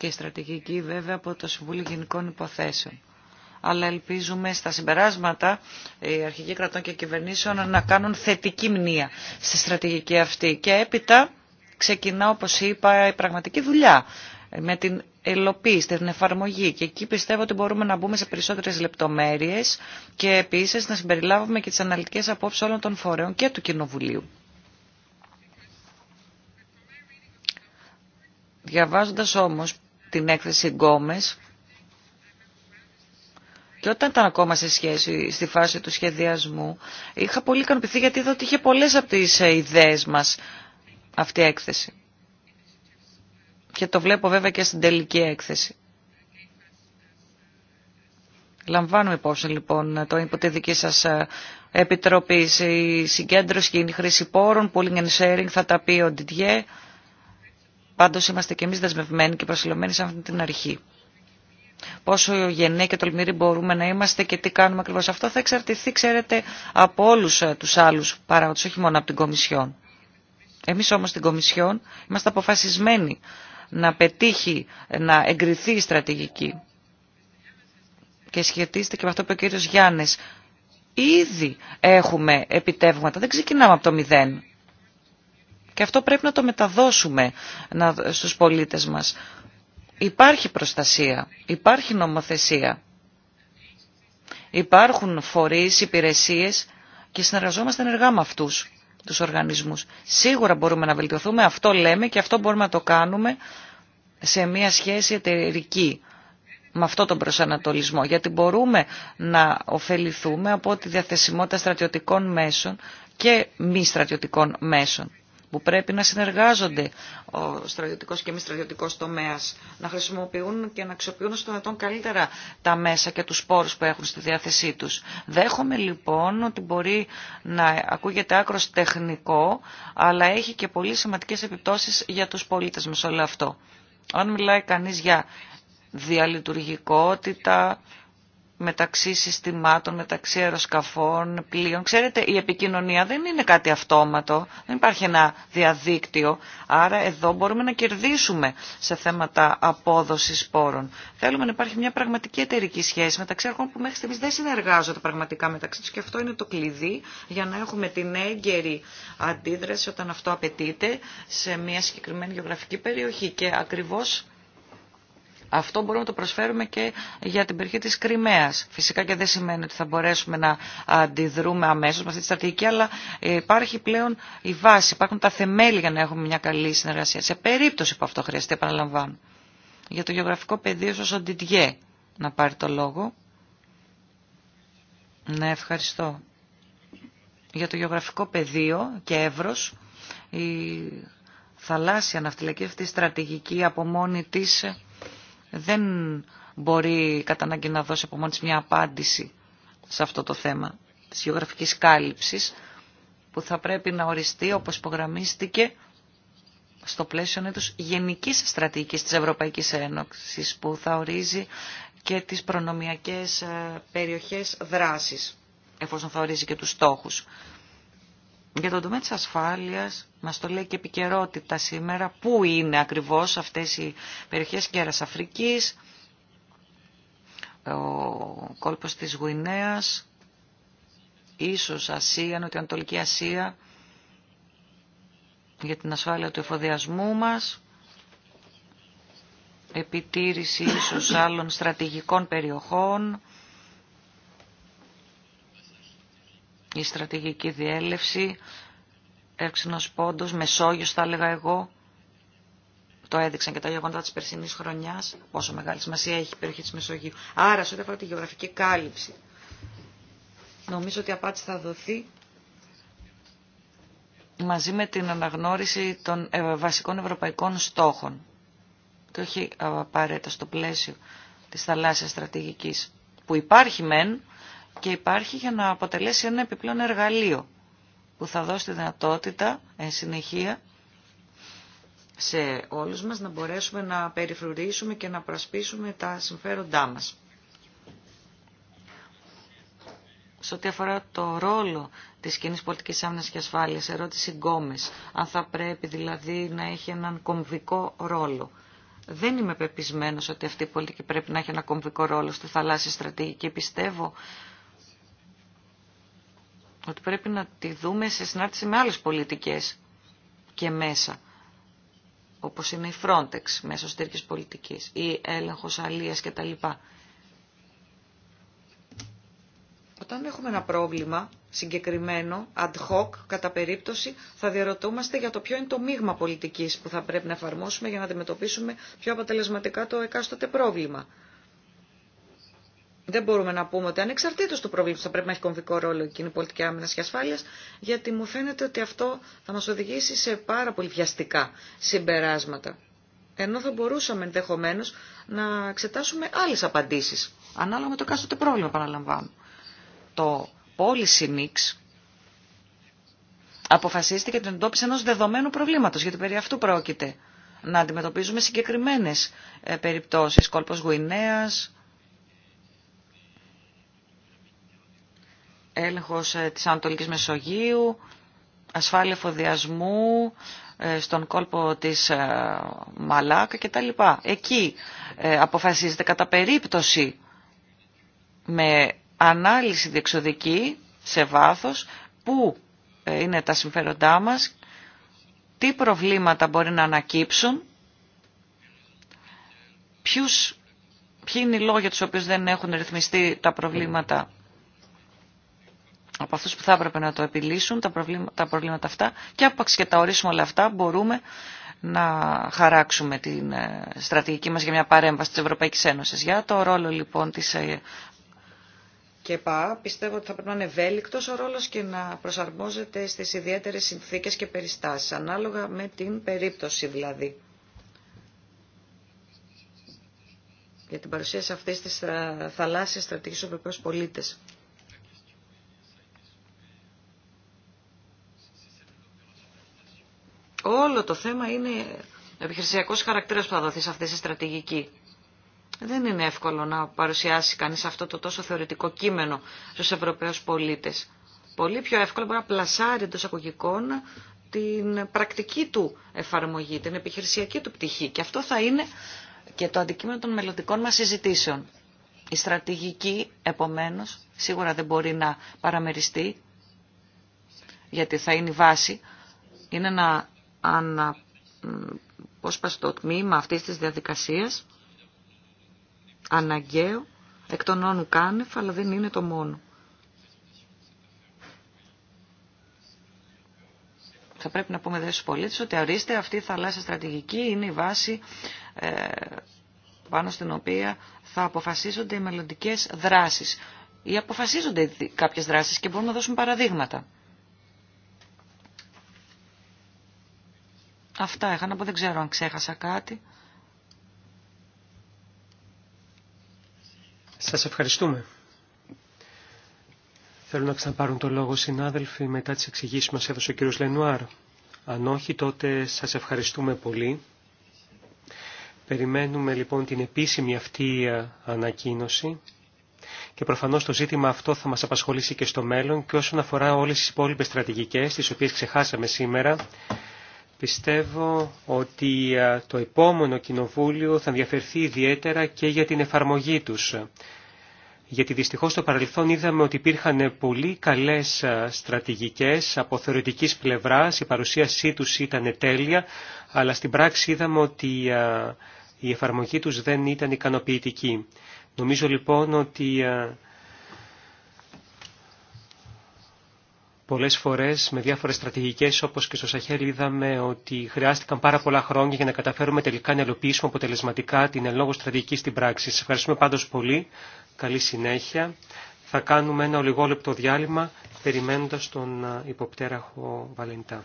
και η στρατηγική βέβαια από το Συμβούλιο Γενικών Υποθέσεων. Αλλά ελπίζουμε στα συμπεράσματα οι αρχηγοί κρατών και κυβερνήσεων να κάνουν θετική μνήα στη στρατηγική αυτή. Και έπειτα ξεκινά, όπως είπα, η πραγματική δουλειά με την ελοποίηση, την εφαρμογή και εκεί πιστεύω ότι μπορούμε να μπούμε σε περισσότερες λεπτομέρειες και επίσης να συμπεριλάβουμε και τις αναλυτικές απόψεις όλων των φορέων και του Κοινοβουλίου. Διαβάζοντας όμως την έκθεση Γκόμες και όταν ήταν ακόμα σε σχέση, στη φάση του σχεδιασμού, είχα πολύ ικανοποιηθεί γιατί είδα ότι είχε πολλές από τις ε, ιδέες μας αυτή η έκθεση. Και το βλέπω βέβαια και στην τελική έκθεση. Λαμβάνουμε υπόψη λοιπόν το input δική σας ε, επιτροπή. Η συγκέντρωση και η χρήση πόρων, pooling and sharing θα τα πει ο Didier. Πάντως είμαστε και εμείς δεσμευμένοι και προσιλωμένοι σε αυτή την αρχή. Πόσο γενναίοι και τολμηροί μπορούμε να είμαστε και τι κάνουμε ακριβώς αυτό θα εξαρτηθεί, ξέρετε, από όλους ε, τους άλλους παράγοντες, όχι μόνο από την Κομισιόν. Εμείς όμως στην Κομισιόν είμαστε αποφασισμένοι να πετύχει, ε, να εγκριθεί η στρατηγική. Και σχετίζεται και με αυτό που ο κύριος Γιάννης. Ήδη έχουμε επιτεύγματα, δεν ξεκινάμε από το μηδέν. Και αυτό πρέπει να το μεταδώσουμε στους πολίτες μας. Υπάρχει προστασία, υπάρχει νομοθεσία, υπάρχουν φορείς, υπηρεσίες και συνεργαζόμαστε ενεργά με αυτούς τους οργανισμούς. Σίγουρα μπορούμε να βελτιωθούμε, αυτό λέμε και αυτό μπορούμε να το κάνουμε σε μια σχέση εταιρική με αυτό τον προσανατολισμό, γιατί μπορούμε να ωφεληθούμε από τη διαθεσιμότητα στρατιωτικών μέσων και μη στρατιωτικών μέσων που πρέπει να συνεργάζονται ο στρατιωτικός και μη στρατιωτικό τομέας, να χρησιμοποιούν και να αξιοποιούν στον δυνατόν καλύτερα τα μέσα και τους πόρους που έχουν στη διάθεσή τους. Δέχομαι λοιπόν ότι μπορεί να ακούγεται άκρο τεχνικό, αλλά έχει και πολύ σημαντικέ επιπτώσεις για τους πολίτες με όλο αυτό. Αν μιλάει κανεί για διαλειτουργικότητα, μεταξύ συστημάτων, μεταξύ αεροσκαφών, πλοίων. Ξέρετε, η επικοινωνία δεν είναι κάτι αυτόματο, δεν υπάρχει ένα διαδίκτυο. Άρα εδώ μπορούμε να κερδίσουμε σε θέματα απόδοσης σπόρων. Θέλουμε να υπάρχει μια πραγματική εταιρική σχέση μεταξύ αρχών που μέχρι στιγμής δεν συνεργάζονται πραγματικά μεταξύ τους και αυτό είναι το κλειδί για να έχουμε την έγκαιρη αντίδραση όταν αυτό απαιτείται σε μια συγκεκριμένη γεωγραφική περιοχή και ακριβώς αυτό μπορούμε να το προσφέρουμε και για την περιοχή της Κρυμαίας. Φυσικά και δεν σημαίνει ότι θα μπορέσουμε να αντιδρούμε αμέσως με αυτή τη στρατηγική, αλλά υπάρχει πλέον η βάση, υπάρχουν τα θεμέλια για να έχουμε μια καλή συνεργασία. Σε περίπτωση που αυτό χρειαστεί, επαναλαμβάνω. Για το γεωγραφικό πεδίο, ίσως ο Ντιτιέ να πάρει το λόγο. Ναι, ευχαριστώ. Για το γεωγραφικό πεδίο και εύρος, η θαλάσσια ναυτιλιακή αυτή στρατηγική από μόνη της δεν μπορεί κατά ανάγκη να δώσει από μόνη μια απάντηση σε αυτό το θέμα της γεωγραφικής κάλυψης που θα πρέπει να οριστεί όπως υπογραμμίστηκε στο πλαίσιο τους γενικής στρατηγικής της Ευρωπαϊκής Ένωσης που θα ορίζει και τις προνομιακές ε, περιοχές δράσης εφόσον θα ορίζει και τους στόχους. Για τον τομέα της ασφάλειας, μας το λέει και επικαιρότητα σήμερα, πού είναι ακριβώς αυτές οι περιοχές κέρας Αφρικής, ο κόλπος της Γουινέας, ίσως Ασία, Νοτιοανατολική Ασία, για την ασφάλεια του εφοδιασμού μας, επιτήρηση ίσως άλλων στρατηγικών περιοχών, η στρατηγική διέλευση, έξινος πόντος, Μεσόγειος θα έλεγα εγώ, το έδειξαν και τα γεγονότα της περσινής χρονιάς, πόσο μεγάλη σημασία έχει η περιοχή της Μεσογείου. Άρα, σε ό,τι αφορά τη γεωγραφική κάλυψη, νομίζω ότι η απάντηση θα δοθεί μαζί με την αναγνώριση των ε, βασικών ευρωπαϊκών στόχων και όχι ε, απαραίτητα στο πλαίσιο της θαλάσσιας στρατηγικής που υπάρχει μεν, και υπάρχει για να αποτελέσει ένα επιπλέον εργαλείο που θα δώσει τη δυνατότητα εν συνεχεία σε όλους μας να μπορέσουμε να περιφρουρήσουμε και να προσπίσουμε τα συμφέροντά μας. Σε ό,τι αφορά το ρόλο της κοινή πολιτική άμυνας και ασφάλειας, ερώτηση Γκόμες, αν θα πρέπει δηλαδή να έχει έναν κομβικό ρόλο. Δεν είμαι πεπισμένος ότι αυτή η πολιτική πρέπει να έχει ένα κομβικό ρόλο στη θαλάσσια στρατηγική. Πιστεύω ότι πρέπει να τη δούμε σε συνάρτηση με άλλες πολιτικές και μέσα, όπως είναι η Frontex, μέσω στήριξης πολιτικής, ή έλεγχος αλίας κτλ. Όταν έχουμε ένα πρόβλημα συγκεκριμένο, ad hoc, κατά περίπτωση, θα διαρωτούμαστε για το ποιο είναι το μείγμα πολιτικής που θα πρέπει να εφαρμόσουμε για να αντιμετωπίσουμε πιο αποτελεσματικά το εκάστοτε πρόβλημα. Δεν μπορούμε να πούμε ότι ανεξαρτήτω του προβλήματο θα πρέπει να έχει κομβικό ρόλο η κοινή πολιτική άμυνα και ασφάλεια, γιατί μου φαίνεται ότι αυτό θα μα οδηγήσει σε πάρα πολύ βιαστικά συμπεράσματα. Ενώ θα μπορούσαμε ενδεχομένω να εξετάσουμε άλλε απαντήσει, ανάλογα με το κάθε πρόβλημα, παραλαμβάνω. Το policy mix αποφασίστηκε την εντόπιση ενό δεδομένου προβλήματο, γιατί περί αυτού πρόκειται. Να αντιμετωπίζουμε συγκεκριμένε ε, περιπτώσει, κόλπο Γουινέας, έλεγχος ε, της Ανατολικής Μεσογείου, ασφάλεια φοδιασμού ε, στον κόλπο της ε, Μαλάκα κτλ. Εκεί αποφασίζεται κατά περίπτωση με ανάλυση διεξοδική σε βάθος που είναι τα συμφέροντά μας, τι προβλήματα μπορεί να ανακύψουν, ποιους, ποιοι είναι οι λόγοι τους οποίους δεν έχουν ρυθμιστεί τα προβλήματα από αυτούς που θα έπρεπε να το επιλύσουν τα προβλήματα, τα προβλήματα αυτά και από και τα ορίσουμε όλα αυτά μπορούμε να χαράξουμε την ε, στρατηγική μας για μια παρέμβαση της Ευρωπαϊκής Ένωσης. Για το ρόλο λοιπόν της ε, και ΠΑ, πιστεύω ότι θα πρέπει να είναι ευέλικτο ο ρόλο και να προσαρμόζεται στι ιδιαίτερε συνθήκε και περιστάσει, ανάλογα με την περίπτωση δηλαδή. Για την παρουσίαση αυτή τη ε, θαλάσσια στρατηγική στου Ευρωπαίου πολίτε. Όλο το θέμα είναι επιχειρησιακό χαρακτήρα χαρακτήρας που θα δοθεί σε αυτή τη στρατηγική. Δεν είναι εύκολο να παρουσιάσει κανεί αυτό το τόσο θεωρητικό κείμενο στου Ευρωπαίου πολίτε. Πολύ πιο εύκολο μπορεί να πλασάρει εντό αγωγικών την πρακτική του εφαρμογή, την επιχειρησιακή του πτυχή. Και αυτό θα είναι και το αντικείμενο των μελλοντικών μα συζητήσεων. Η στρατηγική, επομένω, σίγουρα δεν μπορεί να παραμεριστεί, γιατί θα είναι η βάση, είναι να αναπόσπαστο τμήμα αυτής της διαδικασίας, αναγκαίο, εκ των όνου κάνευ, αλλά δεν είναι το μόνο. Θα πρέπει να πούμε δε στους πολίτες ότι ορίστε αυτή η θαλάσσια στρατηγική είναι η βάση ε, πάνω στην οποία θα αποφασίζονται οι μελλοντικέ δράσεις. Ή αποφασίζονται κάποιες δράσεις και μπορούμε να δώσουμε παραδείγματα. Αυτά είχα να πω, δεν ξέρω αν ξέχασα κάτι. Σας ευχαριστούμε. Θέλω να ξαναπάρουν το λόγο συνάδελφοι μετά τις εξηγήσεις μας έδωσε ο κύριος Λενουάρ. Αν όχι, τότε σας ευχαριστούμε πολύ. Περιμένουμε λοιπόν την επίσημη αυτή ε, ανακοίνωση και προφανώς το ζήτημα αυτό θα μας απασχολήσει και στο μέλλον και όσον αφορά όλες τις υπόλοιπες στρατηγικές, τις οποίες ξεχάσαμε σήμερα, Πιστεύω ότι ε, το επόμενο κοινοβούλιο θα ενδιαφερθεί ιδιαίτερα και για την εφαρμογή τους. Γιατί δυστυχώς στο παρελθόν είδαμε ότι υπήρχαν πολύ καλές ε, στρατηγικές από θεωρητικής πλευράς, η παρουσίασή τους ήταν τέλεια, αλλά στην πράξη είδαμε ότι ε, η εφαρμογή τους δεν ήταν ικανοποιητική. Νομίζω λοιπόν ότι Πολλές φορές με διάφορες στρατηγικές όπως και στο Σαχέλ είδαμε ότι χρειάστηκαν πάρα πολλά χρόνια για να καταφέρουμε τελικά να ελοπίσουμε αποτελεσματικά την ελόγω στρατηγική στην πράξη. Σας ευχαριστούμε πάντως πολύ. Καλή συνέχεια. Θα κάνουμε ένα ολιγόλεπτο διάλειμμα περιμένοντας τον ε, υποπτέραχο Βαλεντά.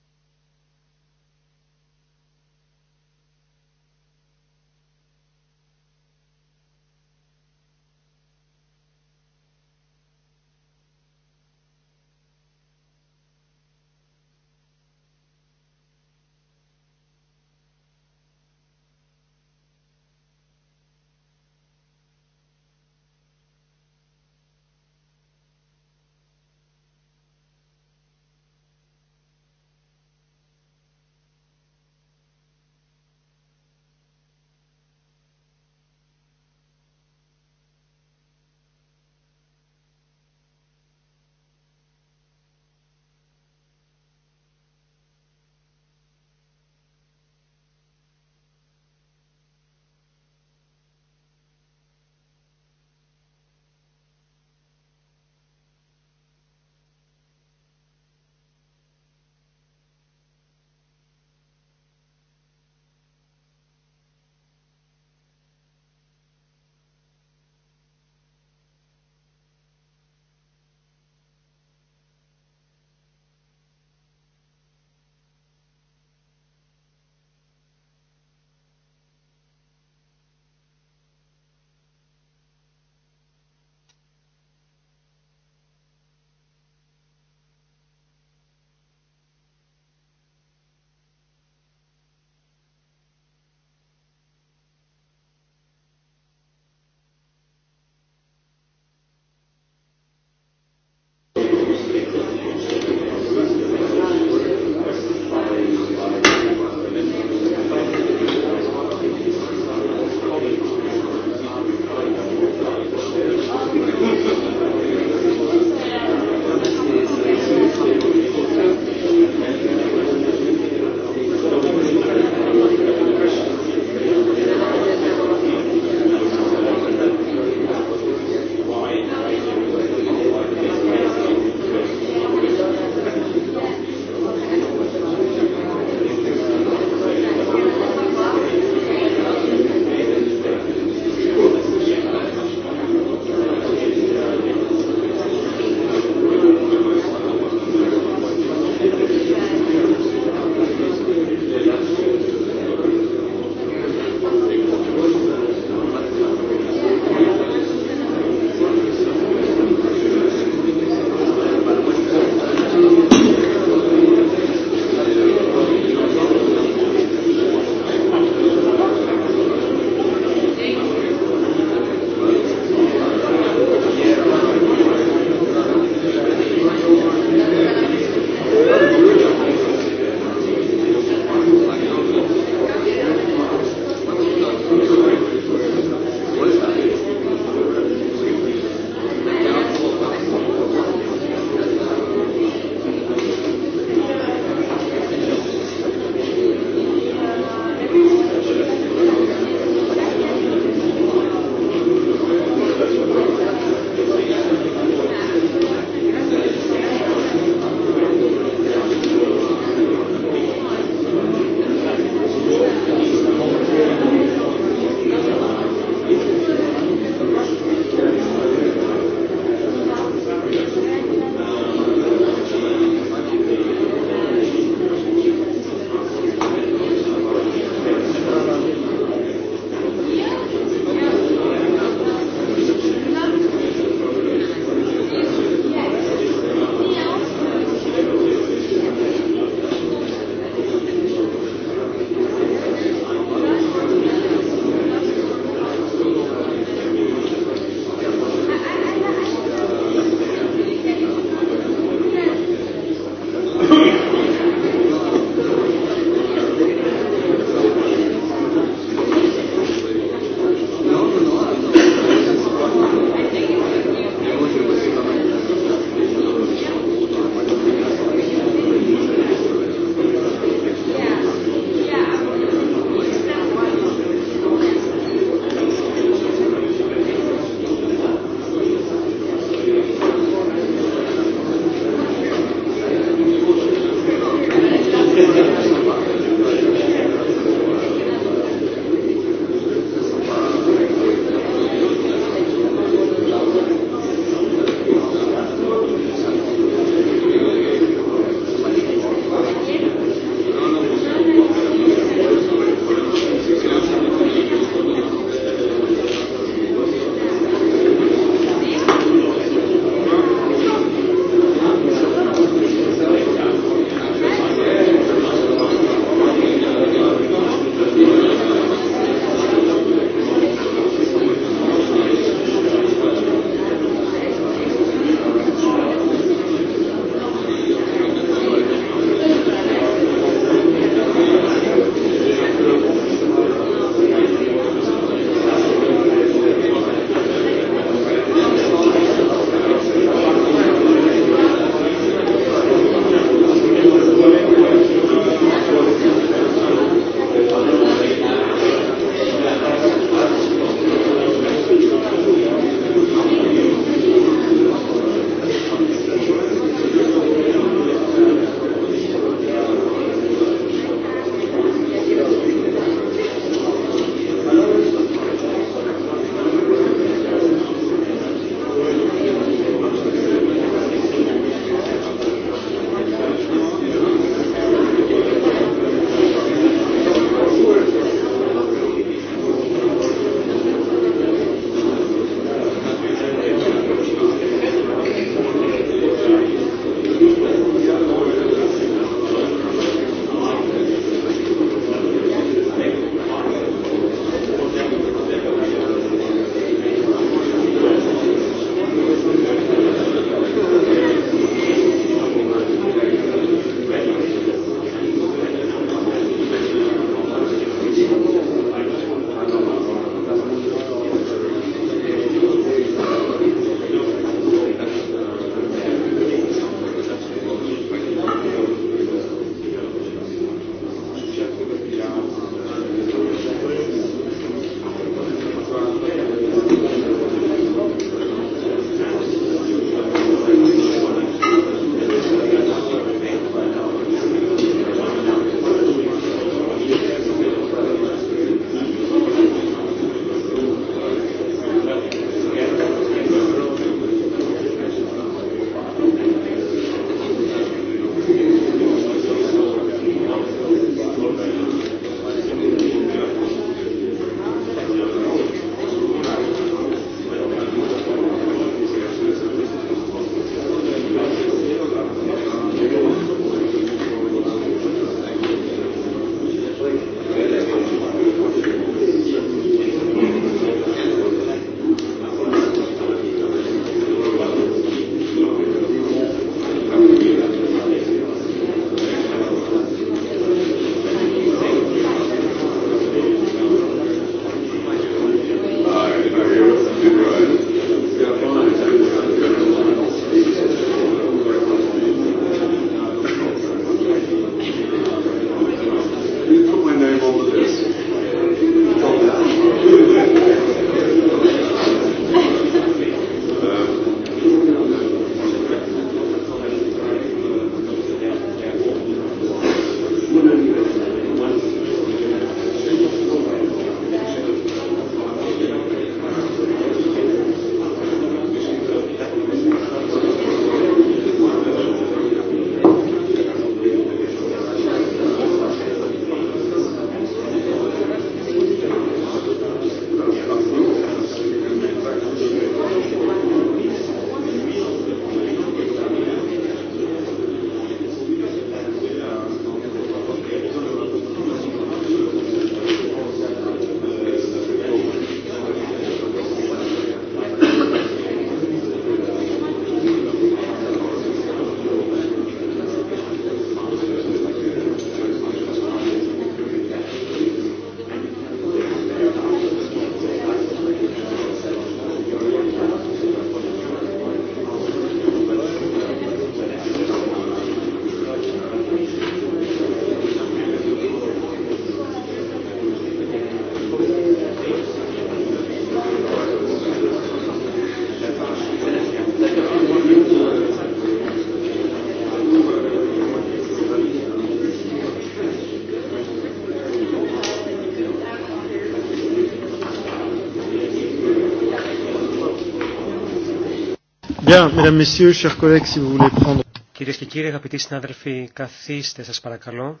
Κύριε και κύριοι, αγαπητοί συνάδελφοι, καθίστε σας παρακαλώ.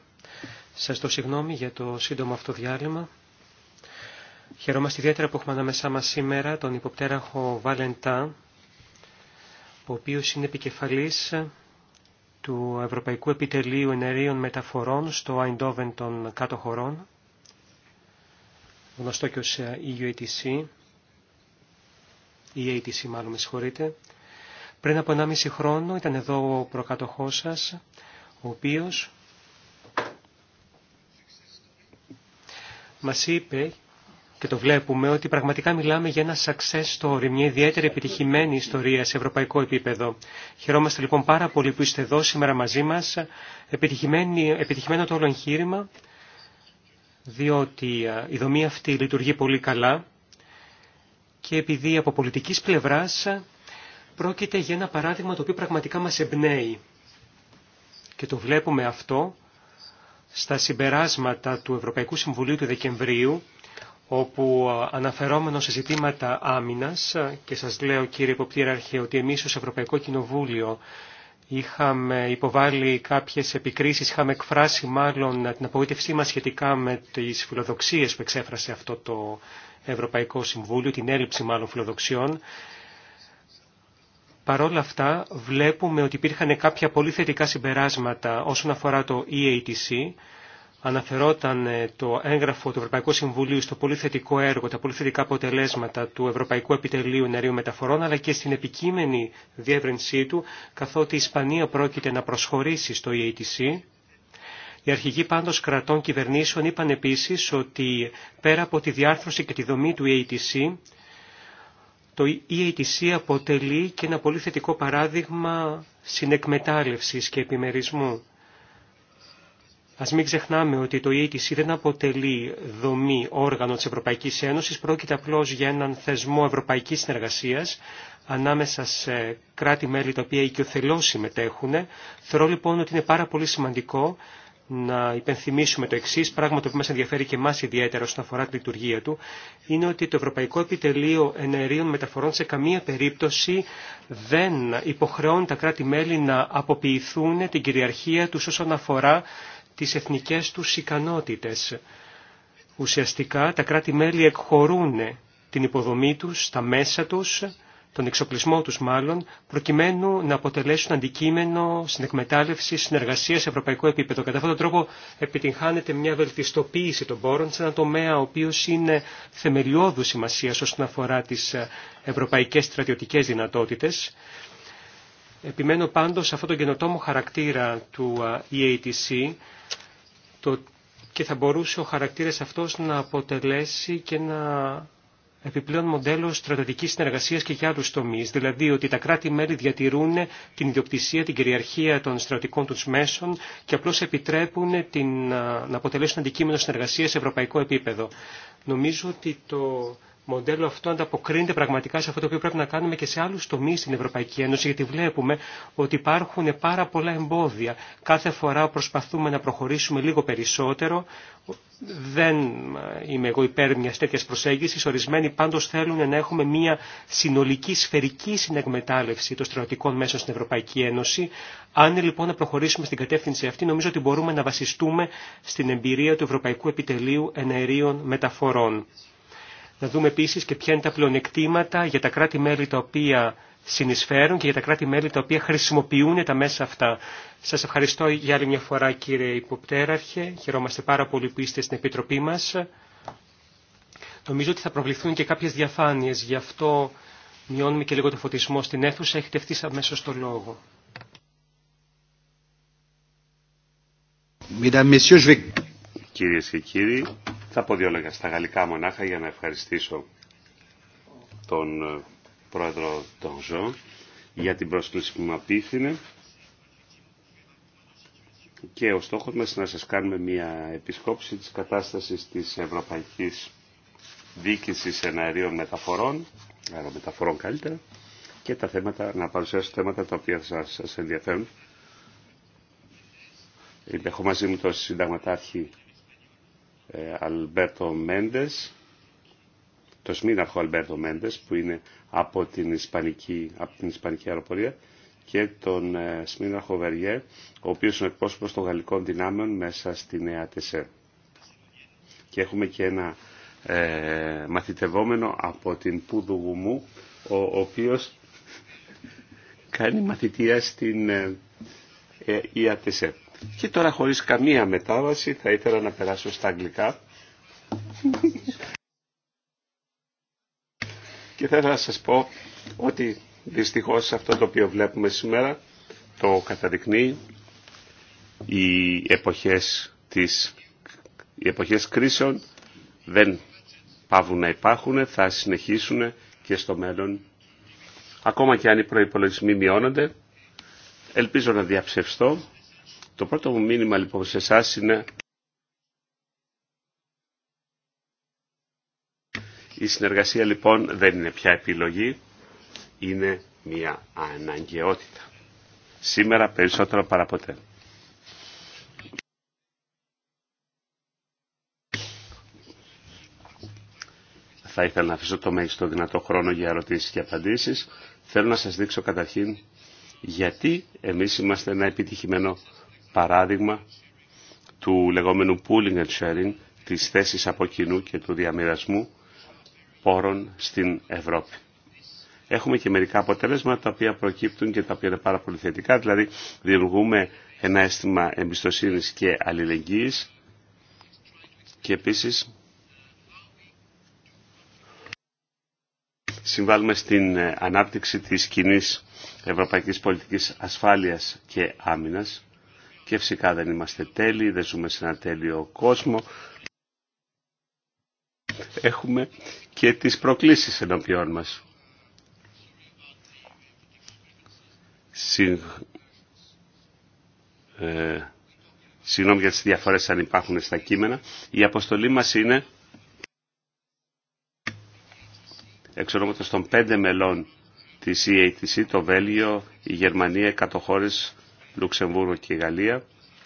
Σα το συγγνώμη για το σύντομο αυτό διάλειμμα. Χαιρόμαστε ιδιαίτερα που έχουμε ανάμεσά μας σήμερα τον υποπτέραχο Βαλεντά, ο οποίος είναι επικεφαλής του Ευρωπαϊκού Επιτελείου Ενερίων Μεταφορών στο Αϊντόβεν των Κάτω Χωρών, γνωστό και ω EUATC, ε, EATC μάλλον με συγχωρείτε, πριν από 1,5 χρόνο ήταν εδώ ο προκατοχός σας, ο οποίος μας είπε και το βλέπουμε ότι πραγματικά μιλάμε για ένα success story, μια ιδιαίτερη επιτυχημένη ιστορία σε ευρωπαϊκό επίπεδο. Χαιρόμαστε λοιπόν πάρα πολύ που είστε εδώ σήμερα μαζί μας, επιτυχημένο το όλο εγχείρημα, διότι η δομή αυτή λειτουργεί πολύ καλά και επειδή από πολιτικής πλευράς Πρόκειται για ένα παράδειγμα το οποίο πραγματικά μας εμπνέει. Και το βλέπουμε αυτό στα συμπεράσματα του Ευρωπαϊκού Συμβουλίου του Δεκεμβρίου, όπου αναφερόμενο σε ζητήματα άμυνας, και σας λέω κύριε Υποπτήραρχε ότι εμείς ως Ευρωπαϊκό Κοινοβούλιο είχαμε υποβάλει κάποιες επικρίσεις, είχαμε εκφράσει μάλλον την απογοήτευσή μας σχετικά με τις φιλοδοξίες που εξέφρασε αυτό το Ευρωπαϊκό Συμβούλιο, την έλλειψη μάλλον φιλοδοξιών. Παρόλα αυτά βλέπουμε ότι υπήρχαν κάποια πολύ θετικά συμπεράσματα όσον αφορά το EATC. Αναφερόταν ε, το έγγραφο του Ευρωπαϊκού Συμβουλίου στο πολύ θετικό έργο, τα πολύ θετικά αποτελέσματα του Ευρωπαϊκού Επιτελείου Νερίου Μεταφορών, αλλά και στην επικείμενη διεύρυνσή του, καθότι η Ισπανία πρόκειται να προσχωρήσει στο EATC. Οι αρχηγοί πάντως κρατών κυβερνήσεων είπαν επίσης ότι πέρα από τη διάρθρωση και τη δομή του EATC, το EATC αποτελεί και ένα πολύ θετικό παράδειγμα συνεκμετάλλευσης και επιμερισμού. Ας μην ξεχνάμε ότι το EATC δεν αποτελεί δομή όργανο της Ευρωπαϊκής Ένωσης, πρόκειται απλώς για έναν θεσμό ευρωπαϊκής συνεργασίας ανάμεσα σε κράτη-μέλη τα οποία οικειοθελώς συμμετέχουν. Θεωρώ λοιπόν ότι είναι πάρα πολύ σημαντικό να υπενθυμίσουμε το εξή, πράγμα το οποίο μα ενδιαφέρει και εμά ιδιαίτερα όσον αφορά τη λειτουργία του, είναι ότι το Ευρωπαϊκό Επιτελείο Ενεργείων Μεταφορών σε καμία περίπτωση δεν υποχρεώνει τα κράτη-μέλη να αποποιηθούν την κυριαρχία του όσον αφορά τι εθνικέ του ικανότητε. Ουσιαστικά τα κράτη-μέλη εκχωρούν την υποδομή τους, τα μέσα τους τον εξοπλισμό τους μάλλον, προκειμένου να αποτελέσουν αντικείμενο εκμετάλλευση, συνεργασία σε ευρωπαϊκό επίπεδο. Κατά αυτόν τον τρόπο επιτυγχάνεται μια βελτιστοποίηση των πόρων σε ένα τομέα ο οποίο είναι θεμελιώδου σημασία όσον αφορά τις ε, ευρωπαϊκές στρατιωτικές δυνατότητες. Επιμένω πάντως σε αυτόν τον καινοτόμο χαρακτήρα του ε, EATC το, και θα μπορούσε ο χαρακτήρας αυτός να αποτελέσει και να επιπλέον μοντέλο στρατιωτικής συνεργασίας και για άλλους τομείς, δηλαδή ότι τα κράτη-μέλη διατηρούν την ιδιοκτησία, την κυριαρχία των στρατικών τους μέσων και απλώς επιτρέπουν την, να αποτελέσουν αντικείμενο συνεργασία σε ευρωπαϊκό επίπεδο. Νομίζω ότι το μοντέλο αυτό ανταποκρίνεται πραγματικά σε αυτό το οποίο πρέπει να κάνουμε και σε άλλους τομείς στην Ευρωπαϊκή Ένωση, γιατί βλέπουμε ότι υπάρχουν πάρα πολλά εμπόδια. Κάθε φορά προσπαθούμε να προχωρήσουμε λίγο περισσότερο. Δεν είμαι εγώ υπέρ μια τέτοια προσέγγιση. Ορισμένοι πάντω θέλουν να έχουμε μια συνολική σφαιρική συνεκμετάλλευση των στρατιωτικών μέσων στην Ευρωπαϊκή Ένωση. Αν λοιπόν να προχωρήσουμε στην κατεύθυνση αυτή, νομίζω ότι μπορούμε να βασιστούμε στην εμπειρία του Ευρωπαϊκού Επιτελείου Εναερίων Μεταφορών να δούμε επίσης και ποια είναι τα πλεονεκτήματα για τα κράτη-μέλη τα οποία συνεισφέρουν και για τα κράτη-μέλη τα οποία χρησιμοποιούν τα μέσα αυτά. Σας ευχαριστώ για άλλη μια φορά κύριε Υποπτέραρχε. Χαιρόμαστε πάρα πολύ που είστε στην Επιτροπή μας. Νομίζω ότι θα προβληθούν και κάποιες διαφάνειες. Γι' αυτό μειώνουμε και λίγο το φωτισμό στην αίθουσα. Έχετε ευθύς αμέσως το λόγο. και κύριοι, θα πω δύο λόγια στα γαλλικά μονάχα για να ευχαριστήσω τον ε, πρόεδρο τον Ζω για την πρόσκληση που μου απίθυνε και ο στόχος μας να σας κάνουμε μια επισκόπηση της κατάστασης της Ευρωπαϊκής Διοίκησης Εναερίων Μεταφορών, μεταφορών καλύτερα, και τα θέματα, να παρουσιάσω θέματα τα οποία θα σας ενδιαφέρουν. Έχω μαζί μου το συνταγματάρχη ε, Αλμπέρτο Μέντες, το Σμίναρχο Αλμπέρτο Μέντες που είναι από την Ισπανική, από την Ισπανική αεροπορία και τον ε, Σμίναρχο Βεριέ, ο οποίος είναι εκπρόσωπος των γαλλικών δυνάμεων μέσα στην Νέα Και έχουμε και ένα ε, μαθητευόμενο από την Πούδου ο, ο οποίος κάνει μαθητεία στην ε, ε και τώρα χωρίς καμία μετάβαση θα ήθελα να περάσω στα αγγλικά. Και θα ήθελα να σας πω ότι δυστυχώς αυτό το οποίο βλέπουμε σήμερα το καταδεικνύει οι εποχές, της, οι εποχές κρίσεων δεν πάβουν να υπάρχουν, θα συνεχίσουν και στο μέλλον. Ακόμα και αν οι προϋπολογισμοί μειώνονται, ελπίζω να διαψευστώ το πρώτο μου μήνυμα λοιπόν σε εσά είναι η συνεργασία λοιπόν δεν είναι πια επιλογή, είναι μια αναγκαιότητα. Σήμερα περισσότερο παρά ποτέ. Θα ήθελα να αφήσω το μέγιστο δυνατό χρόνο για ερωτήσεις και απαντήσεις. Θέλω να σας δείξω καταρχήν γιατί εμείς είμαστε ένα επιτυχημένο παράδειγμα του λεγόμενου pooling and sharing, της θέσης από κοινού και του διαμοιρασμού πόρων στην Ευρώπη. Έχουμε και μερικά αποτελέσματα τα οποία προκύπτουν και τα οποία είναι πάρα πολύ θετικά, δηλαδή δημιουργούμε ένα αίσθημα εμπιστοσύνης και αλληλεγγύης και επίσης συμβάλλουμε στην ανάπτυξη της κοινή ευρωπαϊκής πολιτικής ασφάλειας και άμυνας και φυσικά δεν είμαστε τέλειοι, δεν ζούμε σε ένα τέλειο κόσμο. Έχουμε και τις προκλήσεις ενώπιόν μας. Ε... Συγγνώμη για τις διαφορές αν υπάρχουν στα κείμενα. Η αποστολή μας είναι εξ των πέντε μελών της EATC, το Βέλγιο, η Γερμανία, οι κατοχώρες Λουξεμβούργο και η Γαλλία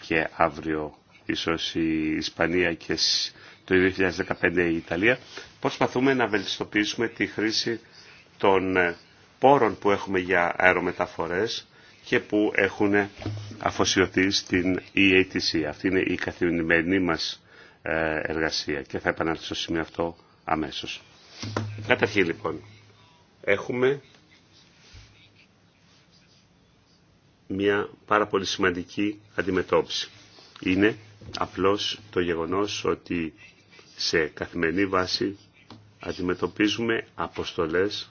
και αύριο ίσως η Ισπανία και το 2015 η Ιταλία, προσπαθούμε να βελτιστοποιήσουμε τη χρήση των ε, πόρων που έχουμε για αερομεταφορές και που έχουν αφοσιωθεί στην EATC. Αυτή είναι η καθημερινή μας ε, εργασία και θα επανέλθω στο σημείο αυτό αμέσως. Καταρχήν λοιπόν, έχουμε μια πάρα πολύ σημαντική αντιμετώπιση. Είναι απλώς το γεγονός ότι σε καθημερινή βάση αντιμετωπίζουμε αποστολές,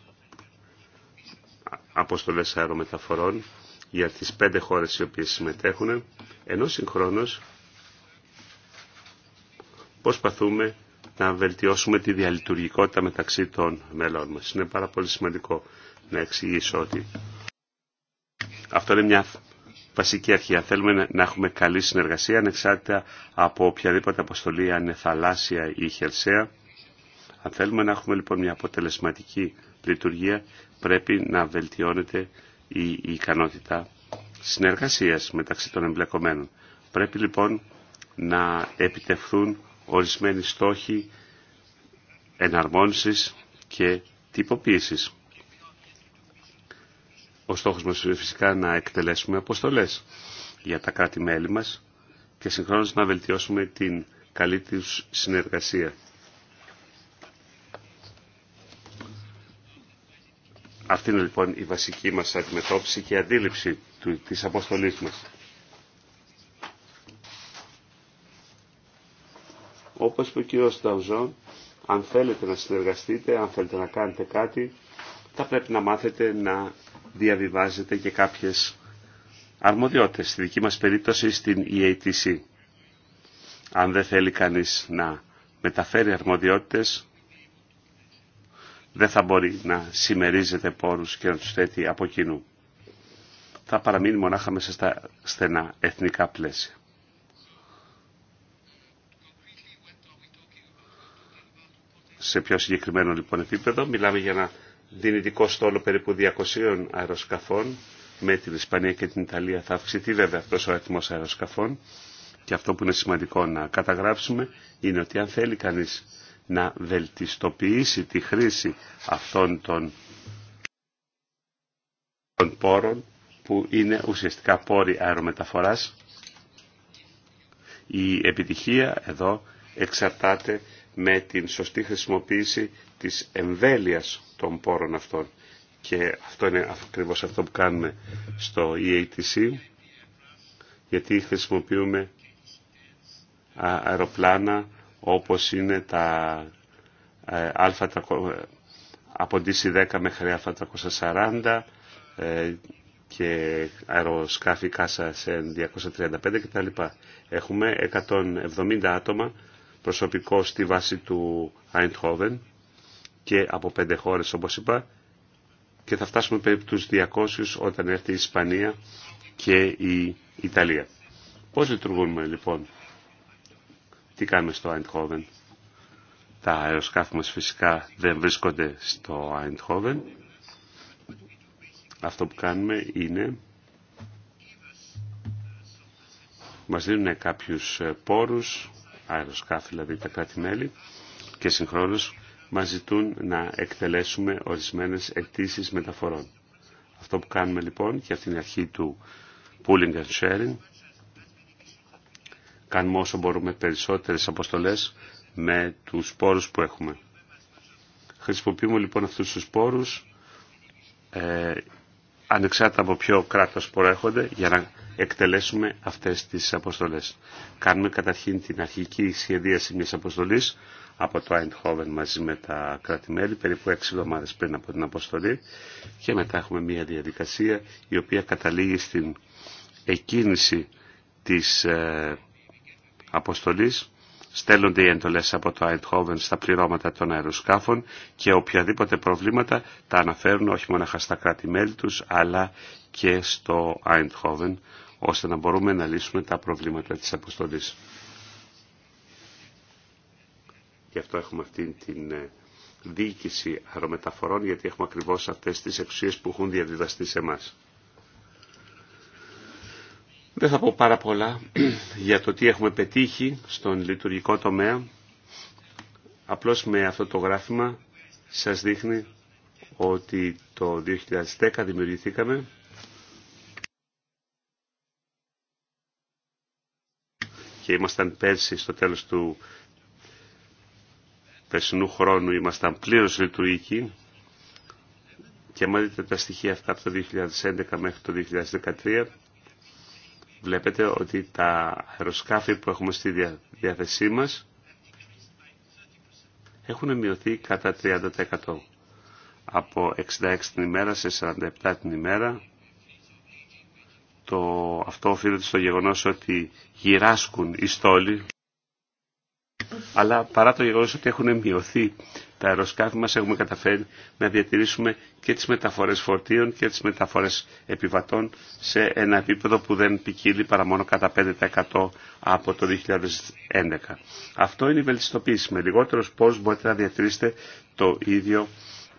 αποστολές αερομεταφορών για τις πέντε χώρες οι οποίες συμμετέχουν, ενώ συγχρόνως προσπαθούμε να βελτιώσουμε τη διαλειτουργικότητα μεταξύ των μελών μας. Είναι πάρα πολύ σημαντικό να εξηγήσω ότι αυτό είναι μια βασική αρχή. Αν θέλουμε να έχουμε καλή συνεργασία, ανεξάρτητα από οποιαδήποτε αποστολή, αν έχουμε λοιπόν μια αποτελεσματική λειτουργία, πρέπει να βελτιώνεται η ικανότητα συνεργασίας μεταξύ των εμπλεκομένων. Πρέπει λοιπόν να επιτευχθούν ορισμένοι στόχοι εναρμόνισης και τυποποίησης. Ο στόχος μας είναι φυσικά να εκτελέσουμε αποστολές για τα κράτη-μέλη μας και συγχρόνως να βελτιώσουμε την καλή τους συνεργασία. Αυτή είναι λοιπόν η βασική μας αντιμετώπιση και αντίληψη της αποστολής μας. Όπως είπε ο κ. Σταουζόν, αν θέλετε να συνεργαστείτε, αν θέλετε να κάνετε κάτι, θα πρέπει να μάθετε να διαβιβάζετε και κάποιες αρμοδιότητες, στη δική μας περίπτωση στην EATC. Αν δεν θέλει κανείς να μεταφέρει αρμοδιότητες, δεν θα μπορεί να συμμερίζεται πόρους και να τους θέτει από κοινού. Θα παραμείνει μονάχα μέσα στα στενά εθνικά πλαίσια. Σε πιο συγκεκριμένο λοιπόν επίπεδο μιλάμε για ένα δυνητικό στόλο περίπου 200 αεροσκαφών. Με την Ισπανία και την Ιταλία θα αυξηθεί βέβαια αυτός ο αριθμός αεροσκαφών. Και αυτό που είναι σημαντικό να καταγράψουμε είναι ότι αν θέλει κανείς να βελτιστοποιήσει τη χρήση αυτών των, των πόρων που είναι ουσιαστικά πόροι αερομεταφοράς, η επιτυχία εδώ εξαρτάται με την σωστή χρησιμοποίηση της εμβέλειας των πόρων αυτών. Και αυτό είναι ακριβώ αυτό που κάνουμε στο EATC, γιατί χρησιμοποιούμε αεροπλάνα όπως είναι τα ε, από DC-10 μέχρι Α340 ε, και αεροσκάφη κάσα σε 235 κτλ. Έχουμε 170 άτομα προσωπικό στη βάση του Eindhoven και από πέντε χώρες όπως είπα και θα φτάσουμε περίπου τους 200 όταν έρθει η Ισπανία και η Ιταλία. Πώς λειτουργούμε λοιπόν, τι κάνουμε στο Eindhoven. Τα αεροσκάφη μας φυσικά δεν βρίσκονται στο Eindhoven. Αυτό που κάνουμε είναι μας δίνουν κάποιους πόρους αεροσκάφη, δηλαδή τα κράτη-μέλη, και συγχρόνω μα ζητούν να εκτελέσουμε ορισμένες αιτήσει μεταφορών. Αυτό που κάνουμε λοιπόν, και αυτή είναι η αρχή του pooling and sharing, κάνουμε όσο μπορούμε περισσότερες αποστολές με τους σπόρους που έχουμε. Χρησιμοποιούμε λοιπόν αυτούς τους σπόρους ε, ανεξάρτητα από ποιο κράτος προέρχονται για να εκτελέσουμε αυτές τις αποστολές. Κάνουμε καταρχήν την αρχική σχεδίαση μιας αποστολής από το Eindhoven μαζί με τα κρατη περίπου έξι εβδομάδες πριν από την αποστολή και μετά έχουμε μια διαδικασία η οποία καταλήγει στην εκκίνηση της ε, αποστολής στέλνονται οι εντολές από το Άιντχόβεν στα πληρώματα των αεροσκάφων και οποιαδήποτε προβλήματα τα αναφέρουν όχι μόνο στα κράτη-μέλη τους αλλά και στο Άιντχόβεν ώστε να μπορούμε να λύσουμε τα προβλήματα της αποστολής. Γι' αυτό έχουμε αυτή την ε, διοίκηση αερομεταφορών γιατί έχουμε ακριβώς αυτές τις εξουσίες που έχουν διαδιδαστεί σε εμάς. Δεν θα πω πάρα πολλά <clears throat> για το τι έχουμε πετύχει στον λειτουργικό τομέα. Απλώς με αυτό το γράφημα σας δείχνει ότι το 2010 δημιουργηθήκαμε και ήμασταν πέρσι στο τέλος του περσινού χρόνου ήμασταν πλήρως λειτουργικοί και μάλιστα τα στοιχεία αυτά από το 2011 μέχρι το 2013 βλέπετε ότι τα αεροσκάφη που έχουμε στη διάθεσή μας έχουν μειωθεί κατά 30% από 66 την ημέρα σε 47 την ημέρα. Το, αυτό οφείλεται στο γεγονός ότι γυράσκουν οι στόλοι αλλά παρά το γεγονός ότι έχουν μειωθεί τα αεροσκάφη μας, έχουμε καταφέρει να διατηρήσουμε και τις μεταφορές φορτίων και τις μεταφορές επιβατών σε ένα επίπεδο που δεν ποικίλει παρά μόνο κατά 5% από το 2011. Αυτό είναι η βελτιστοποίηση. Με λιγότερος πώς μπορείτε να διατηρήσετε το ίδιο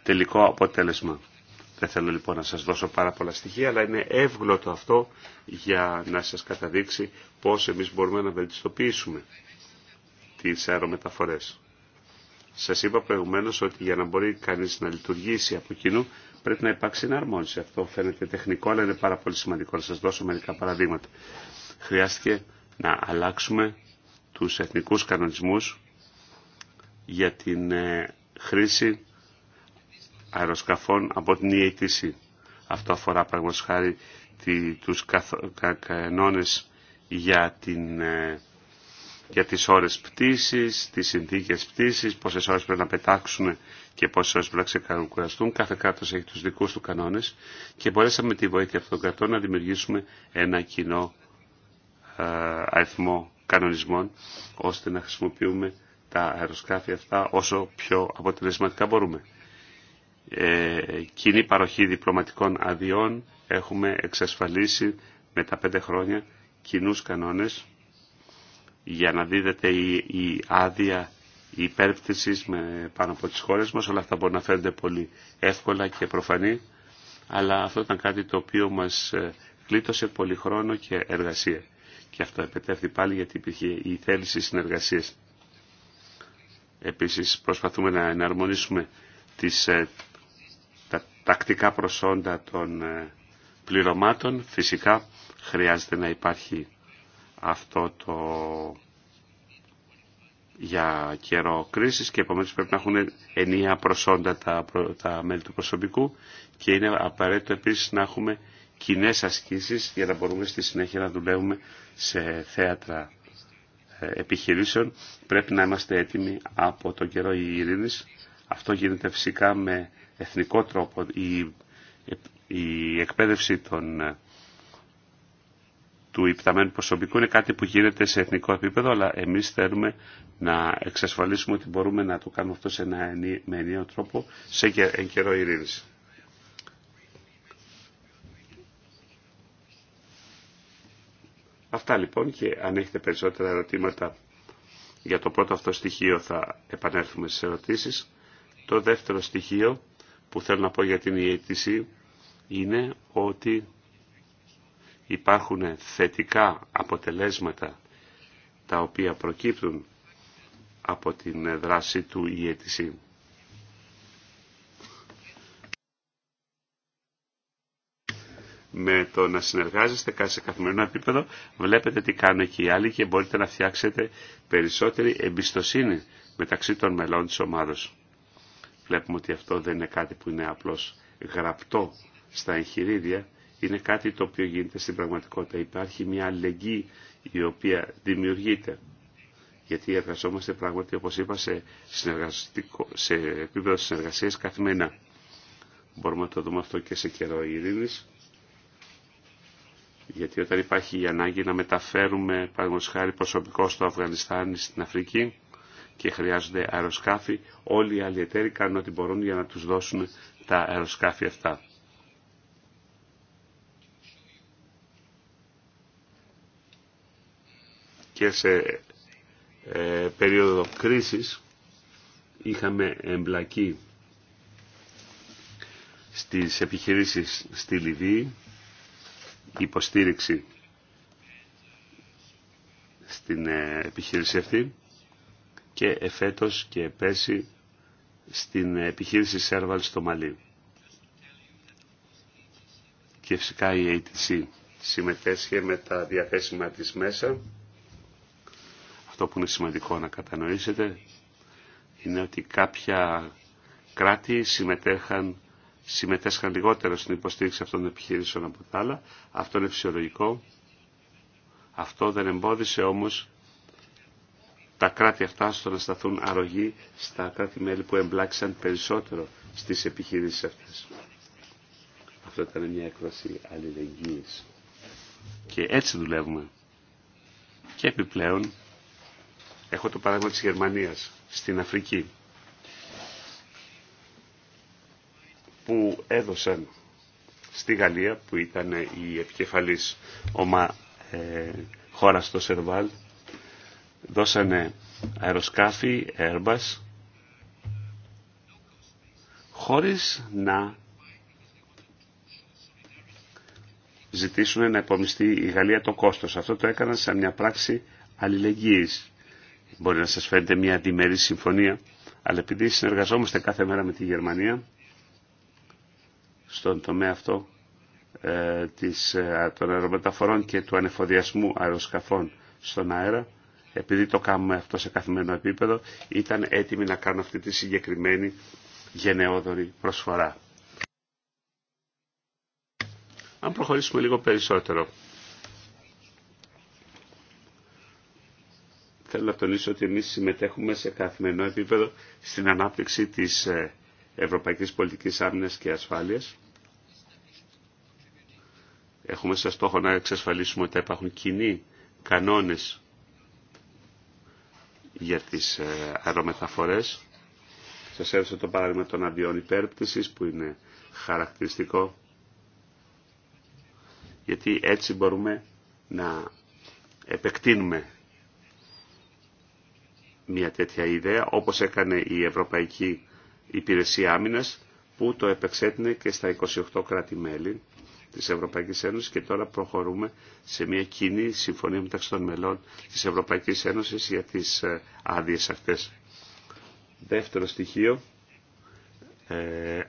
τελικό αποτέλεσμα. Δεν θέλω λοιπόν να σας δώσω πάρα πολλά στοιχεία, αλλά είναι εύγλωτο αυτό για να σας καταδείξει πώς εμείς μπορούμε να βελτιστοποιήσουμε τις αερομεταφορές. Σας είπα προηγουμένως ότι για να μπορεί κανείς να λειτουργήσει από κοινού πρέπει να υπάρξει εναρμόνιση. Αυτό φαίνεται τεχνικό αλλά είναι πάρα πολύ σημαντικό. Να σας δώσω μερικά παραδείγματα. Χρειάστηκε να αλλάξουμε τους εθνικούς κανονισμούς για την ε, χρήση αεροσκαφών από την EATC. Αυτό αφορά πραγματικά χάρη τους κανόνες για την ε, για τις ώρες πτήσης, τις συνθήκες πτήσης, πόσες ώρες πρέπει να πετάξουν και πόσες ώρες πρέπει να ξεκουραστούν. Κάθε κράτος έχει τους δικούς του κανόνες και μπορέσαμε με τη βοήθεια αυτών των κρατών να δημιουργήσουμε ένα κοινό ε, αριθμό κανονισμών ώστε να χρησιμοποιούμε τα αεροσκάφη αυτά όσο πιο αποτελεσματικά μπορούμε. Ε, κοινή παροχή διπλωματικών αδειών έχουμε εξασφαλίσει με τα πέντε χρόνια κοινούς κανόνες για να δίδεται η, η άδεια υπέρπτυση με, πάνω από τι χώρε μα. Όλα αυτά μπορεί να φαίνονται πολύ εύκολα και προφανή, αλλά αυτό ήταν κάτι το οποίο μας κλείτωσε ε, πολύ χρόνο και εργασία. Και αυτό επετέφθη πάλι γιατί υπήρχε η θέληση συνεργασία. Επίση, προσπαθούμε να εναρμονίσουμε τις, ε, τα τακτικά προσόντα των ε, πληρωμάτων. Φυσικά χρειάζεται να υπάρχει αυτό το για καιρό κρίσης και επομένως πρέπει να έχουν ενία προσόντα τα, τα μέλη του προσωπικού και είναι απαραίτητο επίσης να έχουμε κοινέ ασκήσεις για να μπορούμε στη συνέχεια να δουλεύουμε σε θέατρα ε, επιχειρήσεων. Πρέπει να είμαστε έτοιμοι από τον καιρό η ειρήνης. Αυτό γίνεται φυσικά με εθνικό τρόπο. Η, η εκπαίδευση των ε, του υπταμένου προσωπικού είναι κάτι που γίνεται σε εθνικό επίπεδο, αλλά εμείς θέλουμε να εξασφαλίσουμε ότι μπορούμε να το κάνουμε αυτό σε ένα με ενιαίο τρόπο σε εν καιρό ειρήνης. Αυτά λοιπόν και αν έχετε περισσότερα ερωτήματα για το πρώτο αυτό στοιχείο θα επανέλθουμε στις ερωτήσεις. Το δεύτερο στοιχείο που θέλω να πω για την ιέτηση e είναι ότι υπάρχουν θετικά αποτελέσματα τα οποία προκύπτουν από την δράση του μου. E με το να συνεργάζεστε σε καθημερινό επίπεδο, βλέπετε τι κάνουν και οι άλλοι και μπορείτε να φτιάξετε περισσότερη εμπιστοσύνη μεταξύ των μελών της ομάδος. Βλέπουμε ότι αυτό δεν είναι κάτι που είναι απλώς γραπτό στα εγχειρίδια, είναι κάτι το οποίο γίνεται στην πραγματικότητα. Υπάρχει μια αλληλεγγύη η οποία δημιουργείται. Γιατί εργαζόμαστε πράγματι, όπως είπα, σε, σε επίπεδο συνεργασία καθημερινά. Μπορούμε να το δούμε αυτό και σε καιρό ειρήνης. Γιατί όταν υπάρχει η ανάγκη να μεταφέρουμε, παραδείγματος χάρη, προσωπικό στο Αφγανιστάν ή στην Αφρική και χρειάζονται αεροσκάφη, όλοι οι άλλοι εταίροι κάνουν ό,τι μπορούν για να τους δώσουν τα αεροσκάφη αυτά. και σε ε, περίοδο κρίσης είχαμε εμπλακεί στις επιχειρήσεις στη Λιβύη, υποστήριξη στην ε, επιχείρηση αυτή και εφέτος και πέρσι στην επιχείρηση Σέρβαλ στο Μαλί. Και φυσικά η ATC συμμετέσχε με τα διαθέσιμα της μέσα το που είναι σημαντικό να κατανοήσετε είναι ότι κάποια κράτη συμμετέχαν, συμμετέσχαν λιγότερο στην υποστήριξη αυτών των επιχειρήσεων από τα άλλα. Αυτό είναι φυσιολογικό. Αυτό δεν εμπόδισε όμως τα κράτη αυτά στο να σταθούν αρρωγή στα κράτη-μέλη που εμπλάξαν περισσότερο στις επιχειρήσεις αυτές. Αυτό ήταν μια έκφραση αλληλεγγύης. Και έτσι δουλεύουμε. Και επιπλέον Έχω το παράδειγμα της Γερμανίας, στην Αφρική, που έδωσαν στη Γαλλία, που ήταν η επικεφαλής ομα, ε, χώρα στο Σερβάλ, δώσανε αεροσκάφη, Airbus, χωρίς να ζητήσουν να υπομειστεί η Γαλλία το κόστος. Αυτό το έκαναν σαν μια πράξη αλληλεγγύης. Μπορεί να σας φαίνεται μια αντιμερή συμφωνία, αλλά επειδή συνεργαζόμαστε κάθε μέρα με τη Γερμανία, στον τομέα αυτό ε, της, ε, των αερομεταφορών και του ανεφοδιασμού αεροσκαφών στον αέρα, επειδή το κάνουμε αυτό σε καθημερινό επίπεδο, ήταν έτοιμοι να κάνουν αυτή τη συγκεκριμένη γενναιόδορη προσφορά. Αν προχωρήσουμε λίγο περισσότερο, Θέλω να τονίσω ότι εμείς συμμετέχουμε σε καθημερινό επίπεδο στην ανάπτυξη της ε, Ευρωπαϊκής Πολιτικής Άμυνας και Ασφάλειας. Έχουμε σε στόχο να εξασφαλίσουμε ότι υπάρχουν κοινοί κανόνες για τις ε, αερομεταφορές. Σας έδωσα το παράδειγμα των αδειών υπέρπτυσης που είναι χαρακτηριστικό γιατί έτσι μπορούμε να επεκτείνουμε μια τέτοια ιδέα, όπως έκανε η Ευρωπαϊκή Υπηρεσία Άμυνας, που το επεξέτεινε και στα 28 κράτη-μέλη της Ευρωπαϊκής Ένωσης και τώρα προχωρούμε σε μια κοινή συμφωνία μεταξύ των μελών της Ευρωπαϊκής Ένωσης για τις ε, άδειε αυτές. Δεύτερο στοιχείο, ε,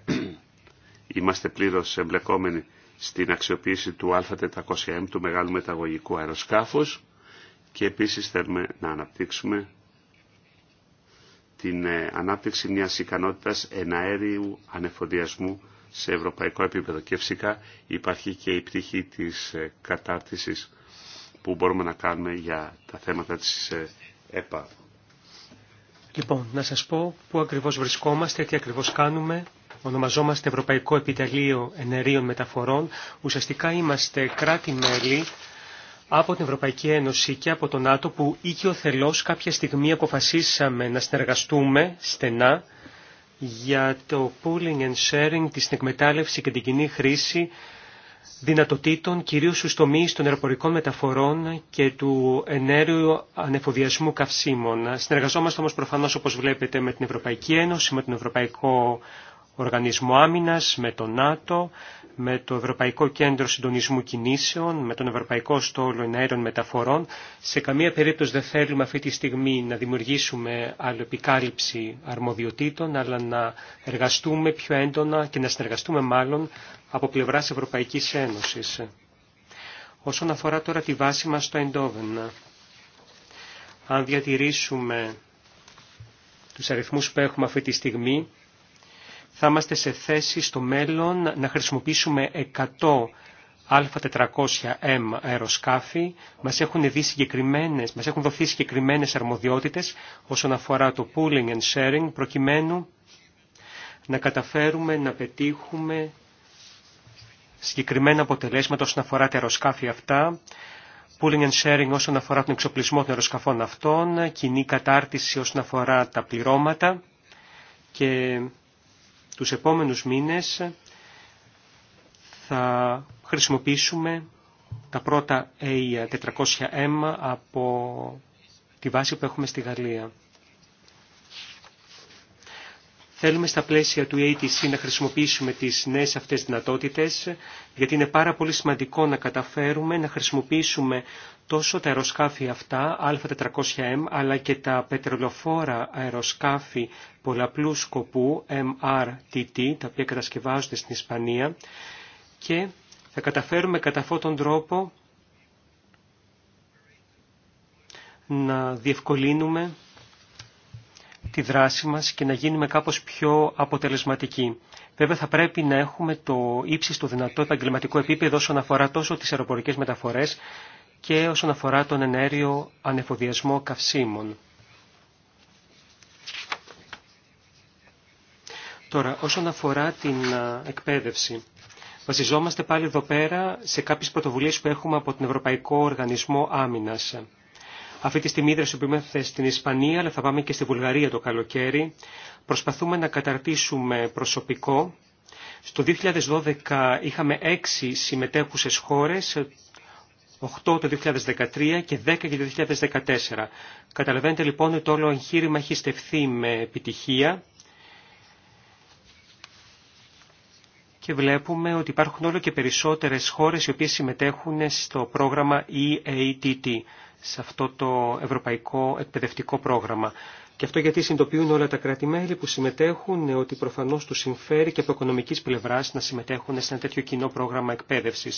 <clears throat> είμαστε πλήρως εμπλεκόμενοι στην αξιοποίηση του Α400M, του μεγάλου μεταγωγικού αεροσκάφους και επίσης θέλουμε να αναπτύξουμε την ε, ανάπτυξη μιας ικανότητας εναέριου ανεφοδιασμού σε ευρωπαϊκό επίπεδο. Και φυσικά υπάρχει και η πτυχή της ε, κατάρτισης που μπορούμε να κάνουμε για τα θέματα της ε, ΕΠΑ. Λοιπόν, να σας πω πού ακριβώς βρισκόμαστε, τι ακριβώς κάνουμε. Ονομαζόμαστε Ευρωπαϊκό Επιτελείο Ενερίων Μεταφορών. Ουσιαστικά είμαστε κράτη-μέλη από την Ευρωπαϊκή Ένωση και από τον ΝΑΤΟ που θελός κάποια στιγμή αποφασίσαμε να συνεργαστούμε στενά για το pooling and sharing, τη συνεκμετάλλευση και την κοινή χρήση δυνατοτήτων κυρίως στους τομείς των αεροπορικών μεταφορών και του ενέργειου ανεφοδιασμού καυσίμων. Συνεργαζόμαστε όμως προφανώς όπως βλέπετε με την Ευρωπαϊκή Ένωση, με τον Ευρωπαϊκό Οργανισμό Άμυνας, με το ΝΑΤΟ, με το Ευρωπαϊκό Κέντρο Συντονισμού Κινήσεων, με τον Ευρωπαϊκό Στόλο Εναέρων Μεταφορών. Σε καμία περίπτωση δεν θέλουμε αυτή τη στιγμή να δημιουργήσουμε άλλο επικάλυψη αρμοδιοτήτων, αλλά να εργαστούμε πιο έντονα και να συνεργαστούμε μάλλον από πλευράς Ευρωπαϊκής Ένωσης. Όσον αφορά τώρα τη βάση μας στο Εντόβεν, αν διατηρήσουμε τους αριθμούς που έχουμε αυτή τη στιγμή, θα είμαστε σε θέση στο μέλλον να χρησιμοποιήσουμε 100 Α400M αεροσκάφη μας έχουν, δει συγκεκριμένες, μας έχουν δοθεί συγκεκριμένες αρμοδιότητες όσον αφορά το pooling and sharing προκειμένου να καταφέρουμε να πετύχουμε συγκεκριμένα αποτελέσματα όσον αφορά τα αεροσκάφη αυτά pooling and sharing όσον αφορά τον εξοπλισμό των αεροσκαφών αυτών, κοινή κατάρτιση όσον αφορά τα πληρώματα και τους επόμενους μήνες θα χρησιμοποιήσουμε τα πρώτα A400M από τη βάση που έχουμε στη Γαλλία. Θέλουμε στα πλαίσια του ATC να χρησιμοποιήσουμε τις νέες αυτές δυνατότητες, γιατί είναι πάρα πολύ σημαντικό να καταφέρουμε να χρησιμοποιήσουμε τόσο τα αεροσκάφη αυτά, Α400M, αλλά και τα πετρελοφόρα αεροσκάφη πολλαπλού σκοπού, MRTT, τα οποία κατασκευάζονται στην Ισπανία, και θα καταφέρουμε κατά αυτόν τον τρόπο να διευκολύνουμε τη δράση μας και να γίνουμε κάπως πιο αποτελεσματικοί. Βέβαια θα πρέπει να έχουμε το ύψιστο δυνατό επαγγελματικό επίπεδο όσον αφορά τόσο τις αεροπορικές μεταφορές και όσον αφορά τον ενέριο ανεφοδιασμό καυσίμων. Τώρα, όσον αφορά την εκπαίδευση, βασιζόμαστε πάλι εδώ πέρα σε κάποιες πρωτοβουλίες που έχουμε από τον Ευρωπαϊκό Οργανισμό Άμυνας. Αυτή τη στιγμή δραστηριοποιούμαστε στην Ισπανία, αλλά θα πάμε και στη Βουλγαρία το καλοκαίρι. Προσπαθούμε να καταρτήσουμε προσωπικό. Στο 2012 είχαμε έξι συμμετέχουσες χώρες, 8 το 2013 και 10 το 2014. Καταλαβαίνετε λοιπόν ότι όλο εγχείρημα έχει στεφθεί με επιτυχία και βλέπουμε ότι υπάρχουν όλο και περισσότερες χώρες οι οποίες συμμετέχουν στο πρόγραμμα EATT, σε αυτό το ευρωπαϊκό εκπαιδευτικό πρόγραμμα. Και αυτό γιατί συνειδητοποιούν όλα τα κράτη-μέλη που συμμετέχουν ότι προφανώ του συμφέρει και από οικονομική πλευρά να συμμετέχουν σε ένα τέτοιο κοινό πρόγραμμα εκπαίδευση.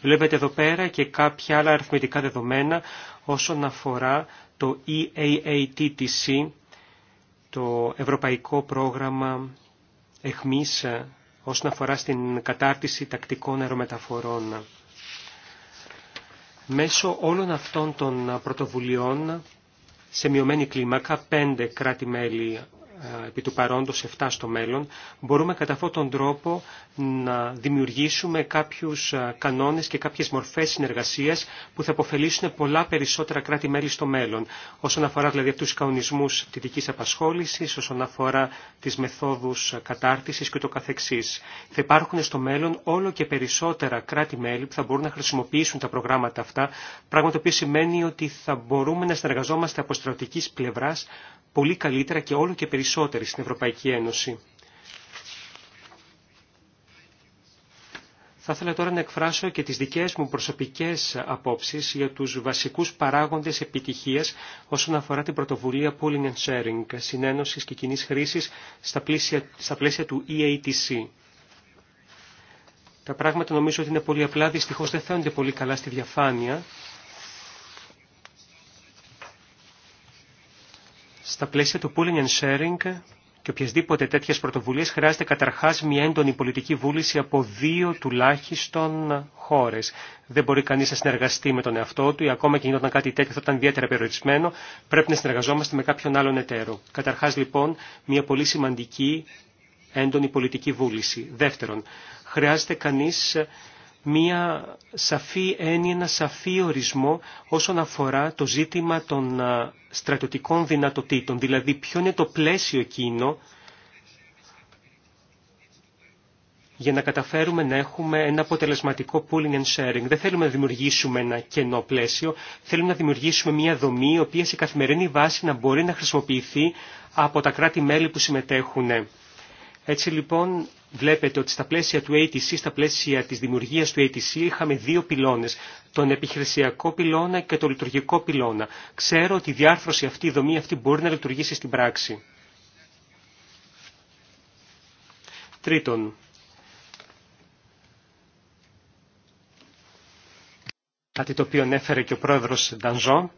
Βλέπετε εδώ πέρα και κάποια άλλα αριθμητικά δεδομένα όσον αφορά το EAATTC, το Ευρωπαϊκό Πρόγραμμα Εχμή, ε, όσον αφορά στην κατάρτιση τακτικών αερομεταφορών. Μέσω όλων αυτών των πρωτοβουλειών σε μειωμένη κλίμακα πέντε κράτη-μέλη ε, επί του παρόντος 7 στο μέλλον, μπορούμε κατά αυτόν τον τρόπο να δημιουργήσουμε κάποιους ε, κανόνες και κάποιες μορφές συνεργασίας που θα αποφελήσουν πολλά περισσότερα κράτη-μέλη στο μέλλον. Όσον αφορά δηλαδή αυτούς τους καονισμούς απασχόλησης, όσον αφορά τις μεθόδους ε, κατάρτισης και το καθεξής. Θα υπάρχουν στο μέλλον όλο και περισσότερα κράτη-μέλη που θα μπορούν να χρησιμοποιήσουν τα προγράμματα αυτά, πράγμα το οποίο σημαίνει ότι θα μπορούμε να συνεργαζόμαστε από στρατηγικής πλευράς πολύ καλύτερα και όλο και περισσότεροι στην Ευρωπαϊκή Ένωση. Θα ήθελα τώρα να εκφράσω και τις δικές μου προσωπικές απόψεις για τους βασικούς παράγοντες επιτυχίας όσον αφορά την πρωτοβουλία Pooling and Sharing, συνένωσης και κοινή χρήσης στα πλαίσια, του EATC. Τα πράγματα νομίζω ότι είναι πολύ απλά, δυστυχώς δεν φαίνονται πολύ καλά στη διαφάνεια, Στα πλαίσια του pooling and sharing και οποιασδήποτε τέτοιες πρωτοβουλίες χρειάζεται καταρχάς μια έντονη πολιτική βούληση από δύο τουλάχιστον χώρες. Δεν μπορεί κανείς να συνεργαστεί με τον εαυτό του ή ακόμα και γινόταν κάτι τέτοιο θα ήταν ιδιαίτερα περιορισμένο. Πρέπει να συνεργαζόμαστε με κάποιον άλλον εταίρο. Καταρχάς λοιπόν μια πολύ σημαντική έντονη πολιτική βούληση. Δεύτερον, χρειάζεται κανείς μία σαφή έννοια, ένα σαφή ορισμό όσον αφορά το ζήτημα των στρατιωτικών δυνατοτήτων, δηλαδή ποιο είναι το πλαίσιο εκείνο για να καταφέρουμε να έχουμε ένα αποτελεσματικό pooling and sharing. Δεν θέλουμε να δημιουργήσουμε ένα κενό πλαίσιο, θέλουμε να δημιουργήσουμε μια δομή η οποία σε καθημερινή βάση να μπορεί να χρησιμοποιηθεί από τα κράτη-μέλη που συμμετέχουν. Έτσι λοιπόν Βλέπετε ότι στα πλαίσια του ATC, στα πλαίσια της δημιουργίας του ATC, είχαμε δύο πυλώνες, τον επιχειρησιακό πυλώνα και τον λειτουργικό πυλώνα. Ξέρω ότι η διάρθρωση αυτή, η δομή αυτή μπορεί να λειτουργήσει στην πράξη. Τρίτον, κάτι το οποίο ανέφερε και ο πρόεδρος Ντανζό,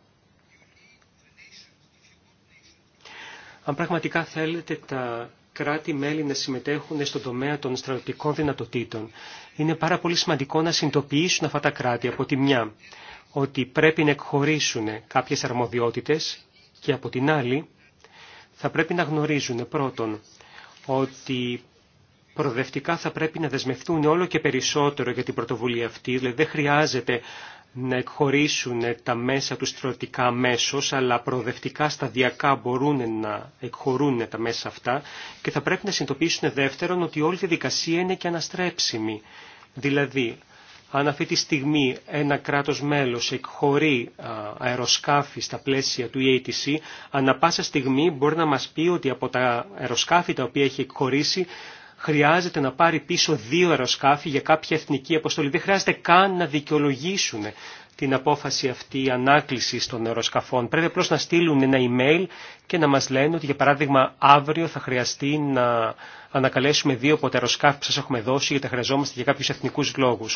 αν πραγματικά θέλετε τα κράτη-μέλη να συμμετέχουν στον τομέα των στρατιωτικών δυνατοτήτων. Είναι πάρα πολύ σημαντικό να συνειδητοποιήσουν αυτά τα κράτη από τη μια ότι πρέπει να εκχωρήσουν κάποιες αρμοδιότητες και από την άλλη θα πρέπει να γνωρίζουν πρώτον ότι προοδευτικά θα πρέπει να δεσμευτούν όλο και περισσότερο για την πρωτοβουλία αυτή, δηλαδή δεν χρειάζεται να εκχωρήσουν τα μέσα του στρωτικά αμέσω, αλλά προοδευτικά σταδιακά μπορούν να εκχωρούν τα μέσα αυτά και θα πρέπει να συνειδητοποιήσουν δεύτερον ότι όλη η δικασία είναι και αναστρέψιμη. Δηλαδή, αν αυτή τη στιγμή ένα κράτος μέλος εκχωρεί αεροσκάφη στα πλαίσια του EATC, ανά πάσα στιγμή μπορεί να μας πει ότι από τα αεροσκάφη τα οποία έχει εκχωρήσει χρειάζεται να πάρει πίσω δύο αεροσκάφη για κάποια εθνική αποστολή. Δεν χρειάζεται καν να δικαιολογήσουν την απόφαση αυτή ανάκληση των αεροσκαφών. Πρέπει απλώ να στείλουν ένα email και να μα λένε ότι, για παράδειγμα, αύριο θα χρειαστεί να ανακαλέσουμε δύο από τα αεροσκάφη που σα έχουμε δώσει γιατί τα χρειαζόμαστε για κάποιου εθνικού λόγου.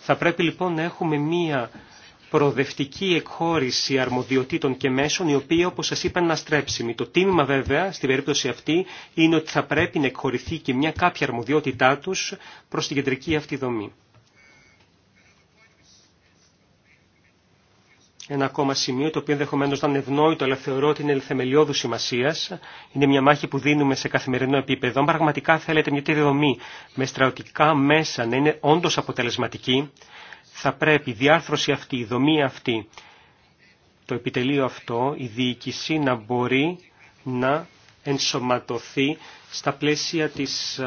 Θα πρέπει λοιπόν να έχουμε μία προοδευτική εκχώρηση αρμοδιοτήτων και μέσων, η οποία, όπω σα είπα, είναι αστρέψιμη. Το τίμημα, βέβαια, στην περίπτωση αυτή, είναι ότι θα πρέπει να εκχωρηθεί και μια κάποια αρμοδιότητά του προ την κεντρική αυτή δομή. Ένα ακόμα σημείο, το οποίο ενδεχομένω να είναι ευνόητο, αλλά θεωρώ ότι είναι θεμελιώδου σημασία. Είναι μια μάχη που δίνουμε σε καθημερινό επίπεδο. Αν πραγματικά θέλετε μια τέτοια δομή με στρατιωτικά μέσα να είναι όντω αποτελεσματική, θα πρέπει η διάρθρωση αυτή, η δομή αυτή, το επιτελείο αυτό, η διοίκηση να μπορεί να ενσωματωθεί στα πλαίσια της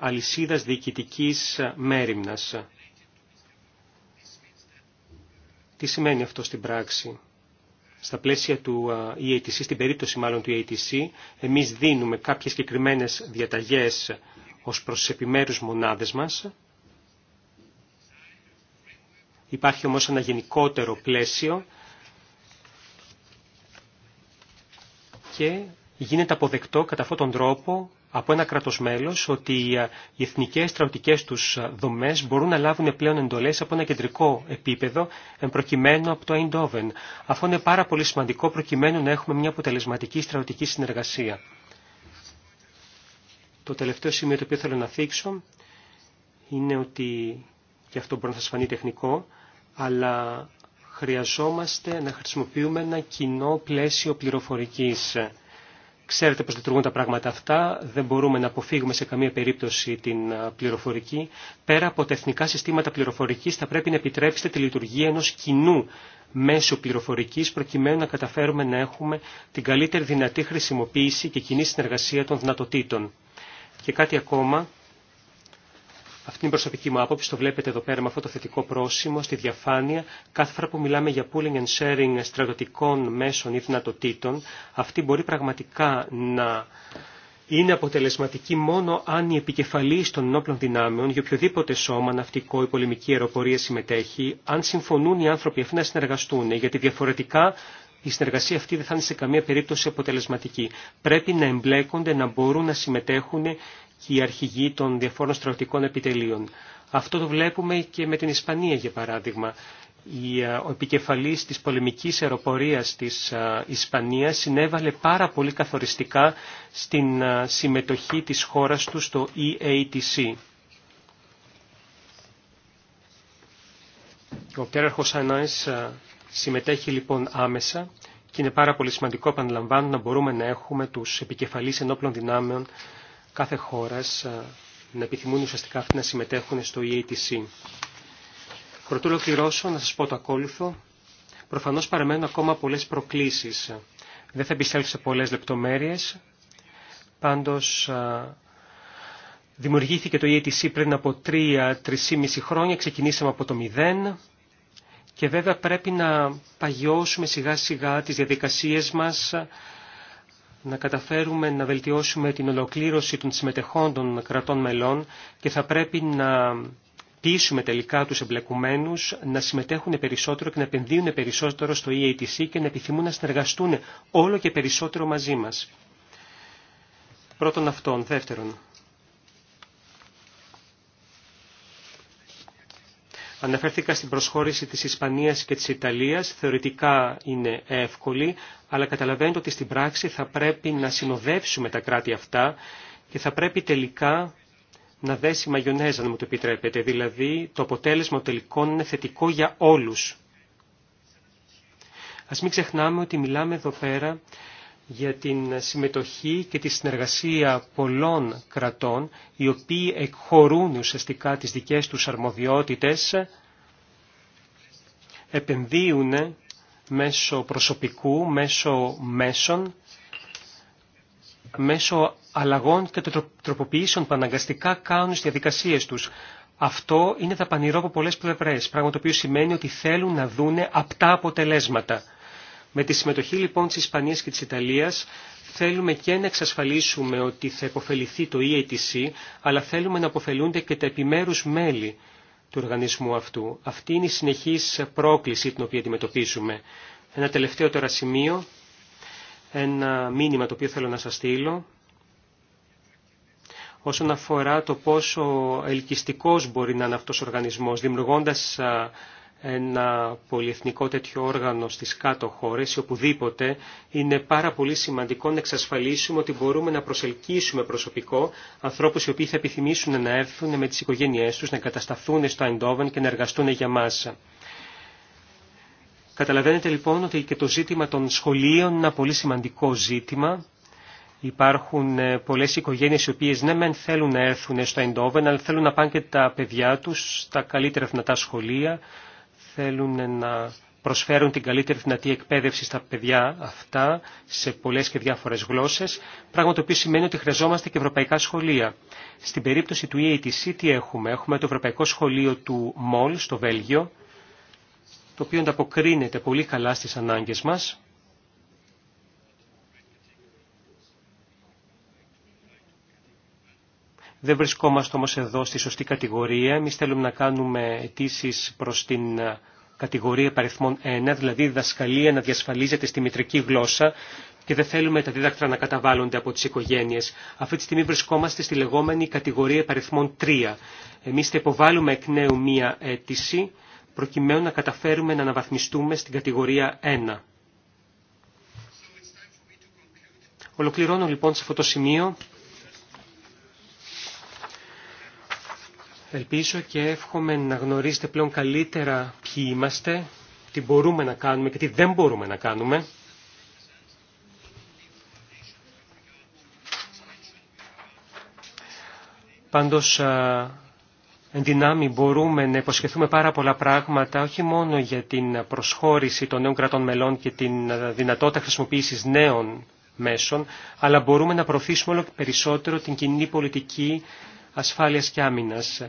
αλυσίδας διοικητικής μέρημνας. Τι σημαίνει αυτό στην πράξη. Στα πλαίσια του EATC, στην περίπτωση μάλλον του EATC, εμείς δίνουμε κάποιες συγκεκριμένε διαταγές ως προς τις επιμέρους μονάδες μας, Υπάρχει όμως ένα γενικότερο πλαίσιο και γίνεται αποδεκτό κατά αυτόν τον τρόπο από ένα κράτος μέλος ότι οι εθνικές στρατιωτικές τους δομές μπορούν να λάβουν πλέον εντολές από ένα κεντρικό επίπεδο προκειμένου από το Eindhoven. Αυτό είναι πάρα πολύ σημαντικό προκειμένου να έχουμε μια αποτελεσματική στρατιωτική συνεργασία. Το τελευταίο σημείο το οποίο θέλω να θίξω είναι ότι, και αυτό μπορεί να σας φανεί τεχνικό, αλλά χρειαζόμαστε να χρησιμοποιούμε ένα κοινό πλαίσιο πληροφορικής. Ξέρετε πώς λειτουργούν τα πράγματα αυτά, δεν μπορούμε να αποφύγουμε σε καμία περίπτωση την πληροφορική. Πέρα από τα εθνικά συστήματα πληροφορικής θα πρέπει να επιτρέψετε τη λειτουργία ενός κοινού μέσου πληροφορικής προκειμένου να καταφέρουμε να έχουμε την καλύτερη δυνατή χρησιμοποίηση και κοινή συνεργασία των δυνατοτήτων. Και κάτι ακόμα, αυτή είναι η προσωπική μου άποψη, το βλέπετε εδώ πέρα με αυτό το θετικό πρόσημο, στη διαφάνεια. Κάθε φορά που μιλάμε για pooling and sharing στρατιωτικών μέσων ή δυνατοτήτων, αυτή μπορεί πραγματικά να είναι αποτελεσματική μόνο αν η επικεφαλή των ενόπλων δυνάμεων για οποιοδήποτε σώμα, ναυτικό ή πολεμική αεροπορία συμμετέχει, αν συμφωνούν οι άνθρωποι αυτοί να συνεργαστούν, γιατί διαφορετικά η συνεργασία αυτή δεν θα είναι σε καμία περίπτωση αποτελεσματική. Πρέπει να εμπλέκονται, να μπορούν να συμμετέχουν και οι αρχηγοί των διαφόρων στρατιωτικών επιτελείων. Αυτό το βλέπουμε και με την Ισπανία, για παράδειγμα. Ε, ο επικεφαλής της πολεμικής αεροπορίας της ε, Ισπανίας συνέβαλε πάρα πολύ καθοριστικά στην ε, συμμετοχή της χώρας του στο EATC. Ο πτέραρχος Ανάης συμμετέχει λοιπόν άμεσα και είναι πάρα πολύ σημαντικό, επαναλαμβάνω, να μπορούμε να έχουμε τους επικεφαλείς ενόπλων δυνάμεων κάθε χώρας ε, να επιθυμούν ουσιαστικά αυτοί να συμμετέχουν στο EATC. Προτού ολοκληρώσω να σας πω το ακόλουθο. Προφανώς παραμένουν ακόμα πολλές προκλήσεις. Δεν θα επιστέλθω σε πολλές λεπτομέρειες. Πάντως ε, δημιουργήθηκε το EATC πριν από 3-3,5 χρόνια. Ξεκινήσαμε από το 0. Και βέβαια πρέπει να παγιώσουμε σιγά σιγά τις διαδικασίες μας, να καταφέρουμε να βελτιώσουμε την ολοκλήρωση των συμμετεχόντων κρατών μελών και θα πρέπει να πείσουμε τελικά τους εμπλεκουμένους να συμμετέχουν περισσότερο και να επενδύουν περισσότερο στο EATC και να επιθυμούν να συνεργαστούν όλο και περισσότερο μαζί μας. Πρώτον αυτόν. Δεύτερον, Αναφέρθηκα στην προσχώρηση της Ισπανίας και της Ιταλίας, θεωρητικά είναι εύκολη, αλλά καταλαβαίνετε ότι στην πράξη θα πρέπει να συνοδεύσουμε τα κράτη αυτά και θα πρέπει τελικά να δέσει μαγιονέζα, να μου το επιτρέπετε. Δηλαδή, το αποτέλεσμα τελικών είναι θετικό για όλους. Ας μην ξεχνάμε ότι μιλάμε εδώ πέρα για την συμμετοχή και τη συνεργασία πολλών κρατών, οι οποίοι εκχωρούν ουσιαστικά τις δικές τους αρμοδιότητες, επενδύουν μέσω προσωπικού, μέσω μέσων, μέσω αλλαγών και τροποποιήσεων που αναγκαστικά κάνουν στις διαδικασίες τους. Αυτό είναι δαπανηρό από πολλές πλευρές, πράγμα το οποίο σημαίνει ότι θέλουν να δούνε απτά αποτελέσματα. Με τη συμμετοχή λοιπόν της Ισπανίας και της Ιταλίας θέλουμε και να εξασφαλίσουμε ότι θα υποφεληθεί το EATC, αλλά θέλουμε να αποφελούνται και τα επιμέρους μέλη του οργανισμού αυτού. Αυτή είναι η συνεχής πρόκληση την οποία αντιμετωπίζουμε. Ένα τελευταίο τώρα σημείο, ένα μήνυμα το οποίο θέλω να σας στείλω, όσον αφορά το πόσο ελκυστικός μπορεί να είναι αυτός ο οργανισμός, δημιουργώντας ένα πολυεθνικό τέτοιο όργανο στις κάτω χώρες ή οπουδήποτε, είναι πάρα πολύ σημαντικό να εξασφαλίσουμε ότι μπορούμε να προσελκύσουμε προσωπικό ανθρώπους οι οποίοι θα επιθυμήσουν να έρθουν με τις οικογένειές τους, να κατασταθούν στο Eindhoven και να εργαστούν για μας. Καταλαβαίνετε λοιπόν ότι και το ζήτημα των σχολείων είναι ένα πολύ σημαντικό ζήτημα. Υπάρχουν ε, πολλές οικογένειες οι οποίες ναι μεν θέλουν να έρθουν στο Eindhoven, αλλά θέλουν να πάνε και τα παιδιά τους στα καλύτερα δυνατά σχολεία, θέλουν να προσφέρουν την καλύτερη δυνατή εκπαίδευση στα παιδιά αυτά σε πολλές και διάφορες γλώσσες, πράγμα το οποίο σημαίνει ότι χρειαζόμαστε και ευρωπαϊκά σχολεία. Στην περίπτωση του EATC τι έχουμε, έχουμε το Ευρωπαϊκό Σχολείο του ΜΟΛ στο Βέλγιο, το οποίο ανταποκρίνεται πολύ καλά στις ανάγκες μας. Δεν βρισκόμαστε όμως εδώ στη σωστή κατηγορία. Εμεί θέλουμε να κάνουμε αιτήσει προς την ε, κατηγορία παριθμών 1, δηλαδή διδασκαλία να διασφαλίζεται στη μητρική γλώσσα και δεν θέλουμε τα δίδακτρα να καταβάλλονται από τις οικογένειες. Αυτή τη στιγμή βρισκόμαστε στη λεγόμενη κατηγορία παριθμών 3. Εμείς θα υποβάλουμε εκ νέου μία αίτηση προκειμένου να καταφέρουμε να αναβαθμιστούμε στην κατηγορία 1. Ολοκληρώνω λοιπόν σε αυτό το σημείο. Ελπίζω και εύχομαι να γνωρίζετε πλέον καλύτερα ποιοι είμαστε, τι μπορούμε να κάνουμε και τι δεν μπορούμε να κάνουμε. Πάντως, εν δυνάμει μπορούμε να υποσχεθούμε πάρα πολλά πράγματα, όχι μόνο για την προσχώρηση των νέων κρατών μελών και την δυνατότητα χρησιμοποίησης νέων μέσων, αλλά μπορούμε να προωθήσουμε όλο περισσότερο την κοινή πολιτική Ασφάλειας και Άμυνας.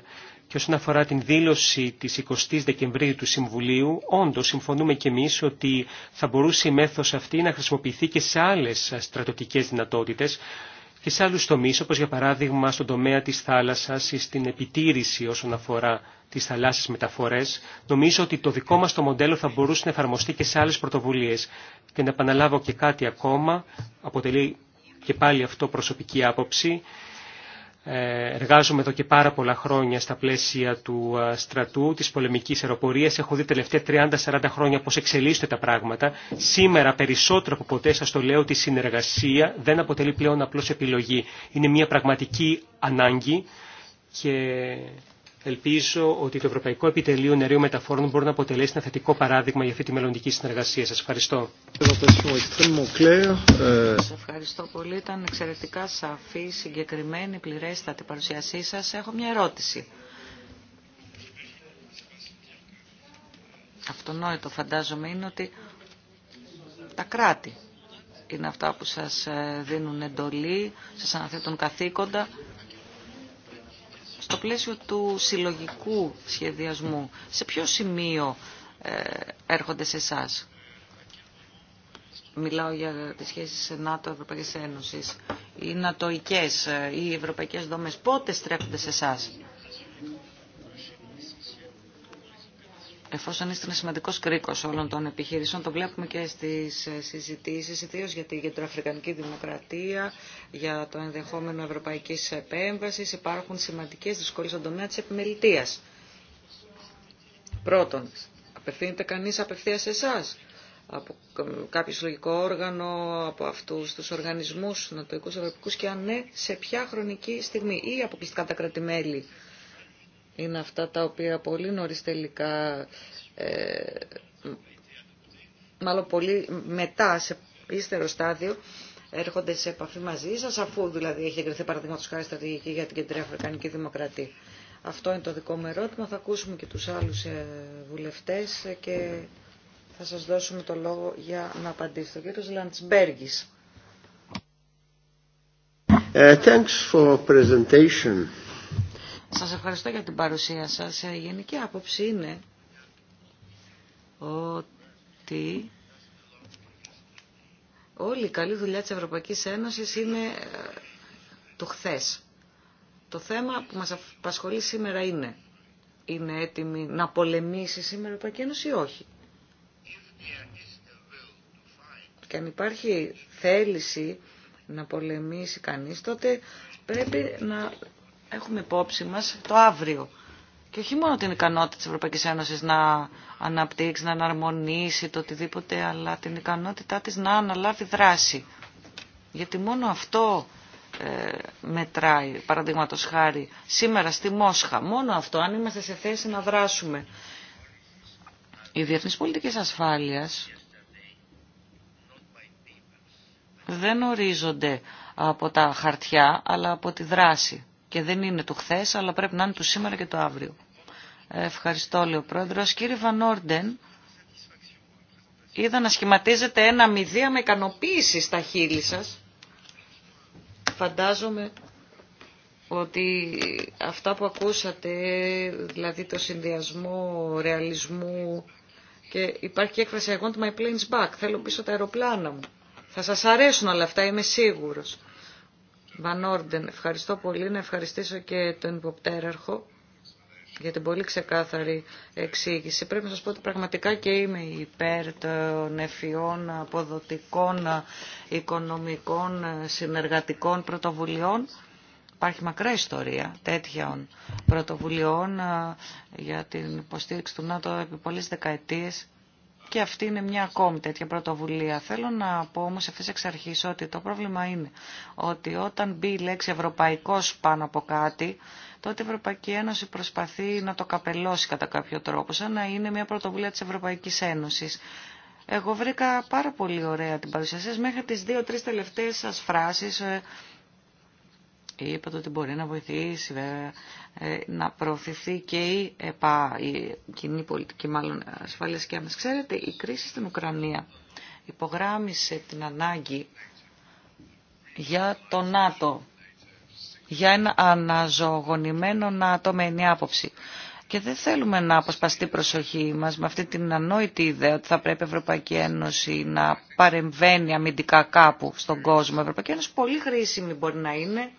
Και όσον αφορά την δήλωση της 20ης Δεκεμβρίου του Συμβουλίου, όντως συμφωνούμε και εμείς ότι θα μπορούσε η μέθο αυτή να χρησιμοποιηθεί και σε άλλες στρατοτικές δυνατότητες και σε άλλους τομείς, όπως για παράδειγμα στον τομέα της θάλασσας ή στην επιτήρηση όσον αφορά τις θαλάσσιες μεταφορές, νομίζω ότι το δικό μας το μοντέλο θα μπορούσε να εφαρμοστεί και σε άλλες πρωτοβουλίε Και να επαναλάβω και κάτι ακόμα, αποτελεί και πάλι αυτό προσωπική άποψη, εργάζομαι εδώ και πάρα πολλά χρόνια στα πλαίσια του ε, στρατού, της πολεμικής αεροπορίας. Έχω δει τελευταία 30-40 χρόνια πώς εξελίσσονται τα πράγματα. Σήμερα περισσότερο από ποτέ σας το λέω ότι η συνεργασία δεν αποτελεί πλέον απλώς επιλογή. Είναι μια πραγματική ανάγκη και Ελπίζω ότι το Ευρωπαϊκό Επιτελείο Νερίου Μεταφόρων μπορεί να αποτελέσει ένα θετικό παράδειγμα για αυτή τη μελλοντική συνεργασία. Σας ευχαριστώ. Σα ευχαριστώ πολύ. Ήταν εξαιρετικά σαφή, συγκεκριμένη, πληρέστατη παρουσίασή σας. Έχω μια ερώτηση. Αυτονόητο φαντάζομαι είναι ότι τα κράτη είναι αυτά που σας ε, δίνουν εντολή, σας αναθέτουν καθήκοντα στο πλαίσιο του συλλογικού σχεδιασμού, σε ποιο σημείο ε, έρχονται σε εσά. Μιλάω για τις σχέσεις ΝΑΤΟ-Ευρωπαϊκής Ένωσης ή νατοικές ε, ή ευρωπαϊκές δομές. Πότε στρέφονται σε εσάς. εφόσον είστε ένα σημαντικό κρίκο όλων των επιχειρήσεων, το βλέπουμε και στι ε, συζητήσει, ιδίω για την κεντροαφρικανική δημοκρατία, για το ενδεχόμενο ευρωπαϊκή επέμβαση. Υπάρχουν σημαντικέ δυσκολίε στον τομέα τη επιμελητία. Πρώτον, απευθύνεται κανεί απευθεία σε εσά, από κάποιο συλλογικό όργανο, από αυτού του οργανισμού νατοικού ευρωπαϊκού και αν ναι, σε ποια χρονική στιγμή ή αποκλειστικά τα κρατημέλη είναι αυτά τα οποία πολύ νωρίς τελικά, ε, μάλλον πολύ μετά σε ύστερο στάδιο, έρχονται σε επαφή μαζί σας, αφού δηλαδή έχει εγκριθεί παραδείγματο χάρη στρατηγική για την Κεντρία Αφρικανική Δημοκρατία. Αυτό είναι το δικό μου ερώτημα. Θα ακούσουμε και τους άλλους ε, βουλευτές και θα σας δώσουμε το λόγο για να απαντήσετε. Ο κύριος Uh, thanks for presentation. Σας ευχαριστώ για την παρουσία σας. Η ε, γενική άποψη είναι ότι όλη η καλή δουλειά της Ευρωπαϊκής Ένωσης είναι ε, το χθες. Το θέμα που μας απασχολεί σήμερα είναι είναι έτοιμη να πολεμήσει σήμερα η Ευρωπαϊκή Ένωση ή όχι. Και αν υπάρχει θέληση να πολεμήσει κανείς, τότε πρέπει να έχουμε υπόψη μας το αύριο. Και όχι μόνο την ικανότητα της Ευρωπαϊκής Ένωσης να αναπτύξει, να αναρμονίσει το οτιδήποτε, αλλά την ικανότητά της να αναλάβει δράση. Γιατί μόνο αυτό ε, μετράει, παραδείγματο χάρη, σήμερα στη Μόσχα. Μόνο αυτό, αν είμαστε σε θέση να δράσουμε. Οι διεθνείς πολιτικές ασφάλειας δεν ορίζονται από τα χαρτιά, αλλά από τη δράση και δεν είναι του χθε, αλλά πρέπει να είναι του σήμερα και του αύριο. Ευχαριστώ, λέει ο πρόεδρο. Κύριε Βανόρντεν, είδα να σχηματίζετε ένα μηδία με ικανοποίηση στα χείλη σα. Φαντάζομαι ότι αυτά που ακούσατε, δηλαδή το συνδυασμό ρεαλισμού και υπάρχει και έκφραση εγώ want my planes back, θέλω πίσω τα αεροπλάνα μου. Θα σας αρέσουν όλα αυτά, είμαι σίγουρος. Ευχαριστώ πολύ. Να ευχαριστήσω και τον υποπτέραρχο για την πολύ ξεκάθαρη εξήγηση. Πρέπει να σας πω ότι πραγματικά και είμαι υπέρ των εφιών αποδοτικών, οικονομικών, συνεργατικών πρωτοβουλειών. Υπάρχει μακρά ιστορία τέτοιων πρωτοβουλειών ε, για την υποστήριξη του ΝΑΤΟ επί πολλές δεκαετίες και αυτή είναι μια ακόμη τέτοια πρωτοβουλία. Θέλω να πω όμως εφές εξ αρχής ότι το πρόβλημα είναι ότι όταν μπει η λέξη ευρωπαϊκός πάνω από κάτι, τότε η Ευρωπαϊκή Ένωση προσπαθεί να το καπελώσει κατά κάποιο τρόπο, σαν να είναι μια πρωτοβουλία της Ευρωπαϊκής Ένωσης. Εγώ βρήκα πάρα πολύ ωραία την παρουσία σας μέχρι τις δυο τρει τελευταίες σας φράσεις ε, είπατε ότι μπορεί να βοηθήσει βέβαια, ε, να προωθηθεί και η ΕΠΑ, η κοινή πολιτική μάλλον ασφάλειας και άμεσης. Ξέρετε, η κρίση στην Ουκρανία υπογράμμισε την ανάγκη για το ΝΑΤΟ, για ένα αναζωογονημένο ΝΑΤΟ με ενή άποψη. Και δεν θέλουμε να αποσπαστεί προσοχή μας με αυτή την ανόητη ιδέα ότι θα πρέπει η Ευρωπαϊκή Ένωση να παρεμβαίνει αμυντικά κάπου στον κόσμο. Η Ευρωπαϊκή Ένωση πολύ χρήσιμη μπορεί να είναι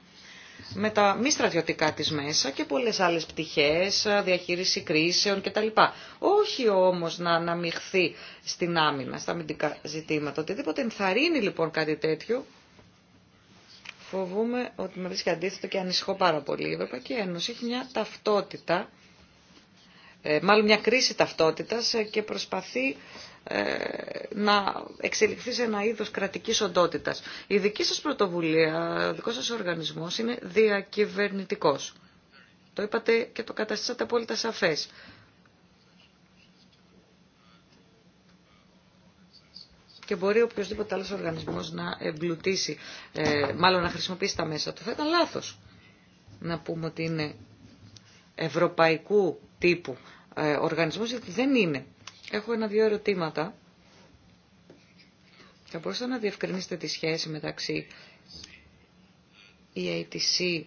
με τα μη στρατιωτικά τη μέσα και πολλές άλλες πτυχές, διαχείριση κρίσεων κτλ. Όχι όμως να αναμειχθεί στην άμυνα, στα αμυντικά ζητήματα. Οτιδήποτε ενθαρρύνει λοιπόν κάτι τέτοιο, φοβούμαι ότι με βρίσκει αντίθετο και ανησυχώ πάρα πολύ. Η Ευρωπαϊκή Ένωση έχει μια ταυτότητα, ε, μάλλον μια κρίση ταυτότητα ε, και προσπαθεί ε, να εξελιχθεί σε ένα είδος κρατικής οντότητας. Η δική σας πρωτοβουλία, ο δικός σας οργανισμός είναι διακυβερνητικός. Το είπατε και το καταστήσατε απόλυτα σαφές. και μπορεί οποιοδήποτε άλλο οργανισμό να εμπλουτίσει, ε, μάλλον να χρησιμοποιήσει τα μέσα του. Θα ήταν λάθος να πούμε ότι είναι ευρωπαϊκού τύπου ε, οργανισμός, γιατί δεν είναι. Έχω ένα-δύο ερωτήματα. Θα μπορούσατε να διευκρινίσετε τη σχέση μεταξύ EATC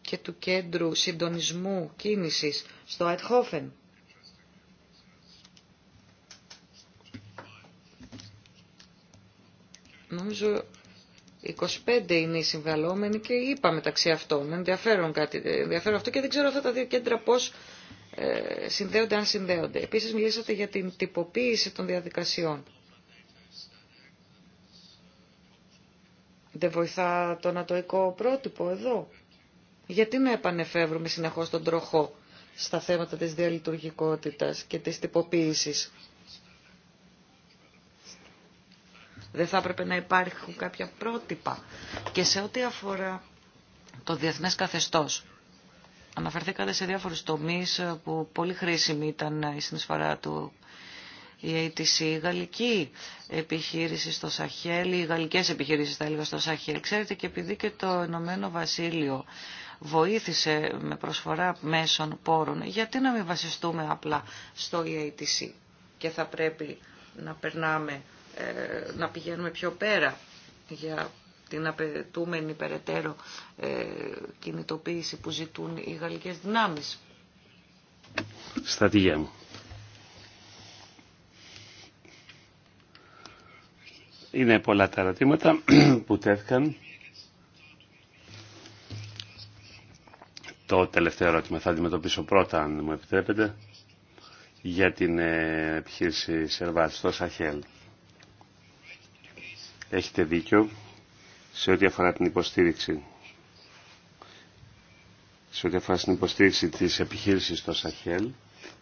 και του Κέντρου Συντονισμού Κίνησης στο Αιτχόφεν. Νομίζω 25 είναι οι συμβαλόμενοι και είπα μεταξύ αυτών. Ενδιαφέρον, κάτι, ενδιαφέρον αυτό και δεν ξέρω αυτά τα δύο κέντρα πώς ε, συνδέονται αν συνδέονται. Επίσης μιλήσατε για την τυποποίηση των διαδικασιών. Δεν βοηθά το ανατοϊκό πρότυπο εδώ. Γιατί να επανεφεύρουμε συνεχώς τον τροχό στα θέματα της διαλειτουργικότητας και της τυποποίησης. Δεν θα έπρεπε να υπάρχουν κάποια πρότυπα. Και σε ό,τι αφορά το διεθνές καθεστώς, Αναφερθήκατε σε διάφορους τομείς ε, που πολύ χρήσιμη ήταν η συνεισφορά του η ATC, η γαλλική επιχείρηση στο Σαχέλ, οι γαλλικές επιχειρήσεις θα έλεγα στο Σαχέλ. Ξέρετε και επειδή και το Ηνωμένο Βασίλειο βοήθησε με προσφορά μέσων πόρων, γιατί να μην βασιστούμε απλά στο EATC και θα πρέπει να περνάμε, ε, να πηγαίνουμε πιο πέρα για την απαιτούμενη περαιτέρω ε, κινητοποίηση που ζητούν οι γαλλικές δυνάμεις. Στρατηγία μου. Είναι πολλά τα ερωτήματα <clears throat> που τέθηκαν. Το τελευταίο ερώτημα θα αντιμετωπίσω πρώτα, αν μου επιτρέπετε, για την ε, επιχείρηση Σερβάτ στο Σαχέλ. Έχετε δίκιο σε ό,τι αφορά την υποστήριξη σε ό,τι της επιχείρησης στο Σαχέλ,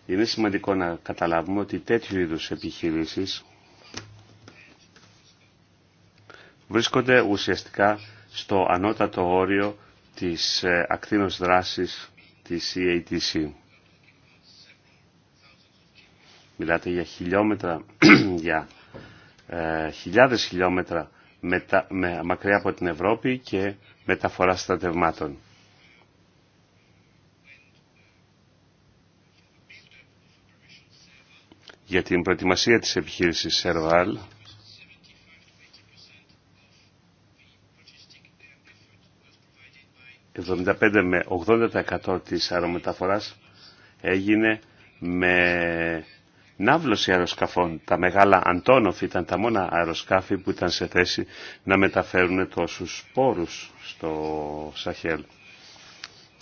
είναι σημαντικό να καταλάβουμε ότι τέτοιου είδους επιχειρήσεις βρίσκονται ουσιαστικά στο ανώτατο όριο της ε, ακτίνος δράσης της EATC. Μιλάτε για χιλιόμετρα, <clears throat> για ε, χιλιάδες χιλιόμετρα μετα, με, μακριά από την Ευρώπη και μεταφορά στρατευμάτων. Για την προετοιμασία της επιχείρησης Serval ...75 με 80% της αερομεταφοράς έγινε με ναύλωση αεροσκαφών. Τα μεγάλα Αντόνοφ ήταν τα μόνα αεροσκάφη που ήταν σε θέση να μεταφέρουν τόσου πόρους στο Σαχέλ.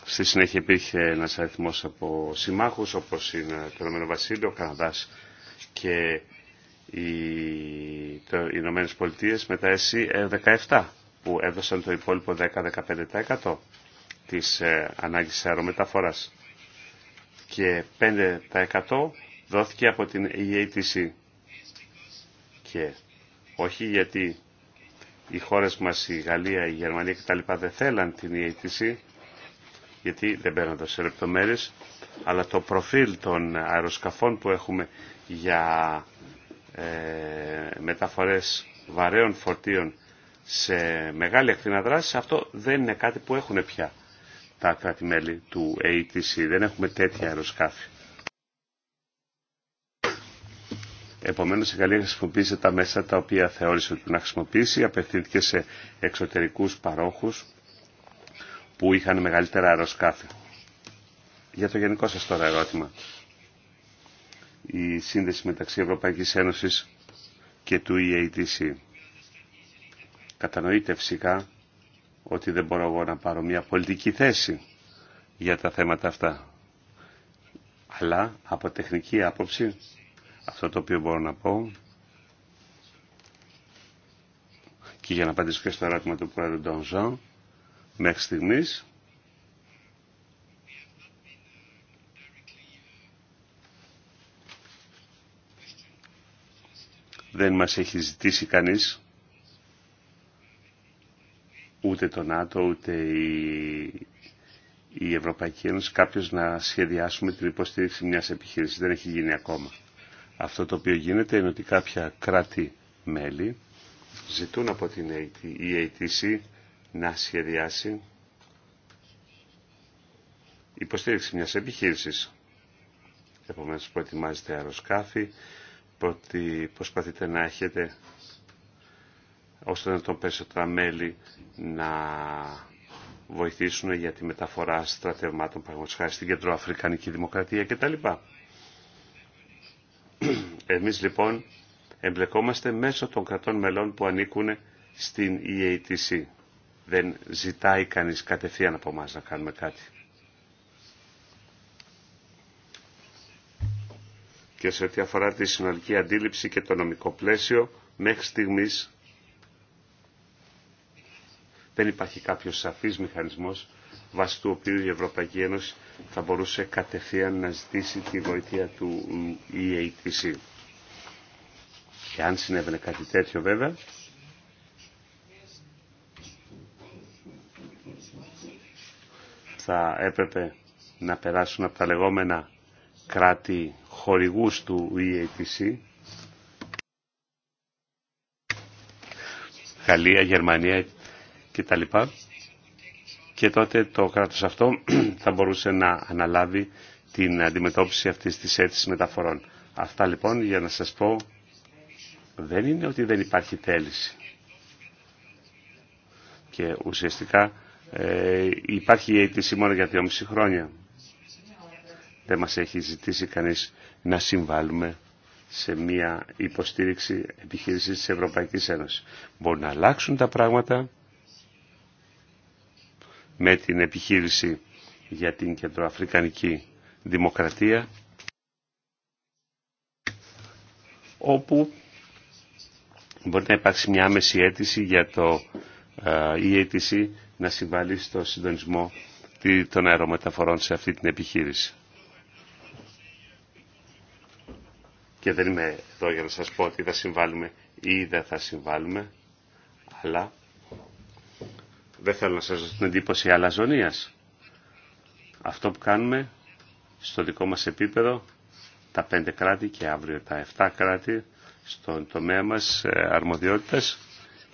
Στη συνέχεια υπήρχε ένα αριθμό από συμμάχου όπω είναι το Ηνωμένο Βασίλειο, ο Καναδά και οι, το, οι Ηνωμένες Πολιτείες με τα e ΕΣΥ 17 που έδωσαν το υπόλοιπο 10-15% της ε, ανάγκης αερομεταφοράς και 5% δόθηκε από την EATC. Και όχι γιατί οι χώρες μας, η Γαλλία, η Γερμανία κτλ. δεν θέλαν την EATC, γιατί δεν παίρνονται σε λεπτομέρειες, αλλά το προφίλ των αεροσκαφών που έχουμε για ε, μεταφορές βαρέων φορτίων σε μεγάλη ακτίνα δράση, αυτό δεν είναι κάτι που έχουν πια τα κράτη-μέλη του e ATC. Δεν έχουμε τέτοια αεροσκάφη. Επομένως η Γαλλία χρησιμοποίησε τα μέσα τα οποία θεώρησε ότι να χρησιμοποιήσει, απευθύνθηκε σε εξωτερικούς παρόχους που είχαν μεγαλύτερα αεροσκάφη. Για το γενικό σας τώρα ερώτημα. Η σύνδεση μεταξύ Ευρωπαϊκή Ένωση και του EATC. Κατανοείται φυσικά ότι δεν μπορώ εγώ να πάρω μια πολιτική θέση για τα θέματα αυτά. Αλλά από τεχνική άποψη αυτό το οποίο μπορώ να πω και για να απαντήσω και στο ερώτημα του Πρόεδρου Ντονζόν μέχρι στιγμής δεν μας έχει ζητήσει κανείς ούτε το ΝΑΤΟ ούτε η, η Ευρωπαϊκή Ένωση κάποιος να σχεδιάσουμε την υποστήριξη μιας επιχείρησης. Δεν έχει γίνει ακόμα. Αυτό το οποίο γίνεται είναι ότι κάποια κράτη-μέλη ζητούν από την EATC να σχεδιάσει υποστήριξη μιας επιχείρησης. Επομένως προετοιμάζετε αεροσκάφη, ότι προσπαθείτε να έχετε ώστε να τον περισσότερα μέλη να βοηθήσουν για τη μεταφορά στρατευμάτων, χάρη στην Κεντροαφρικανική Δημοκρατία κτλ. Εμείς λοιπόν εμπλεκόμαστε μέσω των κρατών μελών που ανήκουν στην EATC. Δεν ζητάει κανείς κατευθείαν από εμά να κάνουμε κάτι. Και σε ό,τι αφορά τη συνολική αντίληψη και το νομικό πλαίσιο, μέχρι στιγμής δεν υπάρχει κάποιος σαφής μηχανισμός βάσει του οποίου η Ευρωπαϊκή Ένωση θα μπορούσε κατευθείαν να ζητήσει τη βοήθεια του EATC. Και αν συνέβαινε κάτι τέτοιο βέβαια, θα έπρεπε να περάσουν από τα λεγόμενα κράτη χορηγούς του EATC, Γαλλία, Γερμανία και τα λοιπά και τότε το κράτος αυτό <clears throat> θα μπορούσε να αναλάβει την αντιμετώπιση αυτής της αίτησης μεταφορών. Αυτά λοιπόν για να σας πω δεν είναι ότι δεν υπάρχει τέληση. Και ουσιαστικά ε, υπάρχει η αίτηση μόνο για 2,5 χρόνια. Δεν μας έχει ζητήσει κανείς να συμβάλλουμε σε μια υποστήριξη επιχείρησης της Ευρωπαϊκής Ένωσης. Μπορεί να αλλάξουν τα πράγματα με την επιχείρηση για την κεντροαφρικανική δημοκρατία όπου μπορεί να υπάρξει μια άμεση αίτηση για το, ε, η αίτηση να συμβάλλει στο συντονισμό των αερομεταφορών σε αυτή την επιχείρηση. Και δεν είμαι εδώ για να σας πω ότι θα συμβάλλουμε ή δεν θα συμβάλλουμε, αλλά δεν θέλω να σας δώσω την εντύπωση αλαζονίας. Αυτό που κάνουμε στο δικό μας επίπεδο, τα πέντε κράτη και αύριο τα εφτά κράτη, στον τομέα μας ε, αρμοδιότητας,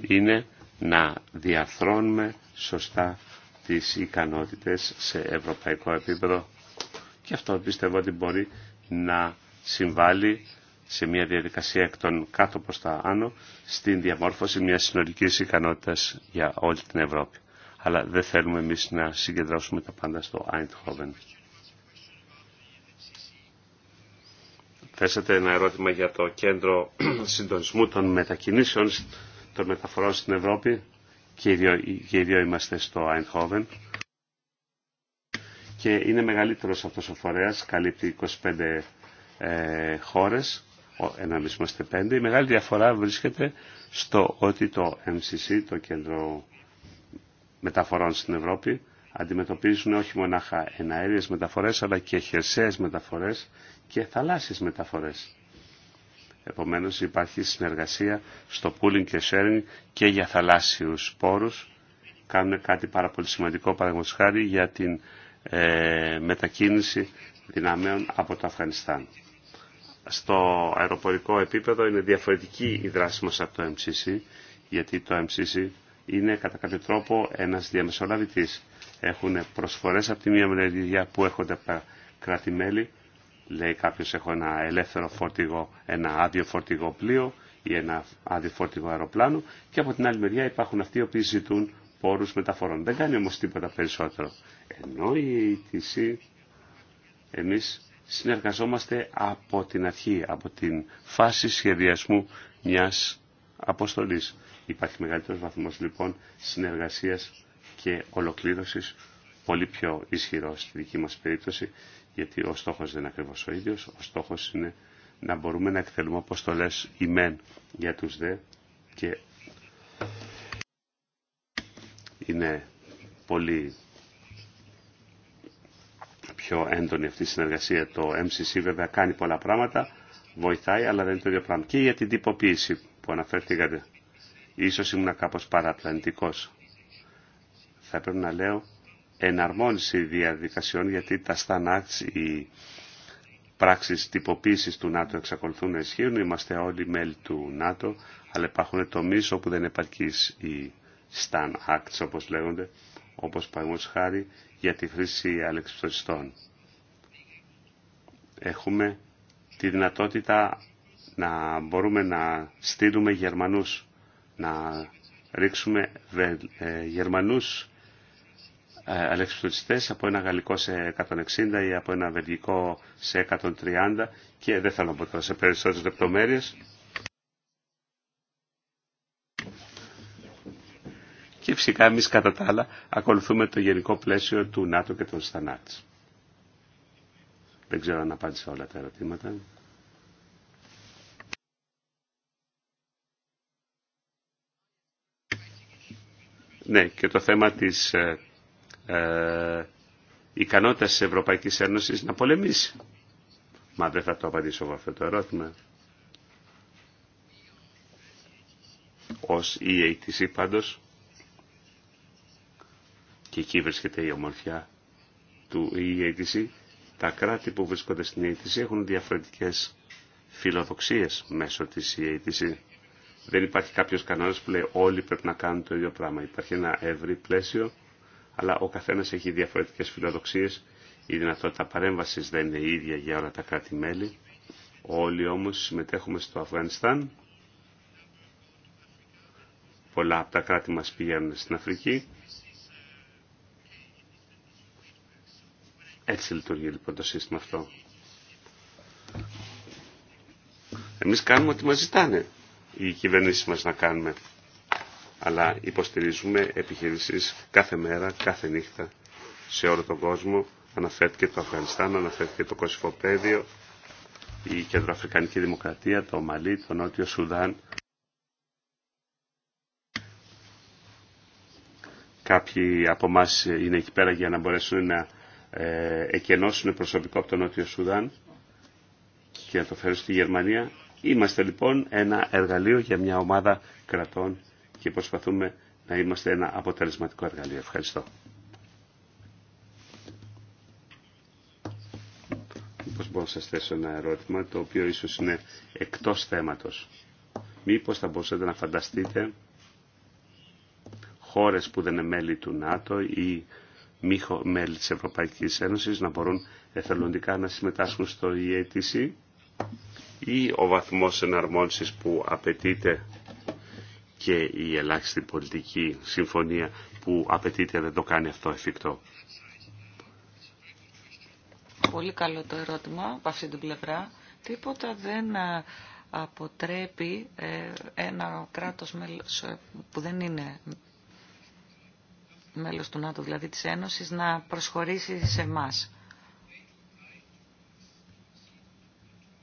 είναι να διαρθρώνουμε σωστά τις ικανότητες σε ευρωπαϊκό επίπεδο και αυτό πιστεύω ότι μπορεί να συμβάλλει σε μια διαδικασία εκ των κάτω προς τα άνω στην διαμόρφωση μιας συνολικής ικανότητας για όλη την Ευρώπη. Αλλά δεν θέλουμε εμείς να συγκεντρώσουμε τα πάντα στο Eindhoven. Θέσατε ένα ερώτημα για το κέντρο συντονισμού των μετακινήσεων των μεταφορών στην Ευρώπη και οι δύο, είμαστε στο Eindhoven. Και είναι μεγαλύτερος αυτός ο φορέας, καλύπτει 25 ε, χώρες είμαστε πέντε. Η μεγάλη διαφορά βρίσκεται στο ότι το MCC, το Κέντρο Μεταφορών στην Ευρώπη, αντιμετωπίζουν όχι μονάχα εναέριες μεταφορές, αλλά και χερσαίες μεταφορές και θαλάσσιες μεταφορές. Επομένως υπάρχει συνεργασία στο pooling και sharing και για θαλάσσιους πόρους. Κάνουν κάτι πάρα πολύ σημαντικό για την ε, μετακίνηση δυνάμεων από το Αφγανιστάν στο αεροπορικό επίπεδο είναι διαφορετική η δράση μας από το MCC, γιατί το MCC είναι κατά κάποιο τρόπο ένας διαμεσολαβητής. Έχουν προσφορές από τη μία μεριά που έρχονται από τα κράτη-μέλη. Λέει κάποιος έχω ένα ελεύθερο φορτηγό, ένα άδειο φορτηγό πλοίο ή ένα άδειο φορτηγό αεροπλάνο και από την άλλη μεριά υπάρχουν αυτοί οι οποίοι ζητούν πόρους μεταφορών. Δεν κάνει όμως τίποτα περισσότερο. Ενώ η ETC εμείς συνεργαζόμαστε από την αρχή, από την φάση σχεδιασμού μιας αποστολής. Υπάρχει μεγαλύτερος βαθμός λοιπόν συνεργασίας και ολοκλήρωσης πολύ πιο ισχυρό στη δική μας περίπτωση γιατί ο στόχος δεν είναι ακριβώς ο ίδιος, ο στόχος είναι να μπορούμε να εκτελούμε αποστολές ημέν για τους δε και είναι πολύ πιο έντονη αυτή η συνεργασία. Το MCC βέβαια κάνει πολλά πράγματα, βοηθάει, αλλά δεν είναι το ίδιο πράγμα. Και για την τυποποίηση που αναφέρθηκατε. Ίσως ήμουν κάπως παραπλανητικός. Θα πρέπει να λέω εναρμόνιση διαδικασιών γιατί τα STAN acts, οι πράξεις τυποποίησης του ΝΑΤΟ εξακολουθούν να ισχύουν. Είμαστε όλοι μέλη του ΝΑΤΟ, αλλά υπάρχουν τομείς όπου δεν επαρκείς η stan acts όπως λέγονται όπως παραδείγματος χάρη για τη χρήση αλεξιπτωριστών. Έχουμε τη δυνατότητα να μπορούμε να στείλουμε Γερμανούς, να ρίξουμε ε, Γερμανούς αλεξιπτωριστές ε, από ένα γαλλικό σε 160 ή από ένα βελγικό σε 130 και δεν θέλω να πω σε περισσότερες λεπτομέρειες. φυσικά εμεί κατά τα άλλα ακολουθούμε το γενικό πλαίσιο του ΝΑΤΟ και των ΣΤΑΝΑΤΣ. Δεν ξέρω αν απάντησα όλα τα ερωτήματα. Ναι, και το θέμα της ε, ε, ικανότητας της Ευρωπαϊκής Ένωσης να πολεμήσει. Μα δεν θα το απαντήσω εγώ αυτό το ερώτημα. Ως EATC πάντως, και εκεί βρίσκεται η ομορφιά του η Τα κράτη που βρίσκονται στην αίτηση έχουν διαφορετικές φιλοδοξίες μέσω της αίτηση. Δεν υπάρχει κάποιος κανόνας που λέει όλοι πρέπει να κάνουν το ίδιο πράγμα. Υπάρχει ένα ευρύ πλαίσιο, αλλά ο καθένας έχει διαφορετικές φιλοδοξίες. Η δυνατότητα παρέμβαση δεν είναι ίδια για όλα τα κράτη-μέλη. Όλοι όμως συμμετέχουμε στο Αφγανιστάν. Πολλά από τα κράτη μας πηγαίνουν στην Αφρική Έτσι λειτουργεί λοιπόν το σύστημα αυτό. Εμείς κάνουμε ό,τι μας ζητάνε οι κυβερνήσει μας να κάνουμε. Αλλά υποστηρίζουμε επιχειρήσεις κάθε μέρα, κάθε νύχτα σε όλο τον κόσμο. Αναφέρθηκε το Αφγανιστάν, αναφέρθηκε το Κωσυφοπέδιο, η Κεντροαφρικανική Δημοκρατία, το Μαλί, το Νότιο Σουδάν. Κάποιοι από εμά είναι εκεί πέρα για να μπορέσουν να ε, εκενώσουν προσωπικό από τον Νότιο Σουδάν και να το φέρουν στη Γερμανία. Είμαστε λοιπόν ένα εργαλείο για μια ομάδα κρατών και προσπαθούμε να είμαστε ένα αποτελεσματικό εργαλείο. Ευχαριστώ. Μήπως μπορώ να σας θέσω ένα ερώτημα το οποίο ίσως είναι εκτός θέματος. Μήπως θα μπορούσατε να φανταστείτε χώρες που δεν είναι μέλη του ΝΑΤΟ ή μήχο μέλη της Ευρωπαϊκής Ένωσης να μπορούν εθελοντικά να συμμετάσχουν στο EATC ή ο βαθμός εναρμόνισης που απαιτείται και η ελάχιστη πολιτική συμφωνία που απαιτείται δεν το κάνει αυτό εφικτό. Πολύ καλό το ερώτημα από αυτή την πλευρά. Τίποτα δεν ε, αποτρέπει ε, ένα κράτος ε, που δεν είναι μέλος του ΝΑΤΟ, δηλαδή της Ένωσης, να προσχωρήσει σε εμά.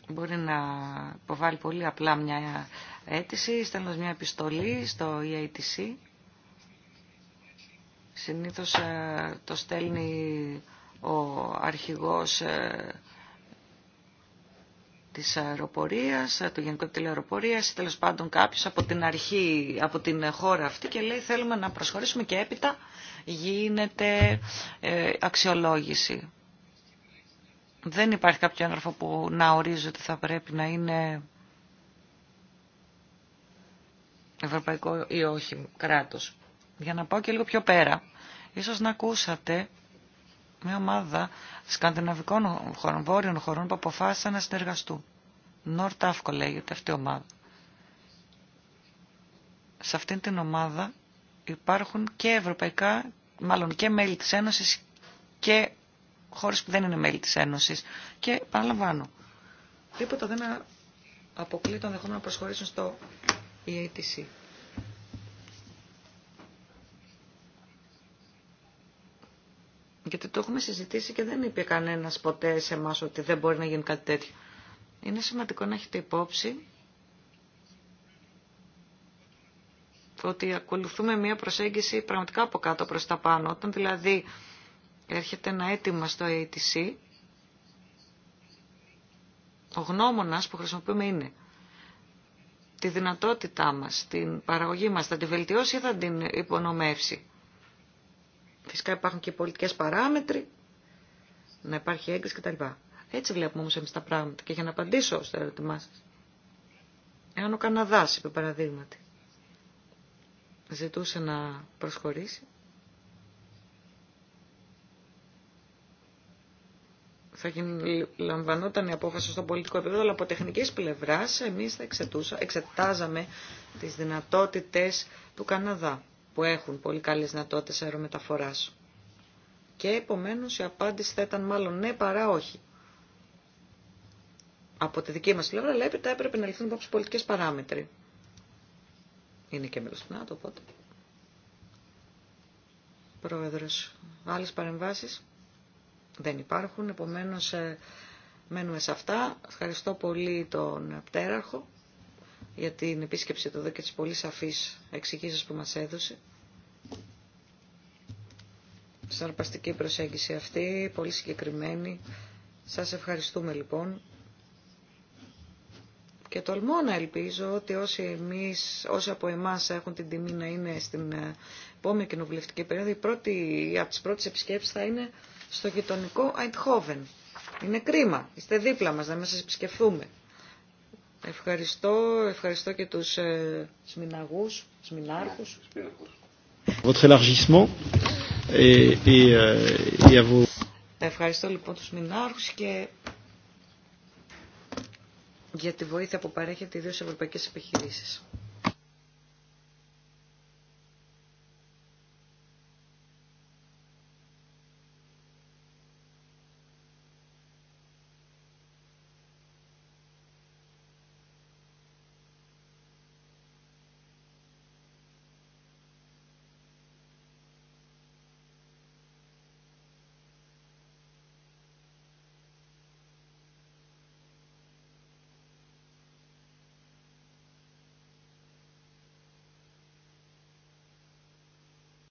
Μπορεί να υποβάλει πολύ απλά μια αίτηση, στέλνοντας μια επιστολή στο EATC. Συνήθως ε, το στέλνει ο αρχηγός ε, της αεροπορίας, του Γενικού Τηλεαεροπορίας ή τέλος πάντων κάποιος από την αρχή, από την χώρα αυτή και λέει θέλουμε να προσχωρήσουμε και έπειτα γίνεται ε, αξιολόγηση. Δεν υπάρχει κάποιο έγγραφο που να ορίζει ότι θα πρέπει να είναι ευρωπαϊκό ή όχι κράτος. Για να πάω και λίγο πιο πέρα, ίσως να ακούσατε μια ομάδα σκανδιναβικών χωρών, βόρειων χωρών που αποφάσισαν να συνεργαστούν. Νορτάφκο λέγεται αυτή η ομάδα. Σε αυτήν την ομάδα υπάρχουν και ευρωπαϊκά, μάλλον και μέλη της Ένωσης και χώρες που δεν είναι μέλη της Ένωσης. Και παραλαμβάνω, τίποτα δεν αποκλεί τον δεχόμενο να προσχωρήσουν στο EATC. Γιατί το έχουμε συζητήσει και δεν είπε κανένας ποτέ σε εμά ότι δεν μπορεί να γίνει κάτι τέτοιο. Είναι σημαντικό να έχετε υπόψη ότι ακολουθούμε μια προσέγγιση πραγματικά από κάτω προς τα πάνω. Όταν δηλαδή έρχεται ένα αίτημα στο ATC, ο γνώμονας που χρησιμοποιούμε είναι τη δυνατότητά μας, την παραγωγή μας, θα τη βελτιώσει ή θα την υπονομεύσει. Φυσικά υπάρχουν και πολιτικές παράμετροι, να υπάρχει έγκριση κτλ. Έτσι βλέπουμε όμως εμείς τα πράγματα. Και για να απαντήσω στο ερώτημά σα. Εάν ο Καναδάς, είπε παραδείγματι, ζητούσε να προσχωρήσει, θα λαμβανόταν η απόφαση στο πολιτικό επίπεδο, αλλά από τεχνική πλευράς εμείς θα εξετάζαμε τι δυνατότητε του Καναδά που έχουν πολύ καλές δυνατότητες αερομεταφοράς. Και επομένως η απάντηση θα ήταν μάλλον ναι παρά όχι. Από τη δική μας πλευρά, λέει, ότι έπρεπε να ληφθούν υπόψη πολιτικές παράμετροι. Είναι και μέλος του ΝΑΤΟ, οπότε. Πρόεδρος, άλλες παρεμβάσεις δεν υπάρχουν, επομένως ε, μένουμε σε αυτά. Ευχαριστώ πολύ τον Πτέραρχο για την επίσκεψη του εδώ και τις πολύ σαφείς εξηγήσεις που μας έδωσε. σαρπαστική προσέγγιση αυτή, πολύ συγκεκριμένη. Σας ευχαριστούμε λοιπόν. Και τολμώ να ελπίζω ότι όσοι, εμείς, όσοι από εμάς έχουν την τιμή να είναι στην ε, επόμενη κοινοβουλευτική περίοδο, η πρώτη, από τις πρώτες επισκέψεις θα είναι στο γειτονικό Αιντχόβεν. Είναι κρίμα. Είστε δίπλα μας να μην επισκεφθούμε. Ευχαριστώ, ευχαριστώ και τους ε, σμιναγούς, σμινάρχους. Ευχαριστώ λοιπόν τους σμινάρχους και για τη βοήθεια που παρέχεται ιδίως σε ευρωπαϊκές επιχειρήσει.